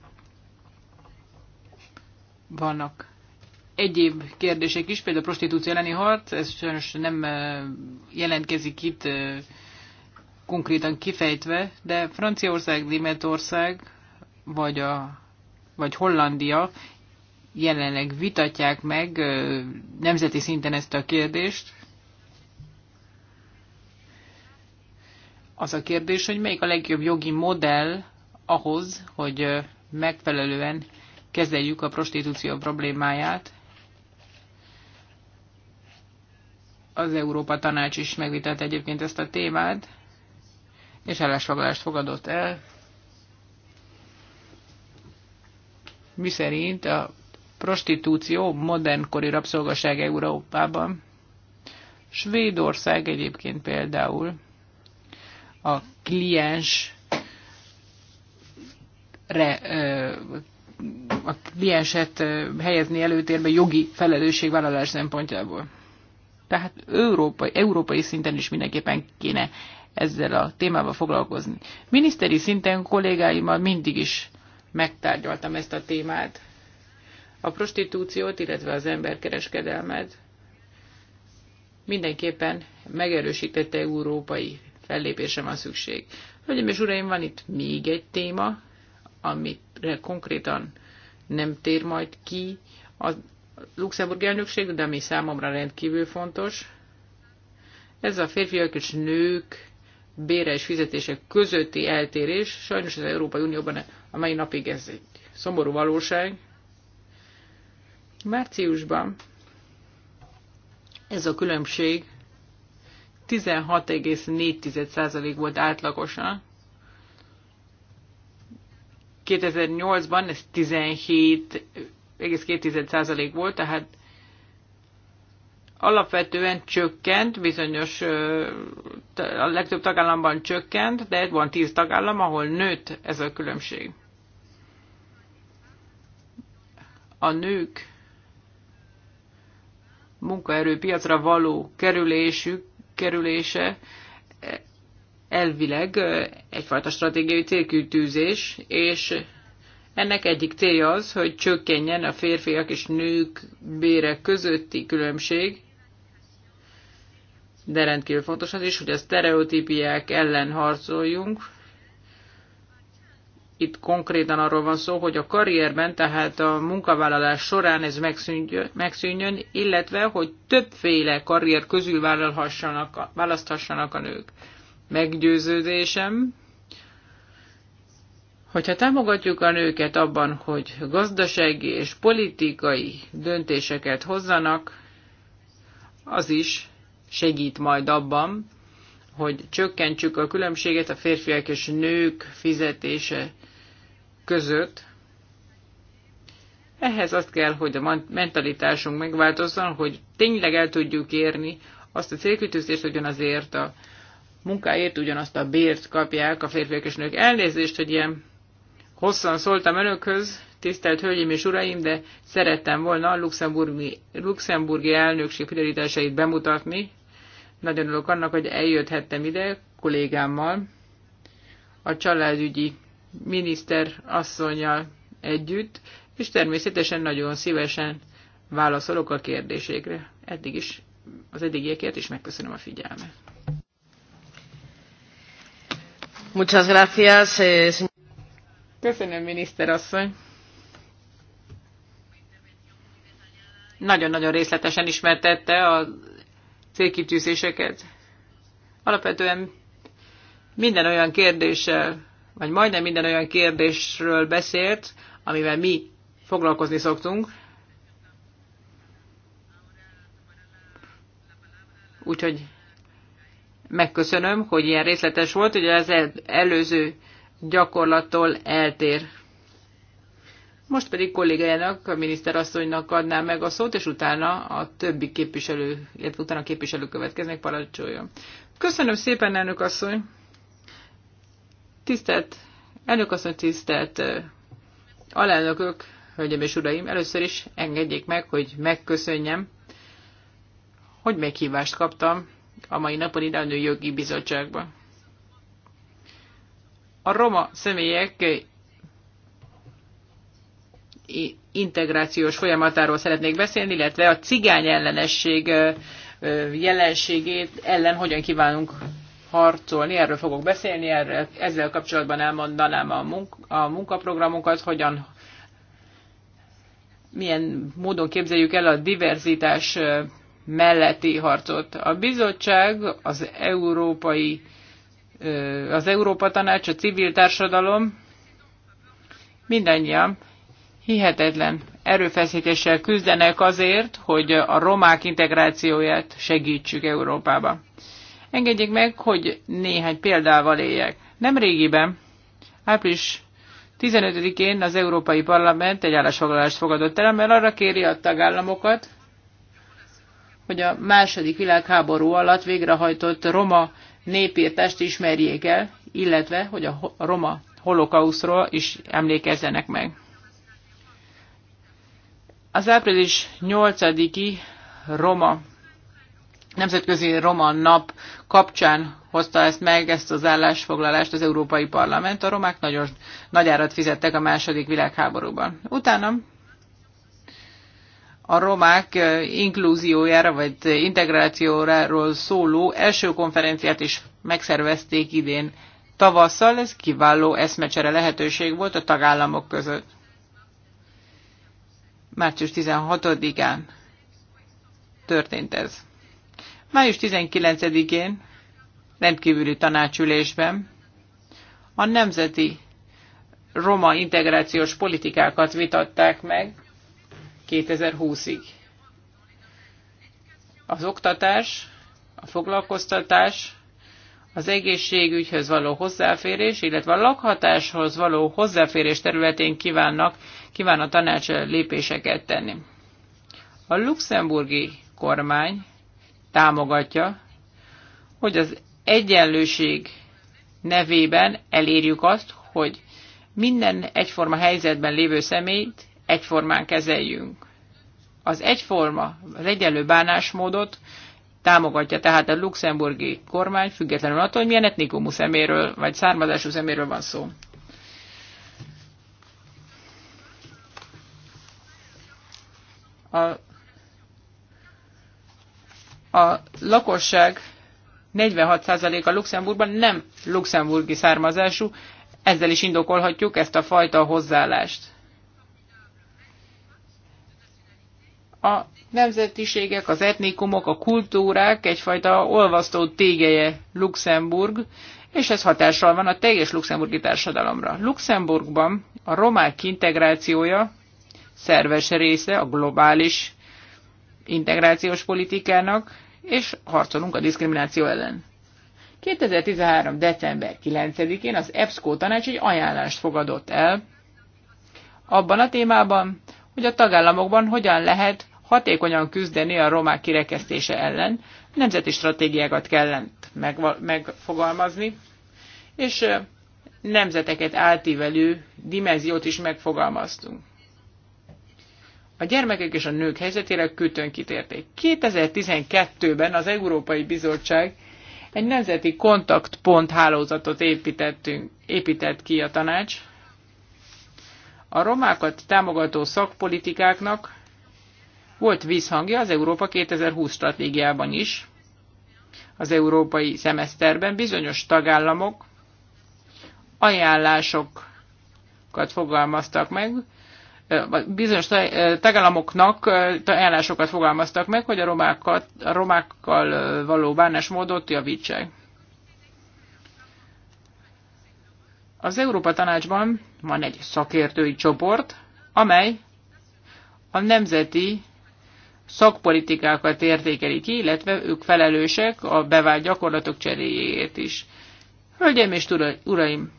vannak egyéb kérdések is, például a prostitúció elleni harc, ez sajnos nem jelentkezik itt konkrétan kifejtve, de Franciaország, Németország vagy, a, vagy Hollandia jelenleg vitatják meg nemzeti szinten ezt a kérdést. Az a kérdés, hogy melyik a legjobb jogi modell ahhoz, hogy megfelelően kezeljük a prostitúció problémáját, Az Európa Tanács is megvitelt egyébként ezt a témát, és állásfoglalást fogadott el, miszerint a prostitúció modernkori rabszolgaság Európában. Svédország egyébként például a kliens re, a klienset helyezni előtérbe jogi felelősségvállalás szempontjából tehát európai, európai szinten is mindenképpen kéne ezzel a témával foglalkozni. Miniszteri szinten kollégáimmal mindig is megtárgyaltam ezt a témát. A prostitúciót, illetve az emberkereskedelmet mindenképpen megerősítette európai fellépésre van szükség. Hölgyeim és uraim, van itt még egy téma, amire konkrétan nem tér majd ki az luxemburgi elnökség, de ami számomra rendkívül fontos. Ez a férfiak és nők bére és fizetések közötti eltérés, sajnos az Európai Unióban a mai napig ez egy szomorú valóság. Márciusban ez a különbség 16,4% volt átlagosan. 2008-ban ez 17 0,2% volt, tehát alapvetően csökkent, bizonyos a legtöbb tagállamban csökkent, de van 10 tagállam, ahol nőtt ez a különbség. A nők munkaerőpiacra való kerülésük, kerülése e, elvileg egyfajta stratégiai célkültűzés, és ennek egyik célja az, hogy csökkenjen a férfiak és nők bérek közötti különbség, de rendkívül fontos az is, hogy a sztereotípiák ellen harcoljunk. Itt konkrétan arról van szó, hogy a karrierben, tehát a munkavállalás során ez megszűnjön, illetve, hogy többféle karrier közül választhassanak a nők. Meggyőződésem, Hogyha támogatjuk a nőket abban, hogy gazdasági és politikai döntéseket hozzanak, az is segít majd abban, hogy csökkentsük a különbséget a férfiak és nők fizetése között. Ehhez azt kell, hogy a mentalitásunk megváltozzon, hogy tényleg el tudjuk érni azt a célkütőzést, hogy azért a munkáért ugyanazt a bért kapják a férfiak és nők. Elnézést, hogy ilyen hosszan szóltam önökhöz, tisztelt Hölgyeim és Uraim, de szerettem volna a luxemburgi, luxemburgi elnökség prioritásait bemutatni. Nagyon örülök annak, hogy eljöthettem ide kollégámmal, a családügyi miniszter asszonyjal együtt, és természetesen nagyon szívesen válaszolok a kérdésékre. Eddig is az eddigiekért is megköszönöm a figyelmet. Muchas gracias, eh, Köszönöm, miniszter asszony. Nagyon-nagyon részletesen ismertette a célkitűzéseket. Alapvetően minden olyan kérdéssel, vagy majdnem minden olyan kérdésről beszélt, amivel mi foglalkozni szoktunk. Úgyhogy megköszönöm, hogy ilyen részletes volt. Ugye az előző gyakorlattól eltér. Most pedig kollégájának, a miniszterasszonynak adná meg a szót, és utána a többi képviselő, illetve utána a képviselő következnek, parancsoljon. Köszönöm szépen, elnök asszony! Tisztelt elnök asszony, tisztelt alelnökök, hölgyeim és uraim! Először is engedjék meg, hogy megköszönjem, hogy meghívást kaptam a mai napon ide a Nőjogi Bizottságba a roma személyek eh, integrációs folyamatáról szeretnék beszélni, illetve a cigány ellenesség eh, eh, jelenségét ellen hogyan kívánunk harcolni, erről fogok beszélni, erről, ezzel kapcsolatban elmondanám a, munk, a munkaprogramunkat, hogyan milyen módon képzeljük el a diverzitás melletti harcot. A bizottság az európai az Európa Tanács, a civil társadalom, mindannyian hihetetlen erőfeszítéssel küzdenek azért, hogy a romák integrációját segítsük Európába. Engedjék meg, hogy néhány példával éljek. régiben, április 15-én az Európai Parlament egy állásfoglalást fogadott el, amely arra kéri a tagállamokat, hogy a második világháború alatt végrehajtott roma népírtást ismerjék el, illetve hogy a roma holokauszról is emlékezzenek meg. Az április 8-i Roma, Nemzetközi Roma Nap kapcsán hozta ezt meg, ezt az állásfoglalást az Európai Parlament. A romák nagyon nagy árat fizettek a második világháborúban. Utána a romák inklúziójára vagy integrációról szóló első konferenciát is megszervezték idén tavasszal, ez kiváló eszmecsere lehetőség volt a tagállamok között. Március 16-án történt ez. Május 19-én rendkívüli tanácsülésben a nemzeti roma integrációs politikákat vitatták meg, 2020-ig. Az oktatás, a foglalkoztatás, az egészségügyhöz való hozzáférés, illetve a lakhatáshoz való hozzáférés területén kívánnak, kíván a tanács lépéseket tenni. A luxemburgi kormány támogatja, hogy az egyenlőség nevében elérjük azt, hogy minden egyforma helyzetben lévő személyt egyformán kezeljünk. Az egyforma, az egyenlő bánásmódot támogatja tehát a luxemburgi kormány, függetlenül attól, hogy milyen etnikumú szeméről vagy származású szeméről van szó. A a lakosság 46%-a Luxemburgban nem luxemburgi származású, ezzel is indokolhatjuk ezt a fajta hozzáállást. a nemzetiségek, az etnikumok, a kultúrák egyfajta olvasztó tégeje Luxemburg, és ez hatással van a teljes luxemburgi társadalomra. Luxemburgban a romák integrációja szerves része a globális integrációs politikának, és harcolunk a diszkrimináció ellen. 2013. december 9-én az EBSCO tanács egy ajánlást fogadott el abban a témában, hogy a tagállamokban hogyan lehet hatékonyan küzdeni a romák kirekesztése ellen, nemzeti stratégiákat kellett megfogalmazni, és nemzeteket átívelő dimenziót is megfogalmaztunk. A gyermekek és a nők helyzetére kütön kitérték. 2012-ben az Európai Bizottság egy nemzeti kontaktpont hálózatot építettünk, épített ki a tanács. A romákat támogató szakpolitikáknak volt vízhangja az Európa 2020 stratégiában is, az európai szemeszterben bizonyos tagállamok ajánlásokat fogalmaztak meg, bizonyos tagállamoknak ajánlásokat fogalmaztak meg, hogy a, romákat, a romákkal való bánásmódot javítsák. Az Európa Tanácsban van egy szakértői csoport, amely a nemzeti szakpolitikákat értékeli ki, illetve ők felelősek a bevált gyakorlatok cseréjéért is. Hölgyeim és uraim!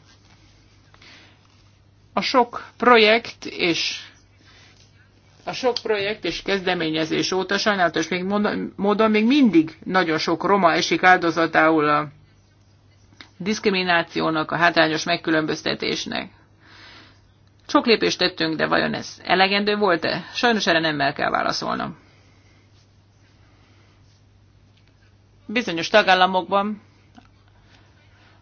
A sok projekt és a sok projekt és kezdeményezés óta sajnálatos még módon még mindig nagyon sok roma esik áldozatául a diszkriminációnak, a hátrányos megkülönböztetésnek. Sok lépést tettünk, de vajon ez elegendő volt-e? Sajnos erre nem el kell válaszolnom. bizonyos tagállamokban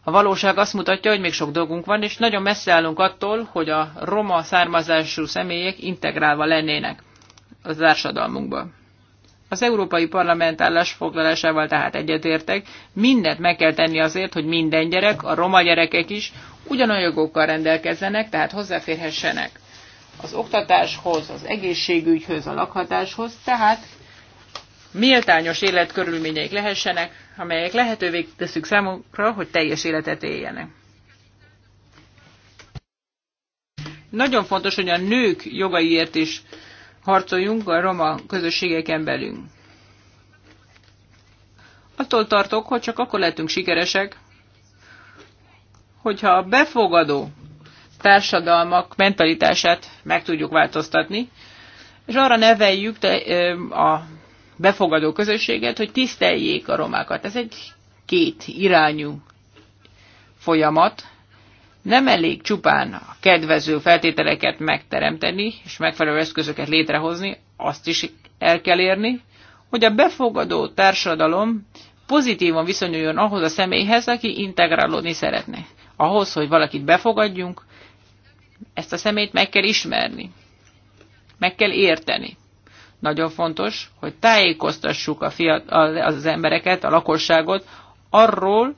a valóság azt mutatja, hogy még sok dolgunk van, és nagyon messze állunk attól, hogy a roma származású személyek integrálva lennének a társadalmunkba. Az Európai Parlament állásfoglalásával tehát egyetértek, mindent meg kell tenni azért, hogy minden gyerek, a roma gyerekek is ugyanolyan jogokkal rendelkezzenek, tehát hozzáférhessenek az oktatáshoz, az egészségügyhöz, a lakhatáshoz, tehát méltányos életkörülményeik lehessenek, amelyek lehetővé teszük számukra, hogy teljes életet éljenek. Nagyon fontos, hogy a nők jogaiért is harcoljunk a roma közösségeken belül. Attól tartok, hogy csak akkor lehetünk sikeresek, hogyha a befogadó társadalmak mentalitását meg tudjuk változtatni, és arra neveljük a befogadó közösséget, hogy tiszteljék a romákat. Ez egy két irányú folyamat. Nem elég csupán a kedvező feltételeket megteremteni, és megfelelő eszközöket létrehozni, azt is el kell érni, hogy a befogadó társadalom pozitívan viszonyuljon ahhoz a személyhez, aki integrálódni szeretne. Ahhoz, hogy valakit befogadjunk, ezt a szemét meg kell ismerni, meg kell érteni. Nagyon fontos, hogy tájékoztassuk a fiat, az embereket, a lakosságot arról,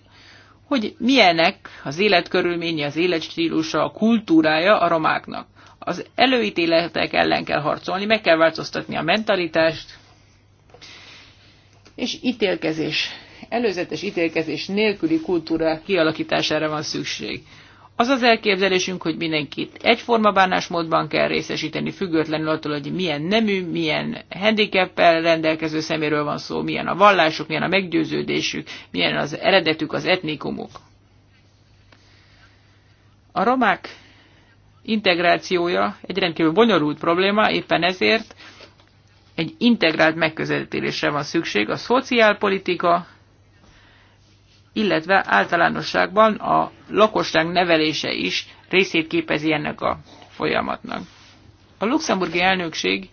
hogy milyenek az életkörülménye, az életstílusa, a kultúrája a romáknak. Az előítéletek ellen kell harcolni, meg kell változtatni a mentalitást, és ítélkezés, előzetes ítélkezés nélküli kultúra kialakítására van szükség. Az az elképzelésünk, hogy mindenkit egyforma bánásmódban kell részesíteni, függetlenül attól, hogy milyen nemű, milyen handicappel rendelkező szeméről van szó, milyen a vallások, milyen a meggyőződésük, milyen az eredetük, az etnikumuk. A romák integrációja egy rendkívül bonyolult probléma, éppen ezért egy integrált megközelítésre van szükség. A szociálpolitika, illetve általánosságban a lakosság nevelése is részét képezi ennek a folyamatnak. A luxemburgi elnökség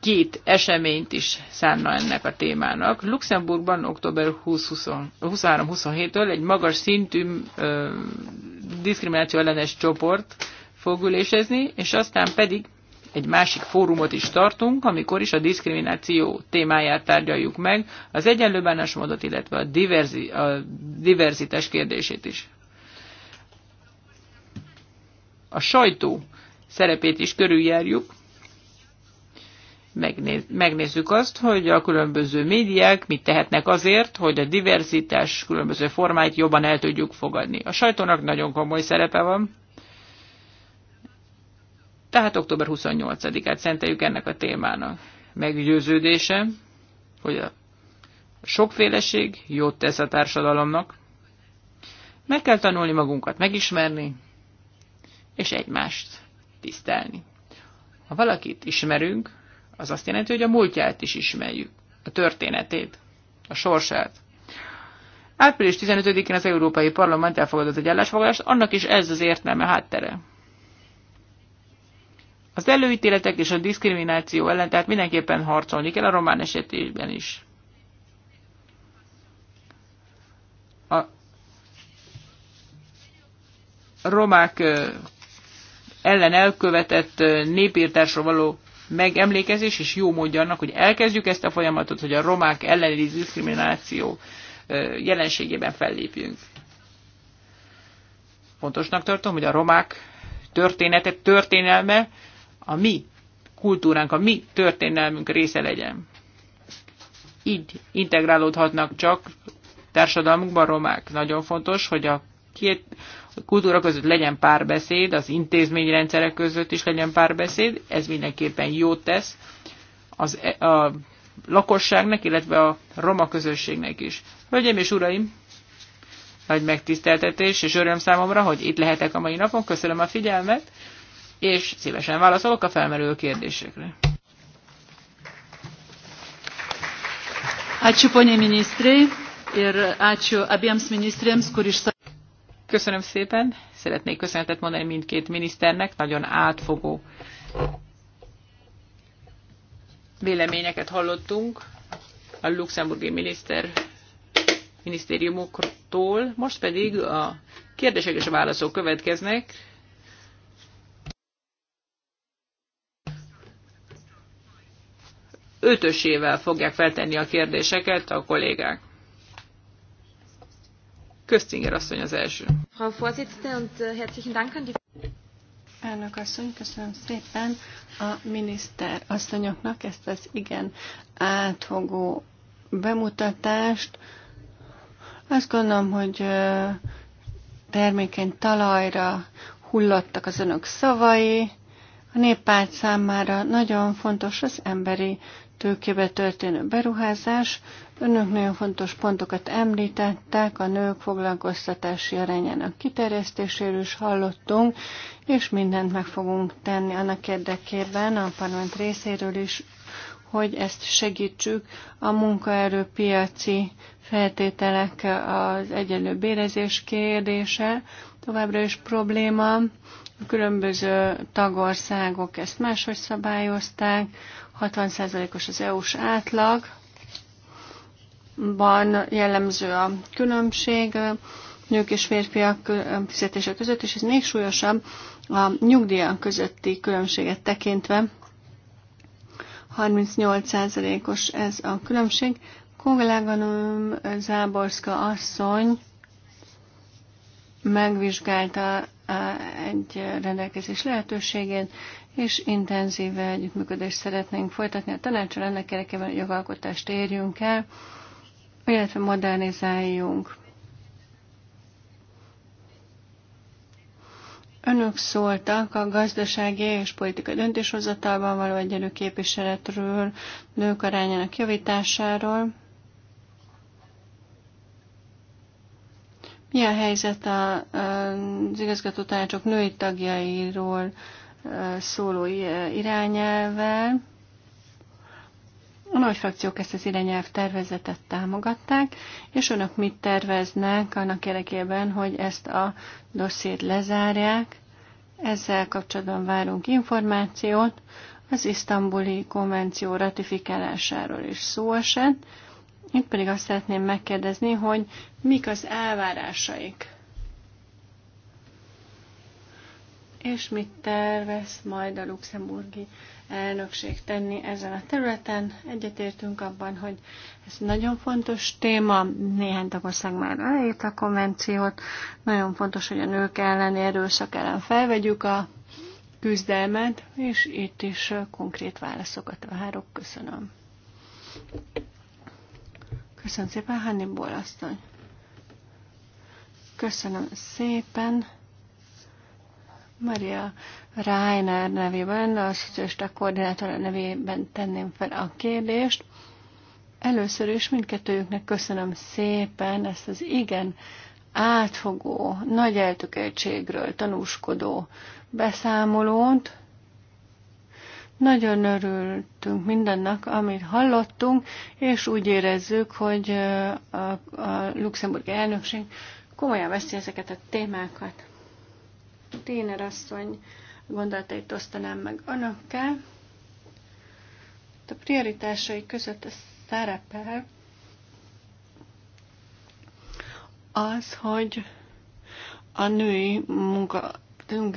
két eseményt is szánna ennek a témának. Luxemburgban október 23-27-től egy magas szintű ö, diszkrimináció ellenes csoport fog ülésezni, és aztán pedig egy másik fórumot is tartunk, amikor is a diszkrimináció témáját tárgyaljuk meg, az egyenlő bánásmódot, illetve a, diverzi, a diverzitás kérdését is. A sajtó szerepét is körüljárjuk, Megnéz, megnézzük azt, hogy a különböző médiák mit tehetnek azért, hogy a diverzitás különböző formáit jobban el tudjuk fogadni. A sajtónak nagyon komoly szerepe van, tehát október 28-át szenteljük ennek a témának. Meggyőződése, hogy a sokféleség jót tesz a társadalomnak. Meg kell tanulni magunkat megismerni, és egymást tisztelni. Ha valakit ismerünk, az azt jelenti, hogy a múltját is ismerjük, a történetét, a sorsát. Április 15-én az Európai Parlament elfogadott egy állásfoglalást, annak is ez az értelme háttere. Az előítéletek és a diszkrimináció ellen, tehát mindenképpen harcolni kell a román esetében is. A romák ellen elkövetett népírtásról való megemlékezés, és jó módja annak, hogy elkezdjük ezt a folyamatot, hogy a romák elleni diszkrimináció jelenségében fellépjünk. Fontosnak tartom, hogy a romák története, történelme a mi kultúránk, a mi történelmünk része legyen. Így integrálódhatnak csak társadalmunkban romák. Nagyon fontos, hogy a két kultúra között legyen párbeszéd, az intézményrendszerek között is legyen párbeszéd, ez mindenképpen jót tesz az, e- a lakosságnak, illetve a roma közösségnek is. Hölgyeim és uraim, nagy megtiszteltetés és öröm számomra, hogy itt lehetek a mai napon. Köszönöm a figyelmet és szívesen válaszolok a felmerülő kérdésekre. Köszönöm szépen. Szeretnék köszönetet mondani mindkét miniszternek. Nagyon átfogó véleményeket hallottunk a luxemburgi miniszter minisztériumoktól. Most pedig a kérdések és a válaszok következnek. ötösével fogják feltenni a kérdéseket a kollégák. Köszönjük asszony az első. Frau Vorsitzende und äh, herzlichen Dank an die Elnök asszony, köszönöm szépen a miniszter asszonyoknak ezt az igen átfogó bemutatást. Azt gondolom, hogy termékeny talajra hullottak az önök szavai. A néppárt számára nagyon fontos az emberi tőkébe történő beruházás. Önök nagyon fontos pontokat említettek, a nők foglalkoztatási arányának kiterjesztéséről is hallottunk, és mindent meg fogunk tenni annak érdekében a parlament részéről is, hogy ezt segítsük a munkaerőpiaci feltételek az egyenlő bérezés kérdése, továbbra is probléma. A különböző tagországok ezt máshogy szabályozták, 60%-os az EU-s átlag, van jellemző a különbség nők és férfiak fizetése között, és ez még súlyosabb a nyugdíjak közötti különbséget tekintve. 38%-os ez a különbség. Kolléganőm Záborszka asszony megvizsgálta egy rendelkezés lehetőségét, és intenzív együttműködést szeretnénk folytatni a tanácsal, ennek érdekében jogalkotást érjünk el, illetve modernizáljunk. Önök szóltak a gazdasági és politikai döntéshozatalban való egyenlő képviseletről, nők arányának javításáról. Mi a helyzet az igazgató tanácsok női tagjairól? szóló irányelvvel. A nagy frakciók ezt az irányelv tervezetet támogatták, és önök mit terveznek annak érdekében, hogy ezt a dosszét lezárják. Ezzel kapcsolatban várunk információt. Az isztambuli konvenció ratifikálásáról is szó esett. Itt pedig azt szeretném megkérdezni, hogy mik az elvárásaik és mit tervez majd a luxemburgi elnökség tenni ezen a területen. Egyetértünk abban, hogy ez nagyon fontos téma, néhány tagország már elért a konvenciót, nagyon fontos, hogy a nők elleni erőszak ellen felvegyük a küzdelmet, és itt is konkrét válaszokat várok. Köszönöm. Köszönöm szépen, Hannibal asszony. Köszönöm szépen. Maria Reiner nevében, a szociálista koordinátora nevében tenném fel a kérdést. Először is mindkettőjüknek köszönöm szépen ezt az igen átfogó, nagy eltökéltségről tanúskodó beszámolót. Nagyon örültünk mindennek, amit hallottunk, és úgy érezzük, hogy a, a luxemburgi elnökség komolyan veszi ezeket a témákat. Téner asszony gondolatait osztanám meg önökkel. A prioritásai között szerepel az, hogy a női munka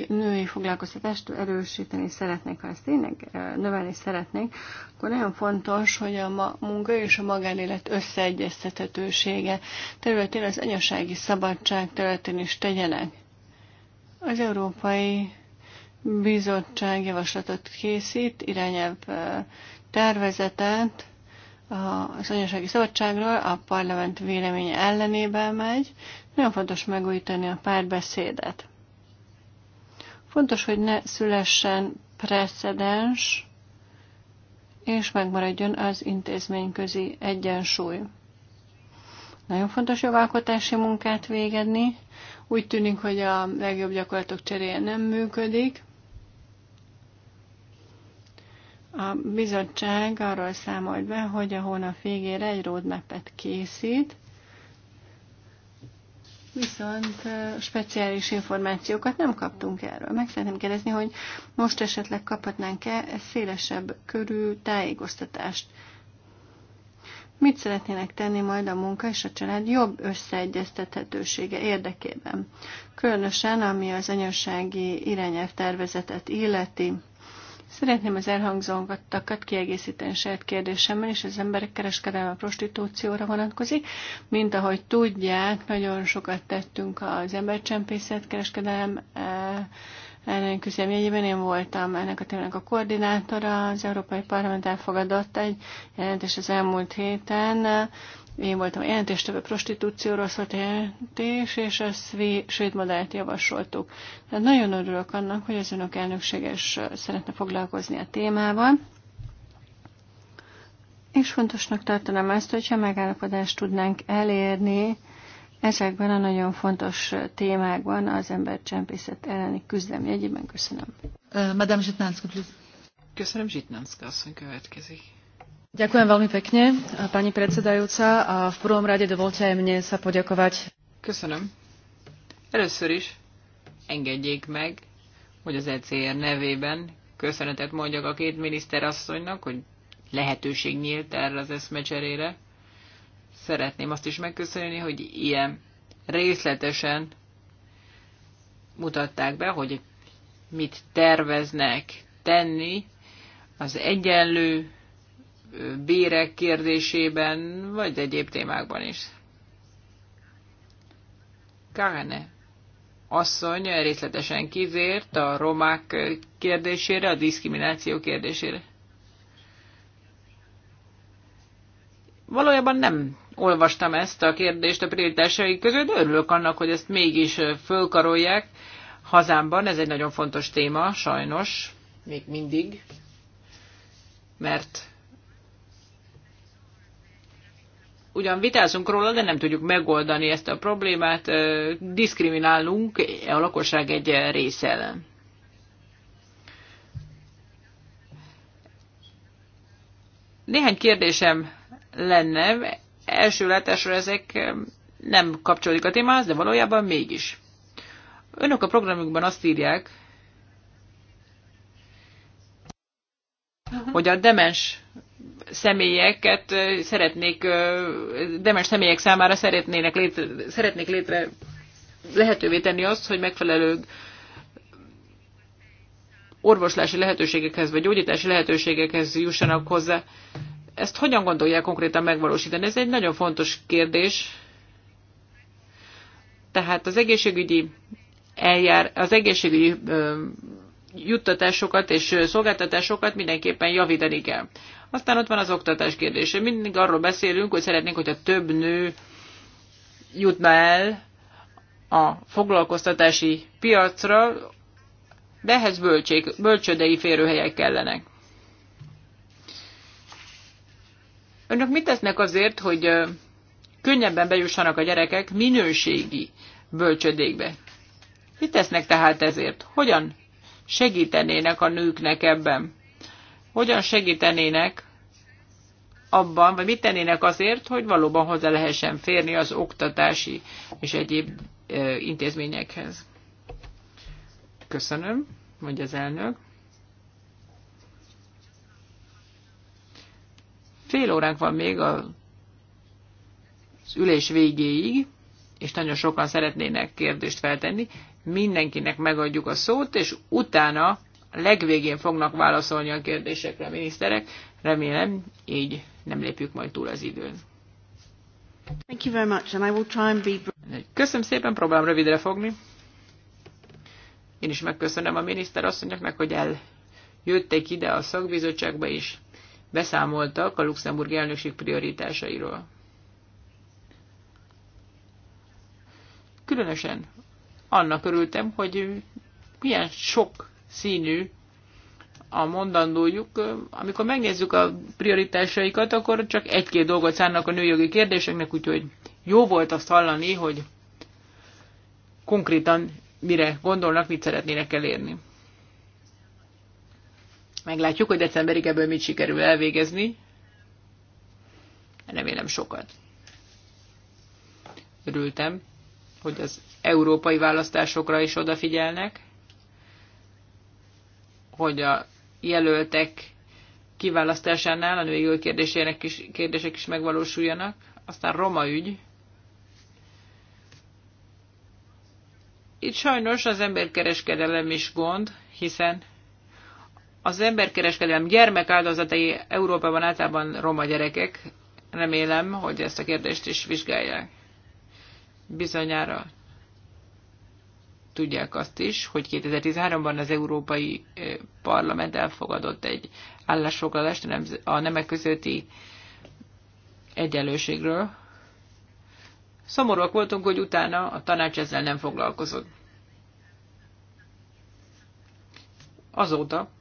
női foglalkoztatást erősíteni szeretnék, ha ezt tényleg eh, növelni szeretnék, akkor nagyon fontos, hogy a munka és a magánélet összeegyeztethetősége területén az anyasági szabadság területén is tegyenek. Az Európai Bizottság javaslatot készít, irányelv tervezetet az anyasági szabadságról, a parlament véleménye ellenében megy. Nagyon fontos megújítani a párbeszédet. Fontos, hogy ne szülessen precedens, és megmaradjon az intézményközi egyensúly. Nagyon fontos jogalkotási munkát végedni. Úgy tűnik, hogy a legjobb gyakorlatok cseréje nem működik. A bizottság arról számolt be, hogy a hónap végére egy roadmap-et készít, viszont speciális információkat nem kaptunk erről. Meg szeretném kérdezni, hogy most esetleg kaphatnánk-e szélesebb körű tájékoztatást mit szeretnének tenni majd a munka és a család jobb összeegyeztethetősége érdekében. Különösen, ami az anyasági irányelv tervezetet illeti. Szeretném az elhangzongattakat kiegészíteni saját kérdésemmel, és az emberek kereskedelme prostitúcióra vonatkozik. Mint ahogy tudják, nagyon sokat tettünk az embercsempészet kereskedelem eh, ellen küzdemjegyében én voltam ennek a témának a koordinátora, az Európai Parlament elfogadott egy jelentés az elmúlt héten, én voltam a jelentéstevő prostitúcióról szólt a jelentés, és a svéd modellt javasoltuk. Tehát nagyon örülök annak, hogy az önök elnökséges szeretne foglalkozni a témával. És fontosnak tartanám ezt, hogyha megállapodást tudnánk elérni ezekben a nagyon fontos témákban az csempészet elleni küzdelem jegyében. Köszönöm. Madame Zsitnánszka, please. Köszönöm, Zsitnánszka asszony következik. Ďakujem veľmi pekne, pani predsedajúca, a v prvom rade dovolte aj mne sa poďakovať. Köszönöm. Először is engedjék meg, hogy az ECR nevében köszönetet mondjak a két miniszter asszonynak, hogy lehetőség nyílt erre az eszmecserére szeretném azt is megköszönni, hogy ilyen részletesen mutatták be, hogy mit terveznek tenni az egyenlő bérek kérdésében, vagy egyéb témákban is. Káne, asszony részletesen kizért a romák kérdésére, a diszkrimináció kérdésére. valójában nem olvastam ezt a kérdést a prioritásai között, örülök annak, hogy ezt mégis fölkarolják. Hazámban ez egy nagyon fontos téma, sajnos, még mindig, mert ugyan vitázunk róla, de nem tudjuk megoldani ezt a problémát, diszkriminálunk a lakosság egy része ellen. Néhány kérdésem lenne. Első látásra ezek nem kapcsolódik a témához, de valójában mégis. Önök a programjukban azt írják, uh-huh. hogy a demens személyeket szeretnék, demens személyek számára szeretnének létre, szeretnék létre lehetővé tenni azt, hogy megfelelő orvoslási lehetőségekhez vagy gyógyítási lehetőségekhez jussanak hozzá ezt hogyan gondolják konkrétan megvalósítani? Ez egy nagyon fontos kérdés. Tehát az egészségügyi eljár, az egészségügyi ö, juttatásokat és szolgáltatásokat mindenképpen javítani kell. Aztán ott van az oktatás kérdése. Mindig arról beszélünk, hogy szeretnénk, hogyha több nő jutna el a foglalkoztatási piacra, de ehhez bölcsék, bölcsödei férőhelyek kellenek. Önök mit tesznek azért, hogy könnyebben bejussanak a gyerekek minőségi bölcsödékbe? Mit tesznek tehát ezért? Hogyan segítenének a nőknek ebben? Hogyan segítenének abban, vagy mit tennének azért, hogy valóban hozzá lehessen férni az oktatási és egyéb intézményekhez? Köszönöm, mondja az elnök. Fél óránk van még a, az ülés végéig, és nagyon sokan szeretnének kérdést feltenni. Mindenkinek megadjuk a szót, és utána legvégén fognak válaszolni a kérdésekre a miniszterek. Remélem, így nem lépjük majd túl az időn. Thank you very much, and I will try and be... Köszönöm szépen, próbálom rövidre fogni. Én is megköszönöm a miniszter asszonyoknak, hogy eljöttek ide a szakbizottságba is beszámoltak a luxemburgi elnökség prioritásairól. Különösen annak örültem, hogy milyen sok színű a mondandójuk. Amikor megnézzük a prioritásaikat, akkor csak egy-két dolgot szánnak a nőjogi kérdéseknek, úgyhogy jó volt azt hallani, hogy konkrétan mire gondolnak, mit szeretnének elérni. Meglátjuk, hogy decemberig ebből mit sikerül elvégezni. Remélem sokat. Örültem, hogy az európai választásokra is odafigyelnek, hogy a jelöltek kiválasztásánál a női kérdésének is, kérdések is megvalósuljanak. Aztán Roma ügy. Itt sajnos az emberkereskedelem is gond, hiszen az emberkereskedelem gyermek áldozatai Európában általában roma gyerekek. Remélem, hogy ezt a kérdést is vizsgálják. Bizonyára tudják azt is, hogy 2013-ban az Európai eh, Parlament elfogadott egy állásfoglalást a nemek közötti egyenlőségről. Szomorúak voltunk, hogy utána a tanács ezzel nem foglalkozott. Azóta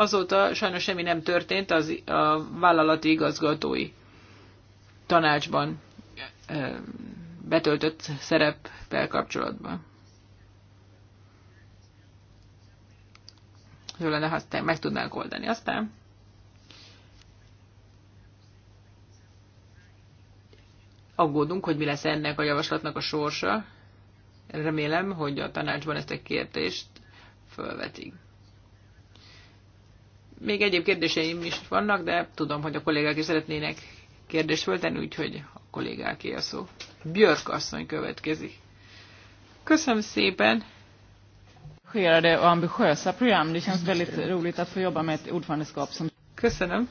Azóta sajnos semmi nem történt az, a vállalati igazgatói tanácsban betöltött szereppel kapcsolatban. Jó lenne, ha aztán meg tudnánk oldani. Aztán aggódunk, hogy mi lesz ennek a javaslatnak a sorsa. Remélem, hogy a tanácsban ezt a kérdést fölvetik. Még egyéb kérdéseim is vannak, de tudom, hogy a kollégák is szeretnének kérdést föltenni, úgyhogy a kollégáké a szó. Björk asszony következik. Köszönöm szépen! engagerade och ambitiösa program. Det känns väldigt roligt att få jobba med ett ordförandeskap som... Köszönöm.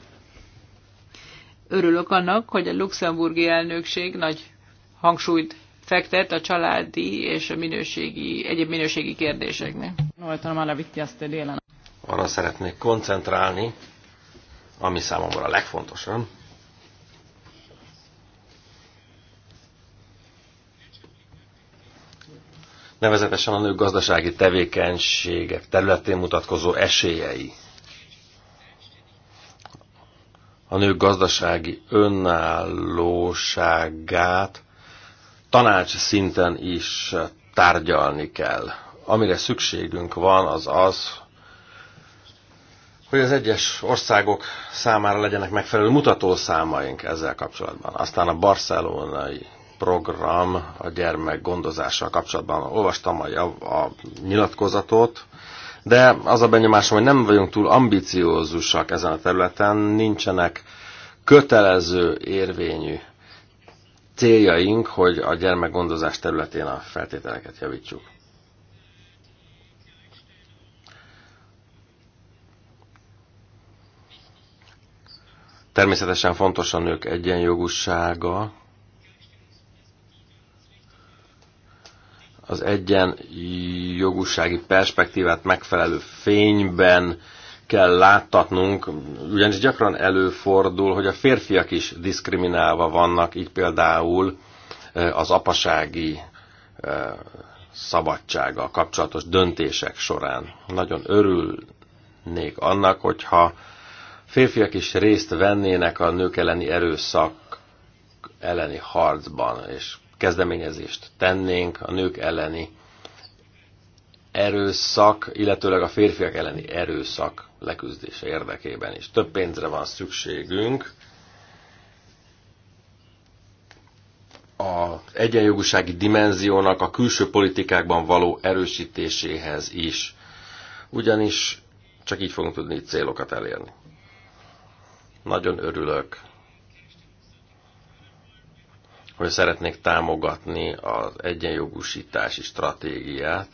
Örülök annak, hogy a luxemburgi elnökség nagy hangsúlyt fektet a családi és a minőségi, egyéb minőségi kérdéseknek. Några a de allra viktigaste delarna arra szeretnék koncentrálni, ami számomra a legfontosabb. Nevezetesen a nők gazdasági tevékenységek területén mutatkozó esélyei. A nők gazdasági önállóságát tanács szinten is tárgyalni kell. Amire szükségünk van, az az, hogy az egyes országok számára legyenek megfelelő mutatószámaink ezzel kapcsolatban. Aztán a barcelonai program a gyermek gondozással kapcsolatban. Olvastam a, a nyilatkozatot, de az a benyomásom, hogy nem vagyunk túl ambiciózusak ezen a területen, nincsenek kötelező érvényű céljaink, hogy a gyermekgondozás területén a feltételeket javítsuk. Természetesen fontos a nők egyenjogúsága, az egyenjogúsági perspektívát megfelelő fényben kell láttatnunk, ugyanis gyakran előfordul, hogy a férfiak is diszkriminálva vannak, így például e, az apasági e, szabadsága kapcsolatos döntések során. Nagyon örülnék annak, hogyha férfiak is részt vennének a nők elleni erőszak elleni harcban, és kezdeményezést tennénk a nők elleni erőszak, illetőleg a férfiak elleni erőszak leküzdése érdekében is. Több pénzre van szükségünk. a egyenjogúsági dimenziónak a külső politikákban való erősítéséhez is. Ugyanis csak így fogunk tudni célokat elérni. Nagyon örülök, hogy szeretnék támogatni az egyenjogúsítási stratégiát.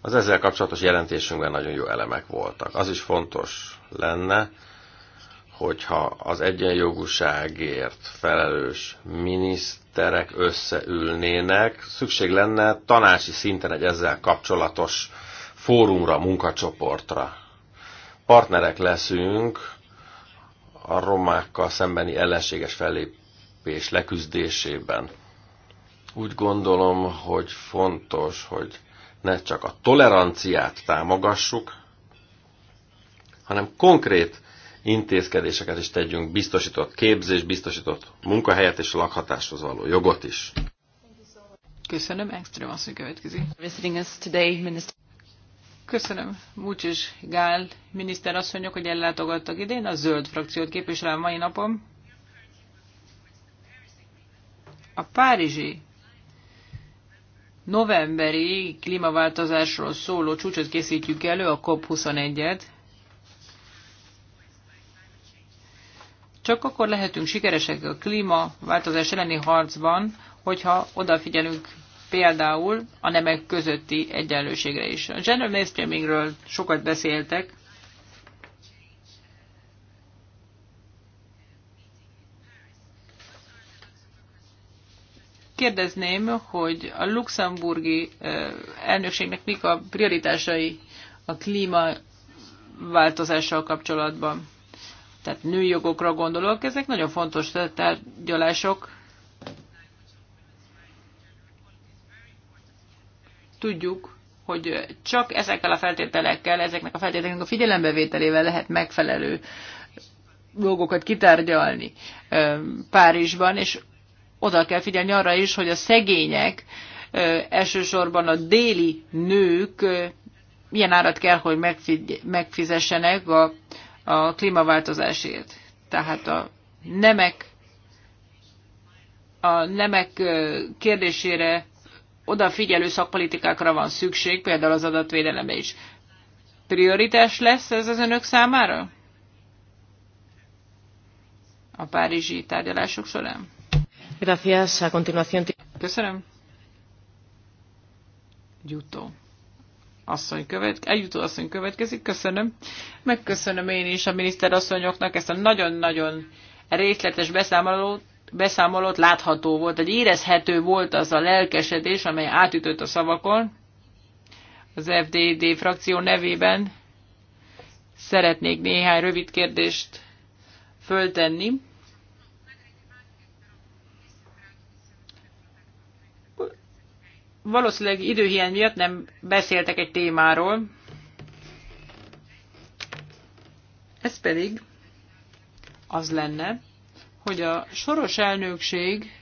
Az ezzel kapcsolatos jelentésünkben nagyon jó elemek voltak. Az is fontos lenne, hogyha az egyenjogúságért felelős miniszterek összeülnének, szükség lenne tanácsi szinten egy ezzel kapcsolatos fórumra, munkacsoportra. Partnerek leszünk a romákkal szembeni ellenséges fellépés leküzdésében. Úgy gondolom, hogy fontos, hogy ne csak a toleranciát támogassuk, hanem konkrét intézkedéseket is tegyünk, biztosított képzés, biztosított munkahelyet és lakhatáshoz való jogot is. Köszönöm, extrém asszony következik. Köszönöm Múcsis Gál miniszterasszonyok, hogy ellátogattak idén. A zöld frakciót a mai napon. A párizsi novemberi klímaváltozásról szóló csúcsot készítjük elő, a COP21-et. Csak akkor lehetünk sikeresek a klímaváltozás elleni harcban, hogyha odafigyelünk például a nemek közötti egyenlőségre is. A gender mainstreamingről sokat beszéltek, kérdezném, hogy a luxemburgi elnökségnek mik a prioritásai a klímaváltozással kapcsolatban. Tehát nőjogokra gondolok, ezek nagyon fontos tárgyalások. tudjuk, hogy csak ezekkel a feltételekkel, ezeknek a feltételeknek a figyelembevételével lehet megfelelő dolgokat kitárgyalni Párizsban, és oda kell figyelni arra is, hogy a szegények, elsősorban a déli nők milyen árat kell, hogy megfizessenek a, a klímaváltozásért. Tehát a nemek, a nemek kérdésére odafigyelő szakpolitikákra van szükség, például az adatvédelembe is. Prioritás lesz ez az önök számára? A párizsi tárgyalások során? Gracias. A continuación... Köszönöm. Gyutó. Asszony követ, eljutó asszony következik, köszönöm. Megköszönöm én is a miniszter asszonyoknak ezt a nagyon-nagyon részletes beszámolót, beszámolót látható volt, egy érezhető volt az a lelkesedés, amely átütött a szavakon. Az FDD frakció nevében szeretnék néhány rövid kérdést föltenni. Valószínűleg időhiány miatt nem beszéltek egy témáról. Ez pedig az lenne, hogy a soros elnökség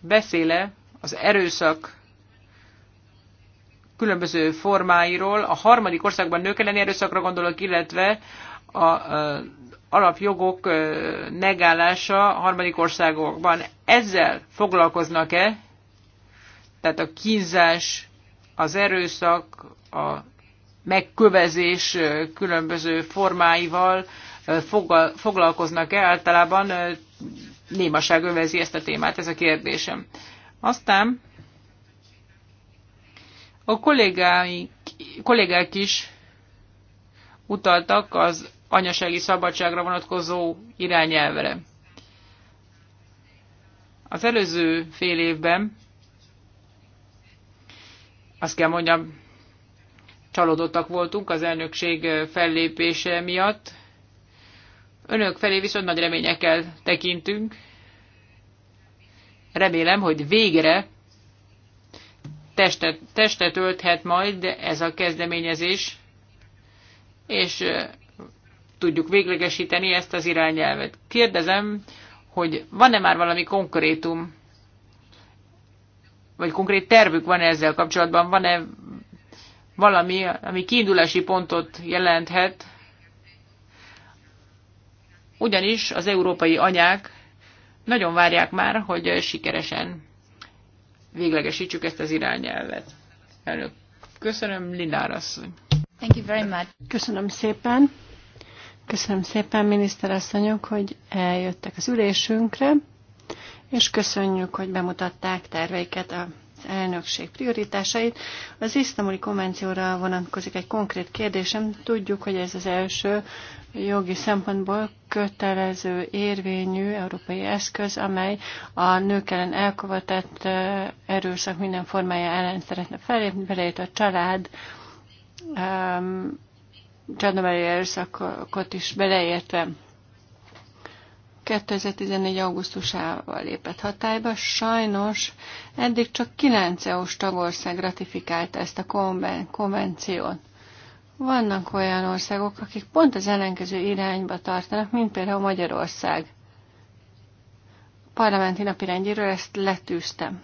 beszéle az erőszak különböző formáiról, a harmadik országban nők elleni erőszakra gondolok, illetve a, a alapjogok megállása a harmadik országokban. Ezzel foglalkoznak-e? Tehát a kínzás, az erőszak, a megkövezés különböző formáival, foglalkoznak-e általában némaság övezi ezt a témát, ez a kérdésem. Aztán a kollégák is utaltak az anyasági szabadságra vonatkozó irányelvre. Az előző fél évben azt kell mondjam, csalódottak voltunk az elnökség fellépése miatt, Önök felé viszont nagy reményekkel tekintünk. Remélem, hogy végre testet, testet ölthet majd ez a kezdeményezés, és tudjuk véglegesíteni ezt az irányelvet. Kérdezem, hogy van-e már valami konkrétum, vagy konkrét tervük van -e ezzel kapcsolatban, van-e valami, ami kiindulási pontot jelenthet ugyanis az európai anyák nagyon várják már, hogy sikeresen véglegesítsük ezt az irányelvet. Elnök, köszönöm, Linár asszony. Thank you very much. Köszönöm szépen. Köszönöm szépen, miniszterasszonyok, hogy eljöttek az ülésünkre, és köszönjük, hogy bemutatták terveiket a elnökség prioritásait. Az isztambuli konvencióra vonatkozik egy konkrét kérdésem. Tudjuk, hogy ez az első jogi szempontból kötelező érvényű európai eszköz, amely a nők ellen elkövetett erőszak minden formája ellen szeretne felépni, beleért a család, um, családomeli erőszakot is beleértve. 2014. augusztusával lépett hatályba. Sajnos eddig csak 9 EU-s tagország ratifikálta ezt a konven konvenciót. Vannak olyan országok, akik pont az ellenkező irányba tartanak, mint például Magyarország. A parlamenti rendjéről ezt letűztem.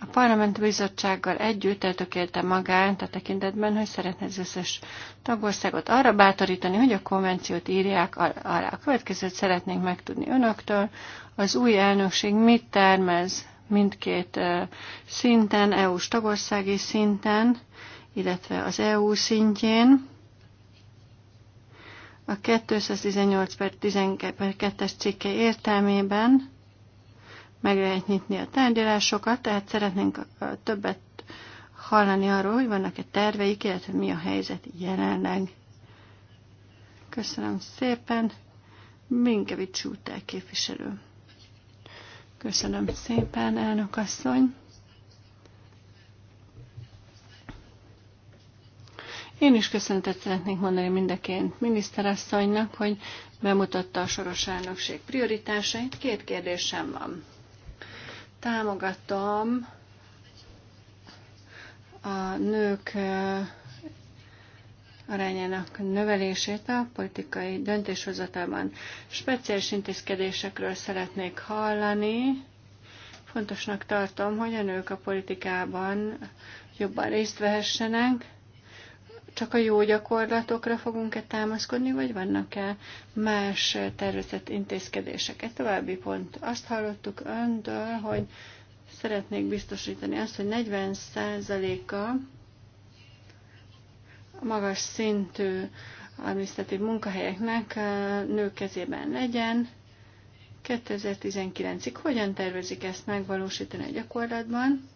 A parlamenti bizottsággal együtt eltökélte magát a tekintetben, hogy szeretne az összes tagországot arra bátorítani, hogy a konvenciót írják alá. A következőt szeretnénk megtudni önöktől. Az új elnökség mit termez mindkét szinten, EU-s tagországi szinten, illetve az EU szintjén. A 218 per 12-es cikke értelmében meg lehet nyitni a tárgyalásokat, tehát szeretnénk többet hallani arról, hogy vannak-e terveik, illetve mi a helyzet jelenleg. Köszönöm szépen. Minkevics úr képviselő. Köszönöm szépen, elnök asszony. Én is köszöntet szeretnék mondani mindenként miniszterasszonynak, hogy bemutatta a soros elnökség prioritásait. Két kérdésem van. Támogatom a nők arányának növelését a politikai döntéshozatában. Speciális intézkedésekről szeretnék hallani. Fontosnak tartom, hogy a nők a politikában jobban részt vehessenek, csak a jó gyakorlatokra fogunk-e támaszkodni, vagy vannak-e más tervezett intézkedések? Egy további pont. Azt hallottuk öntől, hogy szeretnék biztosítani azt, hogy 40%-a magas szintű administratív munkahelyeknek nők kezében legyen. 2019-ig hogyan tervezik ezt megvalósítani a gyakorlatban?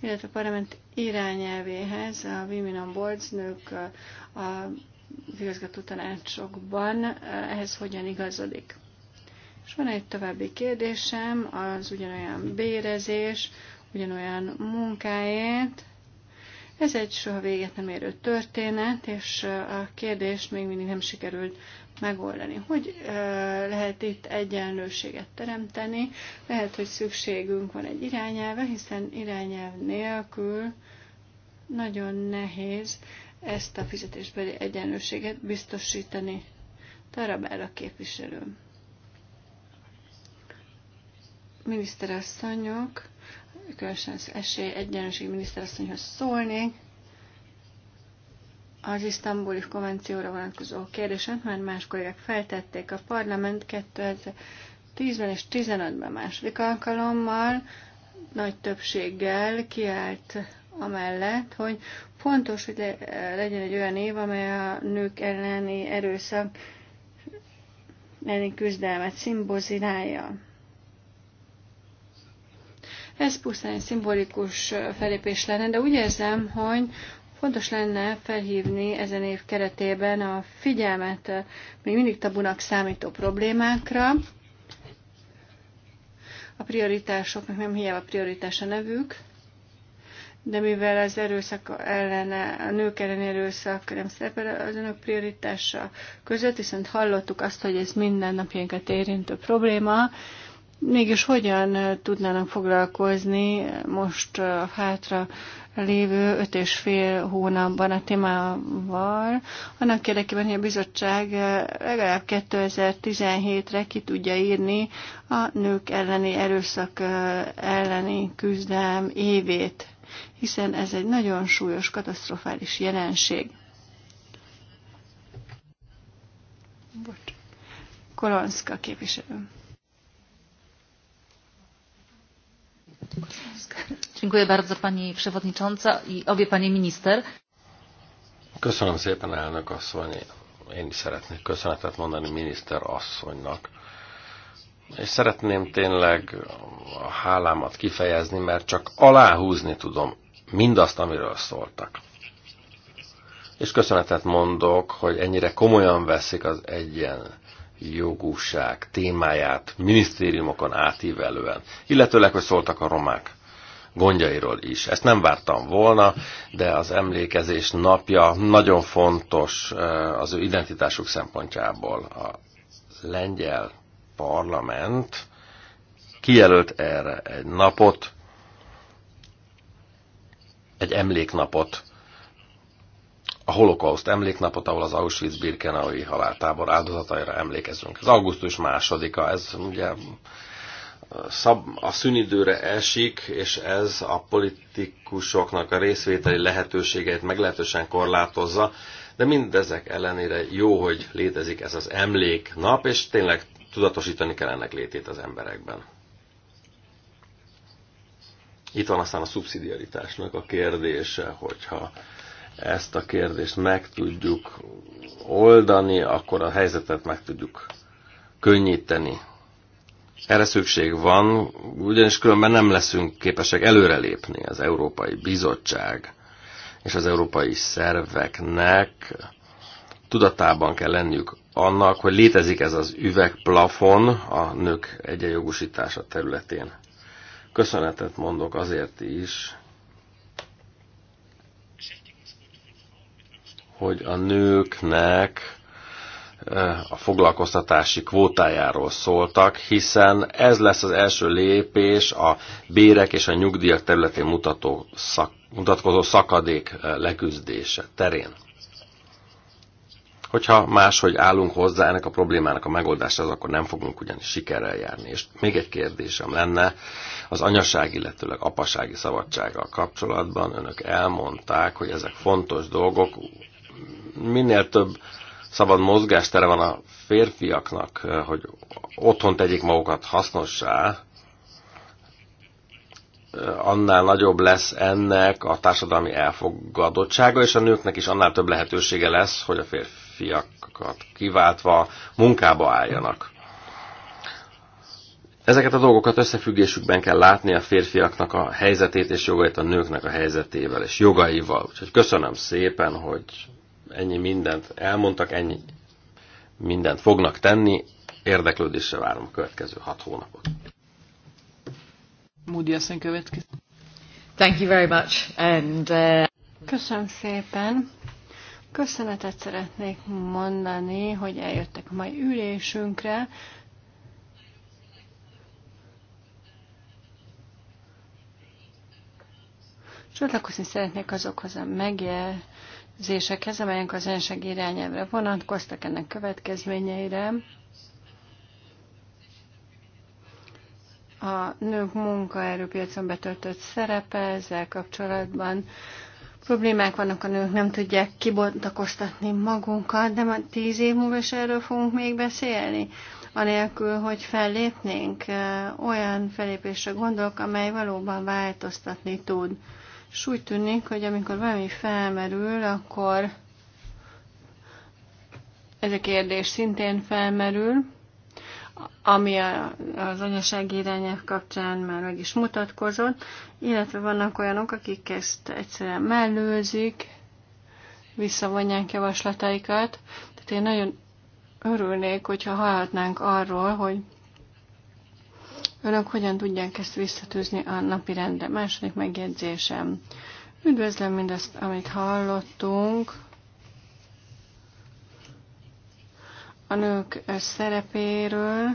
illetve a parlament irányelvéhez a Women on Boards nők a igazgató tanácsokban ehhez hogyan igazodik. És van egy további kérdésem, az ugyanolyan bérezés, ugyanolyan munkáért. Ez egy soha véget nem érő történet, és a kérdést még mindig nem sikerült megoldani. Hogy lehet itt egyenlőséget teremteni? Lehet, hogy szükségünk van egy irányelve, hiszen irányelv nélkül nagyon nehéz ezt a fizetésbeli egyenlőséget biztosítani. Tarabára képviselő. Miniszterasszonyok, különösen az esély egyenlőségi miniszterasszonyhoz szólnék, az isztambuli konvencióra vonatkozó kérdésen, mert más kollégák feltették a parlament 2010-ben és 2015-ben második alkalommal nagy többséggel kiállt amellett, hogy fontos, hogy legyen egy olyan év, amely a nők elleni erőszak elleni küzdelmet szimbolizálja. Ez pusztán egy szimbolikus felépés lenne, de úgy érzem, hogy Fontos lenne felhívni ezen év keretében a figyelmet eh, még mindig tabunak számító problémákra. A prioritásoknak nem hiába prioritás a nevük, de mivel az erőszak ellene, a nők elleni erőszak nem szerepel az önök prioritása között, viszont hallottuk azt, hogy ez mindennapjainkat érintő probléma, mégis hogyan eh, tudnának foglalkozni eh, most a hátra lévő öt és fél hónapban a témával, annak érdekében, hogy a bizottság eh, legalább 2017-re ki tudja írni a nők elleni erőszak eh, elleni küzdelem évét, hiszen ez egy nagyon súlyos, katasztrofális jelenség. Bocs. Kolonszka képviselő. Dziękuję bardzo pani przewodnicząca i obie minister. Köszönöm szépen, elnök asszony. Én is szeretnék köszönetet mondani miniszter asszonynak. És szeretném tényleg a hálámat kifejezni, mert csak aláhúzni tudom mindazt, amiről szóltak. És köszönetet mondok, hogy ennyire komolyan veszik az egyen jogúság témáját minisztériumokon átívelően, illetőleg, hogy szóltak a romák gondjairól is. Ezt nem vártam volna, de az emlékezés napja nagyon fontos az ő identitásuk szempontjából. A lengyel parlament kijelölt erre egy napot, egy emléknapot, a holokauszt emléknapot, ahol az Auschwitz-Birkenaui haláltábor áldozataira emlékezünk. Ez augusztus másodika, ez ugye szab, a szünidőre esik, és ez a politikusoknak a részvételi lehetőségeit meglehetősen korlátozza, de mindezek ellenére jó, hogy létezik ez az emléknap, és tényleg tudatosítani kell ennek létét az emberekben. Itt van aztán a szubszidiaritásnak a kérdése, hogyha ezt a kérdést meg tudjuk oldani, akkor a helyzetet meg tudjuk könnyíteni. Erre szükség van, ugyanis különben nem leszünk képesek előrelépni az Európai Bizottság és az európai szerveknek tudatában kell lenniük annak, hogy létezik ez az üvegplafon a nők egyenjogosítása területén. Köszönetet mondok azért is, hogy a nőknek a foglalkoztatási kvótájáról szóltak, hiszen ez lesz az első lépés a bérek és a nyugdíjak területén mutató szak, mutatkozó szakadék eh, leküzdése terén. Hogyha máshogy állunk hozzá ennek a problémának a megoldásához, akkor nem fogunk ugyanis sikerrel járni. És még egy kérdésem lenne az anyaság, illetőleg apasági szabadsággal kapcsolatban. Önök elmondták, hogy ezek fontos dolgok, minél több szabad mozgástere van a férfiaknak, eh, hogy otthon tegyék magukat hasznossá, eh, annál nagyobb lesz ennek a társadalmi elfogadottsága, és a nőknek is annál több lehetősége lesz, hogy a férfiakat kiváltva munkába álljanak. Ezeket a dolgokat összefüggésükben kell látni a férfiaknak a helyzetét és jogait a nőknek a helyzetével és jogaival. Úgyhogy köszönöm szépen, hogy ennyi mindent elmondtak, ennyi mindent fognak tenni. Érdeklődésre várom a következő hat hónapot. Moody asszony Thank you very much. And, uh... Köszönöm szépen. Köszönetet szeretnék mondani, hogy eljöttek a mai ülésünkre. Csatlakozni szeretnék azokhoz a megjel zésekhez, amelyek az enseg irányelvre vonatkoztak ennek következményeire. A nők munkaerőpiacon betöltött szerepe ezzel kapcsolatban problémák vannak, a nők nem tudják kibontakoztatni magunkat, de már tíz év múlva is erről fogunk még beszélni. Anélkül, hogy fellépnénk, olyan felépésre gondolok, amely valóban változtatni tud. És úgy tűnik, hogy amikor valami felmerül, akkor ez a kérdés szintén felmerül, ami az anyaság irányák kapcsán már meg is mutatkozott, illetve vannak olyanok, akik ezt egyszerűen mellőzik, visszavonják javaslataikat. Tehát én nagyon örülnék, hogyha hallhatnánk arról, hogy Önök hogyan tudják ezt visszatűzni a napi rendre? Második megjegyzésem. Üdvözlöm mindazt, amit hallottunk. A nők szerepéről,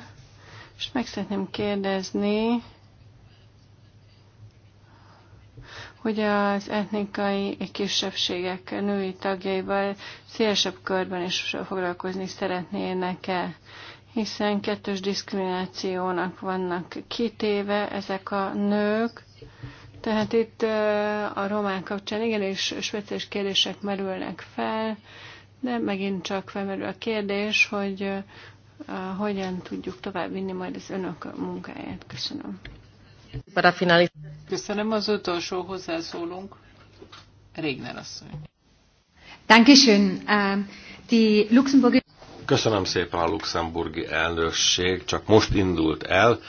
és meg szeretném kérdezni, hogy az etnikai kisebbségek női tagjaival szélesebb körben is foglalkozni szeretnének-e, hiszen kettős diszkriminációnak vannak kitéve ezek a nők. Tehát itt a román kapcsán igenis speciális kérdések merülnek fel, de megint csak felmerül a kérdés, hogy hogyan tudjuk továbbvinni majd az önök munkáját. Köszönöm. Köszönöm az utolsó hozzászólunk. Régner asszony. Dankeschön. Äh, die Luxemburger Köszönöm szépen a luxemburgi elnökség, csak most indult el,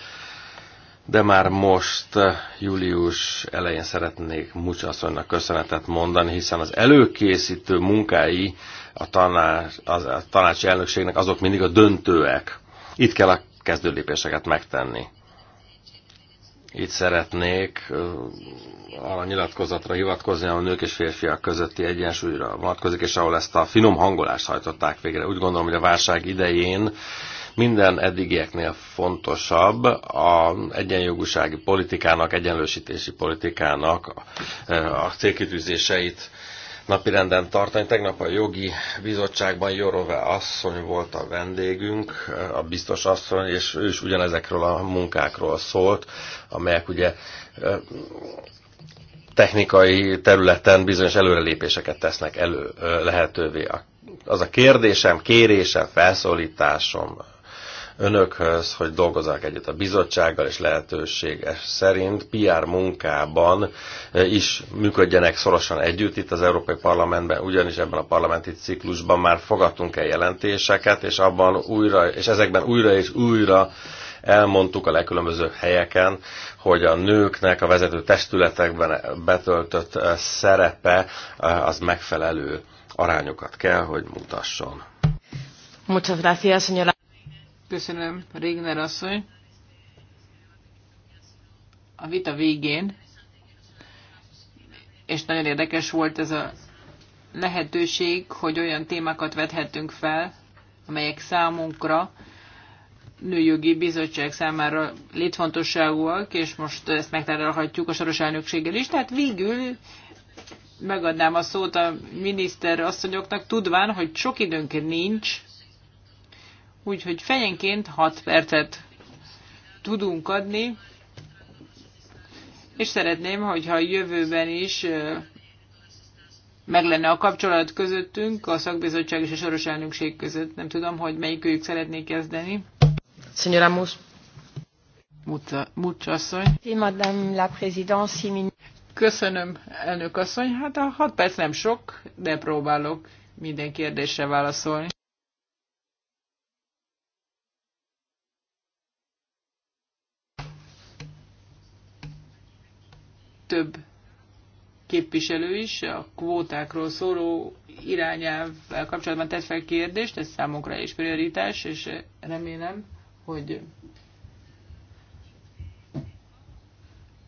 de már most eh, július elején szeretnék Mucsasszonynak köszönetet mondani, hiszen az előkészítő munkái a, tanács, a tanácsi elnökségnek azok mindig a döntőek. Itt kell a kezdőlépéseket megtenni. Itt szeretnék a nyilatkozatra hivatkozni, ahol nők és férfiak közötti egyensúlyra vonatkozik, és ahol ezt a finom hangolást hajtották végre. Úgy gondolom, hogy a válság idején minden eddigieknél fontosabb a egyenjogúsági politikának, egyenlősítési politikának a célkitűzéseit napirenden tartani. Tegnap a jogi bizottságban Jorove asszony volt a vendégünk, a biztos asszony, és ő is ugyanezekről a munkákról szólt, amelyek ugye technikai területen bizonyos előrelépéseket tesznek elő lehetővé. Az a kérdésem, kérésem, felszólításom önökhöz, hogy dolgozzák együtt a bizottsággal, és lehetőséges szerint PR munkában eh, is működjenek szorosan együtt itt az Európai Parlamentben, ugyanis ebben a parlamenti ciklusban már fogadtunk el jelentéseket, és abban újra, és ezekben újra és újra elmondtuk a legkülönbözőbb helyeken, hogy a nőknek a vezető testületekben betöltött eh, szerepe eh, az megfelelő arányokat kell, hogy mutasson. Muchas gracias, señora. Köszönöm, Régner asszony. A vita végén, és nagyon érdekes volt ez a lehetőség, hogy olyan témákat vethetünk fel, amelyek számunkra nőjogi bizottság számára létfontosságúak, és most ezt megtárgyalhatjuk a soros elnökséggel is. Tehát végül megadnám a szót a miniszter asszonyoknak, tudván, hogy sok időnk nincs, úgyhogy fejenként 6 percet tudunk adni, és szeretném, hogyha a jövőben is meg lenne a kapcsolat közöttünk, a szakbizottság és a soros elnökség között. Nem tudom, hogy őjük szeretné kezdeni. Señora Mus. Mucs asszony. Madame la Présidente, Köszönöm, elnök asszony. Hát a hat perc nem sok, de próbálok minden kérdésre válaszolni. több képviselő is a kvótákról szóló irányával kapcsolatban tett fel kérdést, ez számunkra is prioritás, és remélem, hogy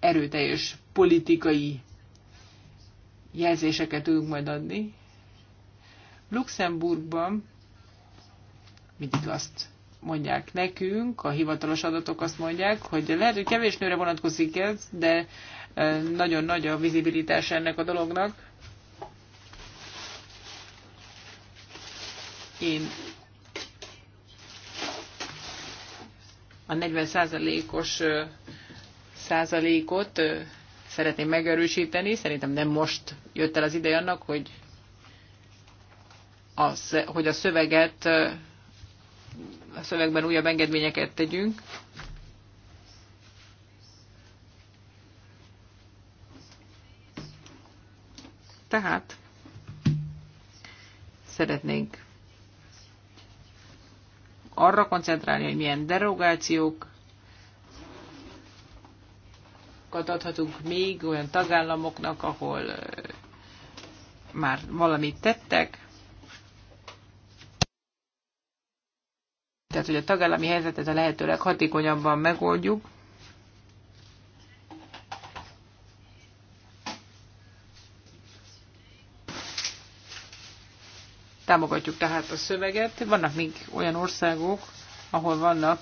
erőteljes politikai jelzéseket tudunk majd adni. Luxemburgban mindig azt mondják nekünk, a hivatalos adatok azt mondják, hogy lehet, hogy kevés nőre vonatkozik ez, de e, nagyon nagy a vizibilitás ennek a dolognak. Én a 40%-os e, százalékot e, szeretném megerősíteni. Szerintem nem most jött el az ideje annak, hogy, az, hogy a szöveget a szövegben újabb engedményeket tegyünk. Tehát szeretnénk arra koncentrálni, hogy milyen derogációk adhatunk még olyan tagállamoknak, ahol már valamit tettek, tehát hogy a tagállami helyzetet a lehetőleg hatékonyabban megoldjuk. Támogatjuk tehát a szöveget. Vannak még olyan országok, ahol vannak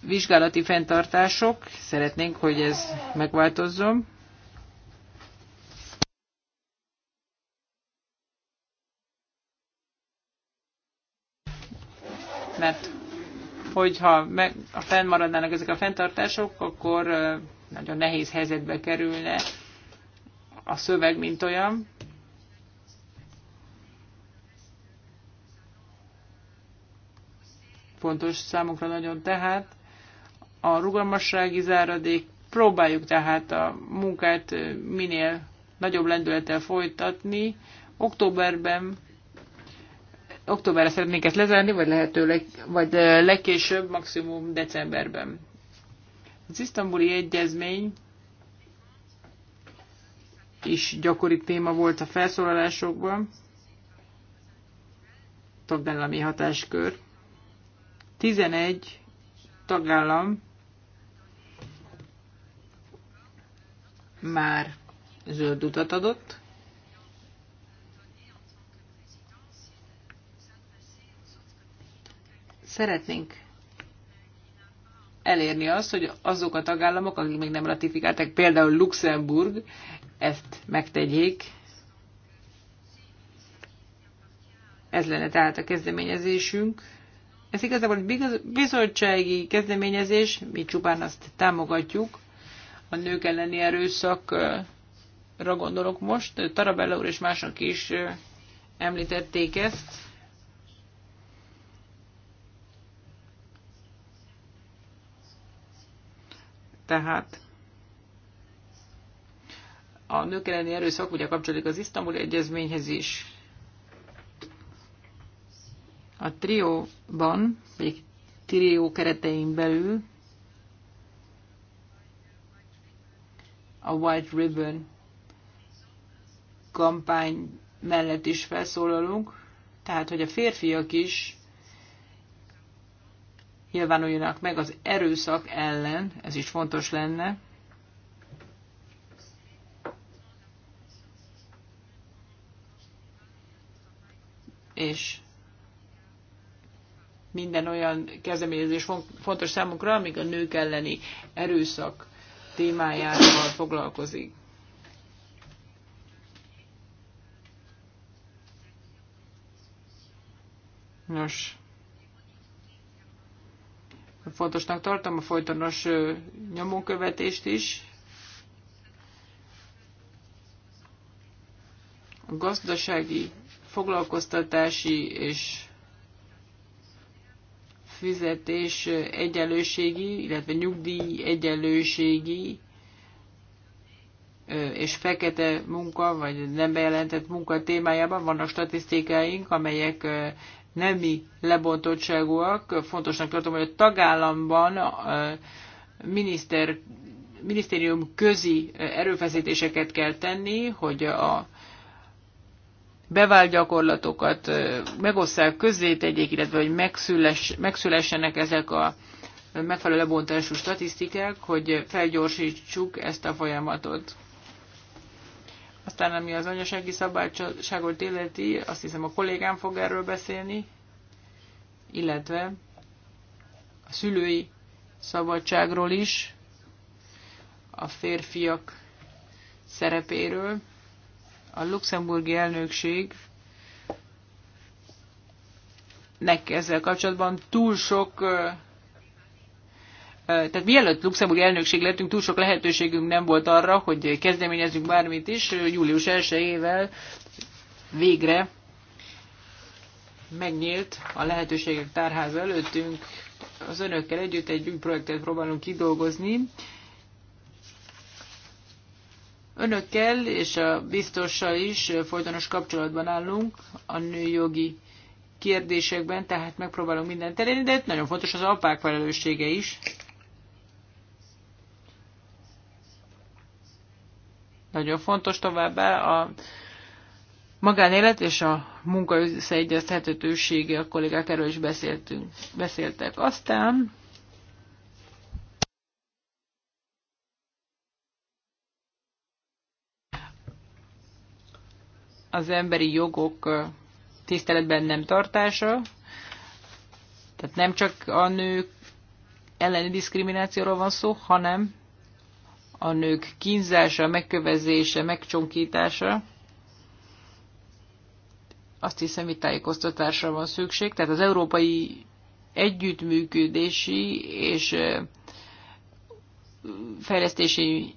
vizsgálati fenntartások. Szeretnénk, hogy ez megváltozzon. hogyha meg, a fennmaradnának ezek a fenntartások, akkor nagyon nehéz helyzetbe kerülne a szöveg, mint olyan. Fontos számokra nagyon tehát. A rugalmassági záradék próbáljuk tehát a munkát minél nagyobb lendülettel folytatni. Októberben októberre szeretnénk ezt lezárni, vagy lehetőleg, vagy legkésőbb, maximum decemberben. Az isztambuli egyezmény is gyakori téma volt a felszólalásokban. Tagállami hatáskör. 11 tagállam már zöld utat adott, Szeretnénk elérni azt, hogy azok a tagállamok, akik még nem ratifikálták, például Luxemburg, ezt megtegyék. Ez lenne tehát a kezdeményezésünk. Ez igazából egy bizottsági kezdeményezés, mi csupán azt támogatjuk. A nők elleni erőszakra gondolok most. Tarabella úr és mások is említették ezt. Tehát a nők elleni erőszak ugye kapcsolódik az isztambuli egyezményhez is. A trióban, vagy trió keretein belül a White Ribbon kampány mellett is felszólalunk, tehát hogy a férfiak is nyilvánuljanak meg az erőszak ellen, ez is fontos lenne. És minden olyan kezdeményezés fontos számunkra, amíg a nők elleni erőszak témájával foglalkozik. Nos, fontosnak tartom a folytonos nyomonkövetést is. A gazdasági, foglalkoztatási és fizetés egyenlőségi, illetve nyugdíj egyenlőségi és fekete munka, vagy nem bejelentett munka témájában vannak statisztikáink, amelyek nemi lebontottságúak. Fontosnak tartom, hogy a tagállamban a miniszter, minisztérium közi erőfeszítéseket kell tenni, hogy a bevált gyakorlatokat megosszák közzé tegyék, illetve hogy megszüles, megszülessenek ezek a megfelelő lebontású statisztikák, hogy felgyorsítsuk ezt a folyamatot. Aztán ami az anyasági szabadságot illeti, azt hiszem a kollégám fog erről beszélni, illetve a szülői szabadságról is, a férfiak szerepéről. A luxemburgi elnökség nek ezzel kapcsolatban túl sok tehát mielőtt luxemburgi elnökség lettünk, túl sok lehetőségünk nem volt arra, hogy kezdeményezünk bármit is, július 1-ével végre megnyílt a lehetőségek tárháza előttünk, az önökkel együtt egy új projektet próbálunk kidolgozni. Önökkel és a biztossal is folytonos kapcsolatban állunk a nőjogi kérdésekben, tehát megpróbálunk mindent elérni, de nagyon fontos az apák felelőssége is. Nagyon fontos továbbá a magánélet és a munka összeegyeztethetősége, a kollégák erről is beszéltünk, beszéltek. Aztán az emberi jogok tiszteletben nem tartása, tehát nem csak a nők elleni diszkriminációról van szó, hanem a nők kínzása, megkövezése, megcsonkítása. Azt hiszem, itt tájékoztatásra van szükség. Tehát az európai együttműködési és fejlesztési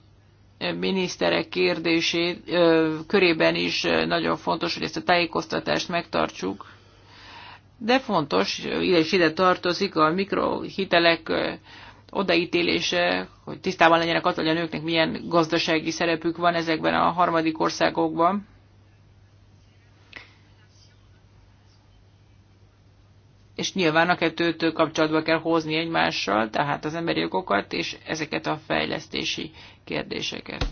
miniszterek kérdését körében is nagyon fontos, hogy ezt a tájékoztatást megtartsuk. De fontos, ide és ide tartozik a mikrohitelek odaítélés, hogy tisztában legyenek az, hogy a nőknek milyen gazdasági szerepük van ezekben a harmadik országokban. És nyilván a kettőt kapcsolatba kell hozni egymással, tehát az emberi jogokat és ezeket a fejlesztési kérdéseket.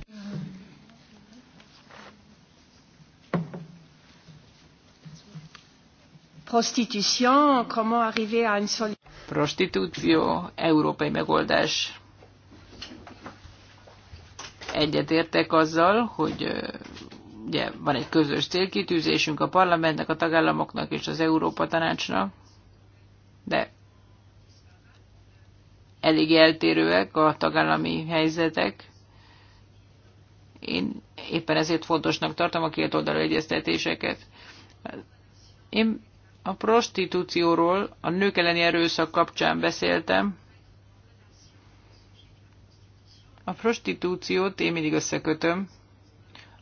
Prostitution, comment arriver à une prostitúció, európai megoldás. Egyetértek azzal, hogy ugye van egy közös célkitűzésünk a parlamentnek, a tagállamoknak és az Európa Tanácsnak, de elég eltérőek a tagállami helyzetek. Én éppen ezért fontosnak tartom a két oldalú egyeztetéseket. Én a prostitúcióról, a nők elleni erőszak kapcsán beszéltem. A prostitúciót én mindig összekötöm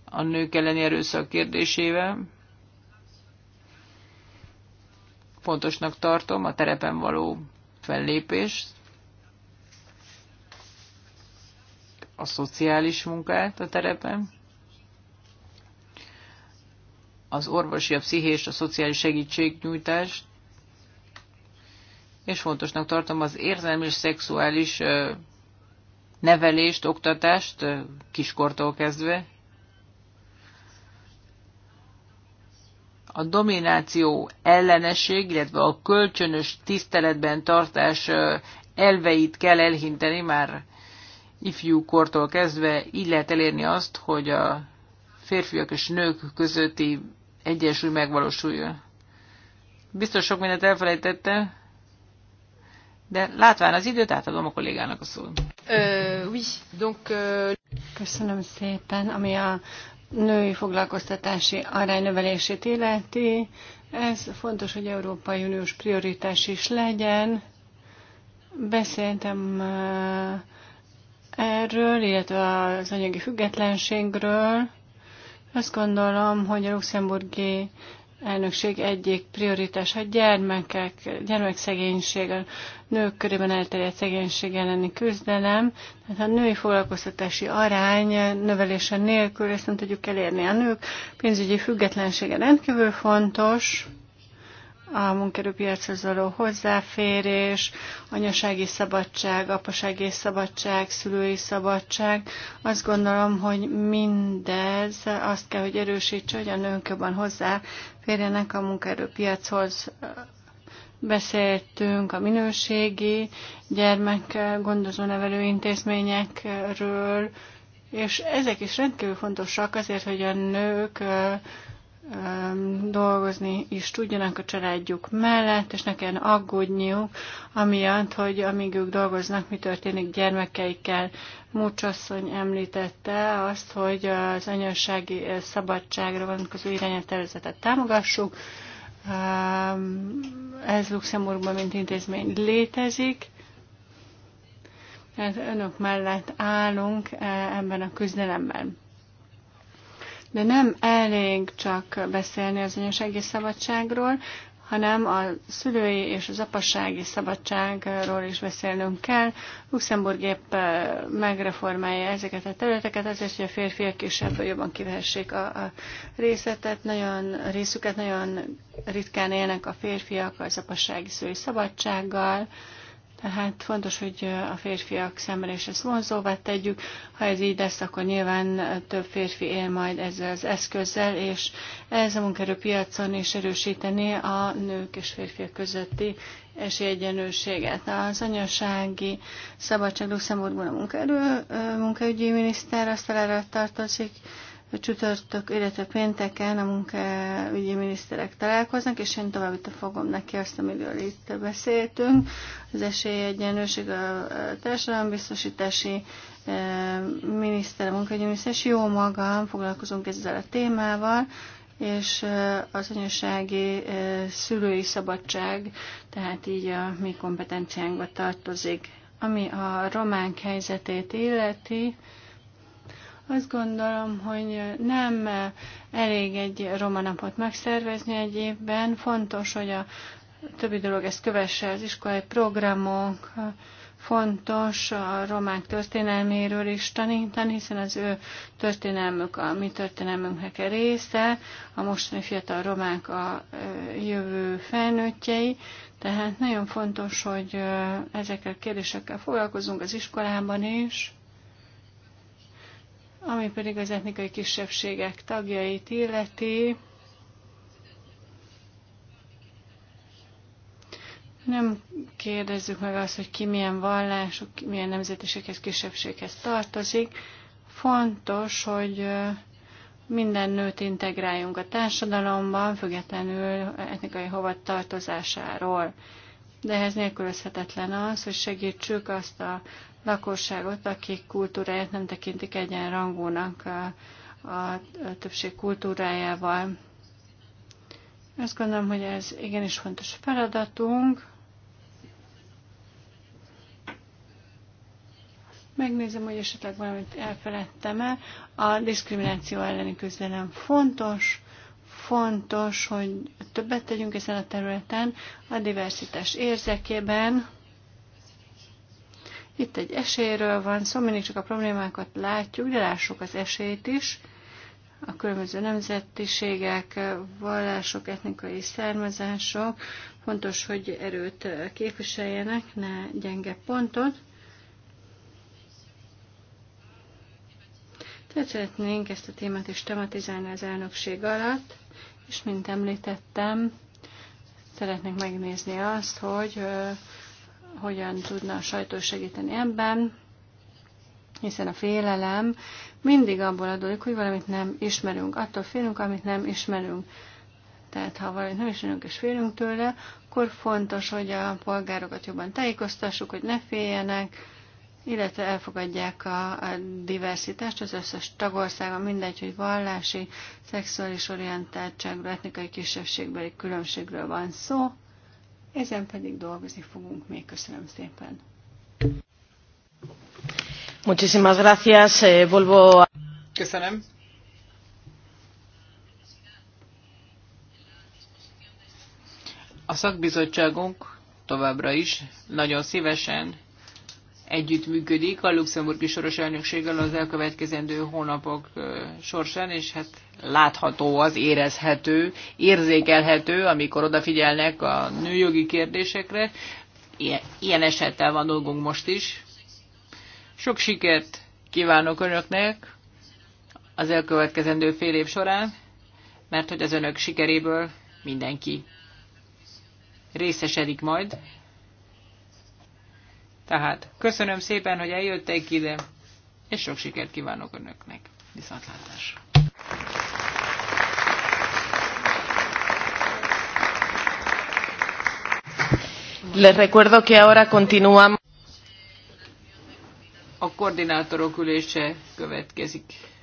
a nők elleni erőszak kérdésével. Pontosnak tartom a terepen való fellépést, a szociális munkát a terepen az orvosi, a pszichés, a szociális segítségnyújtást, és fontosnak tartom az érzelmi és szexuális nevelést, oktatást kiskortól kezdve. A domináció ellenesség, illetve a kölcsönös tiszteletben tartás elveit kell elhinteni már ifjú kortól kezdve, így lehet elérni azt, hogy a férfiak és nők közötti egyensúly megvalósuljon. Biztos sok mindent elfelejtette, de látván az időt, átadom a kollégának a szót. Köszönöm szépen, ami a női foglalkoztatási arány illeti. Ez fontos, hogy Európai Uniós prioritás is legyen. Beszéltem erről, illetve az anyagi függetlenségről. Azt gondolom, hogy a luxemburgi elnökség egyik prioritás a gyermekek, gyermekszegénység, a nők körében elterjedt szegénység elleni küzdelem. Tehát a női foglalkoztatási arány növelése nélkül ezt nem tudjuk elérni. A nők pénzügyi függetlensége rendkívül fontos a munkerőpiachoz való hozzáférés, anyasági szabadság, apasági szabadság, szülői szabadság. Azt gondolom, hogy mindez azt kell, hogy erősítse, hogy a nők jobban hozzáférjenek a munkerőpiachoz. Beszéltünk a minőségi gondozó nevelő intézményekről, és ezek is rendkívül fontosak azért, hogy a nők dolgozni is tudjanak a családjuk mellett, és ne kelljen aggódniuk, amiatt, hogy amíg ők dolgoznak, mi történik gyermekeikkel. Múcsasszony említette azt, hogy az anyassági eh, szabadságra vonatkozó irányelvtervezetet támogassuk. Ez Luxemburgban, mint intézmény létezik. Tehát önök mellett állunk eh, ebben a küzdelemben. De nem elég csak beszélni az anyasági szabadságról, hanem a szülői és az apassági szabadságról is beszélnünk kell. Luxemburg épp eh, megreformálja ezeket a területeket, azért, hogy a férfiak is ebből jobban kivehessék a, a részletet. Nagyon, részüket nagyon ritkán élnek a férfiak az apassági szülői szabadsággal, Hát fontos, hogy a férfiak szemre is ezt vonzóvá tegyük. Ha ez így lesz, akkor nyilván több férfi él majd ezzel az eszközzel, és ez a munkerőpiacon is erősíteni a nők és férfiak közötti esélyegyenlőséget. Az anyasági szabadság Luxemburgban a munkaerő, munkaügyi miniszter azt felára tartozik, hogy csütörtök, illetve pénteken a munkaügyi miniszterek találkoznak, és én továbbítani fogom neki azt, amiről itt beszéltünk, az esélyegyenlőség, a társadalombiztosítási e, miniszter, a munkaügyi miniszter, és jó magam foglalkozunk ezzel a témával, és e, az anyasági e, szülői szabadság, tehát így a mi kompetenciánkba tartozik. Ami a románk helyzetét illeti, azt gondolom, hogy nem elég egy roma napot megszervezni egy évben. Fontos, hogy a többi dolog ezt kövesse az iskolai programok, fontos a romák történelméről is tanítani, hiszen az ő történelmük a mi történelmünknek a része, a mostani fiatal romák a jövő felnőttjei, tehát nagyon fontos, hogy ezekkel a kérdésekkel foglalkozunk az iskolában is. Ami pedig az etnikai kisebbségek tagjait illeti, nem kérdezzük meg azt, hogy ki milyen vallások, milyen nemzetiséghez, kisebbséghez tartozik. Fontos, hogy minden nőt integráljunk a társadalomban, függetlenül etnikai tartozásáról, De ehhez nélkülözhetetlen az, hogy segítsük azt a lakosságot, akik kultúráját nem tekintik egyenrangúnak a, a többség kultúrájával. Azt gondolom, hogy ez igenis fontos feladatunk. Megnézem, hogy esetleg valamit elfeledtem-e. A diszkrimináció elleni küzdelem fontos, fontos, hogy többet tegyünk ezen a területen, a diversitás érzekében. Itt egy esélyről van szó, mindig csak a problémákat látjuk, de lássuk az esélyt is. A különböző nemzetiségek, vallások, etnikai származások, fontos, hogy erőt képviseljenek, ne gyenge pontot. Tehát szeretnénk ezt a témát is tematizálni az elnökség alatt, és mint említettem, szeretnénk megnézni azt, hogy hogyan tudna a sajtó segíteni ebben, hiszen a félelem mindig abból adódik, hogy valamit nem ismerünk. Attól félünk, amit nem ismerünk. Tehát ha valamit nem ismerünk és félünk tőle, akkor fontos, hogy a polgárokat jobban tájékoztassuk, hogy ne féljenek, illetve elfogadják a, a diversitást az összes tagországon, mindegy, hogy vallási, szexuális orientáltságról, etnikai kisebbségbeli különbségről van szó ezen pedig dolgozni fogunk még. Köszönöm szépen. Muchísimas gracias. Eh, Volvo a... Köszönöm. A szakbizottságunk továbbra is nagyon szívesen együttműködik a luxemburgi soros elnökséggel az elkövetkezendő hónapok sorsán, és hát látható az, érezhető, érzékelhető, amikor odafigyelnek a nőjogi kérdésekre. Ilyen esettel van dolgunk most is. Sok sikert kívánok Önöknek az elkövetkezendő fél év során, mert hogy az Önök sikeréből mindenki részesedik majd, tehát köszönöm szépen, hogy eljöttek ide, és sok sikert kívánok önöknek. Viszontlátásra! Les recuerdo que ahora continuamos. A koordinátorok ülése következik.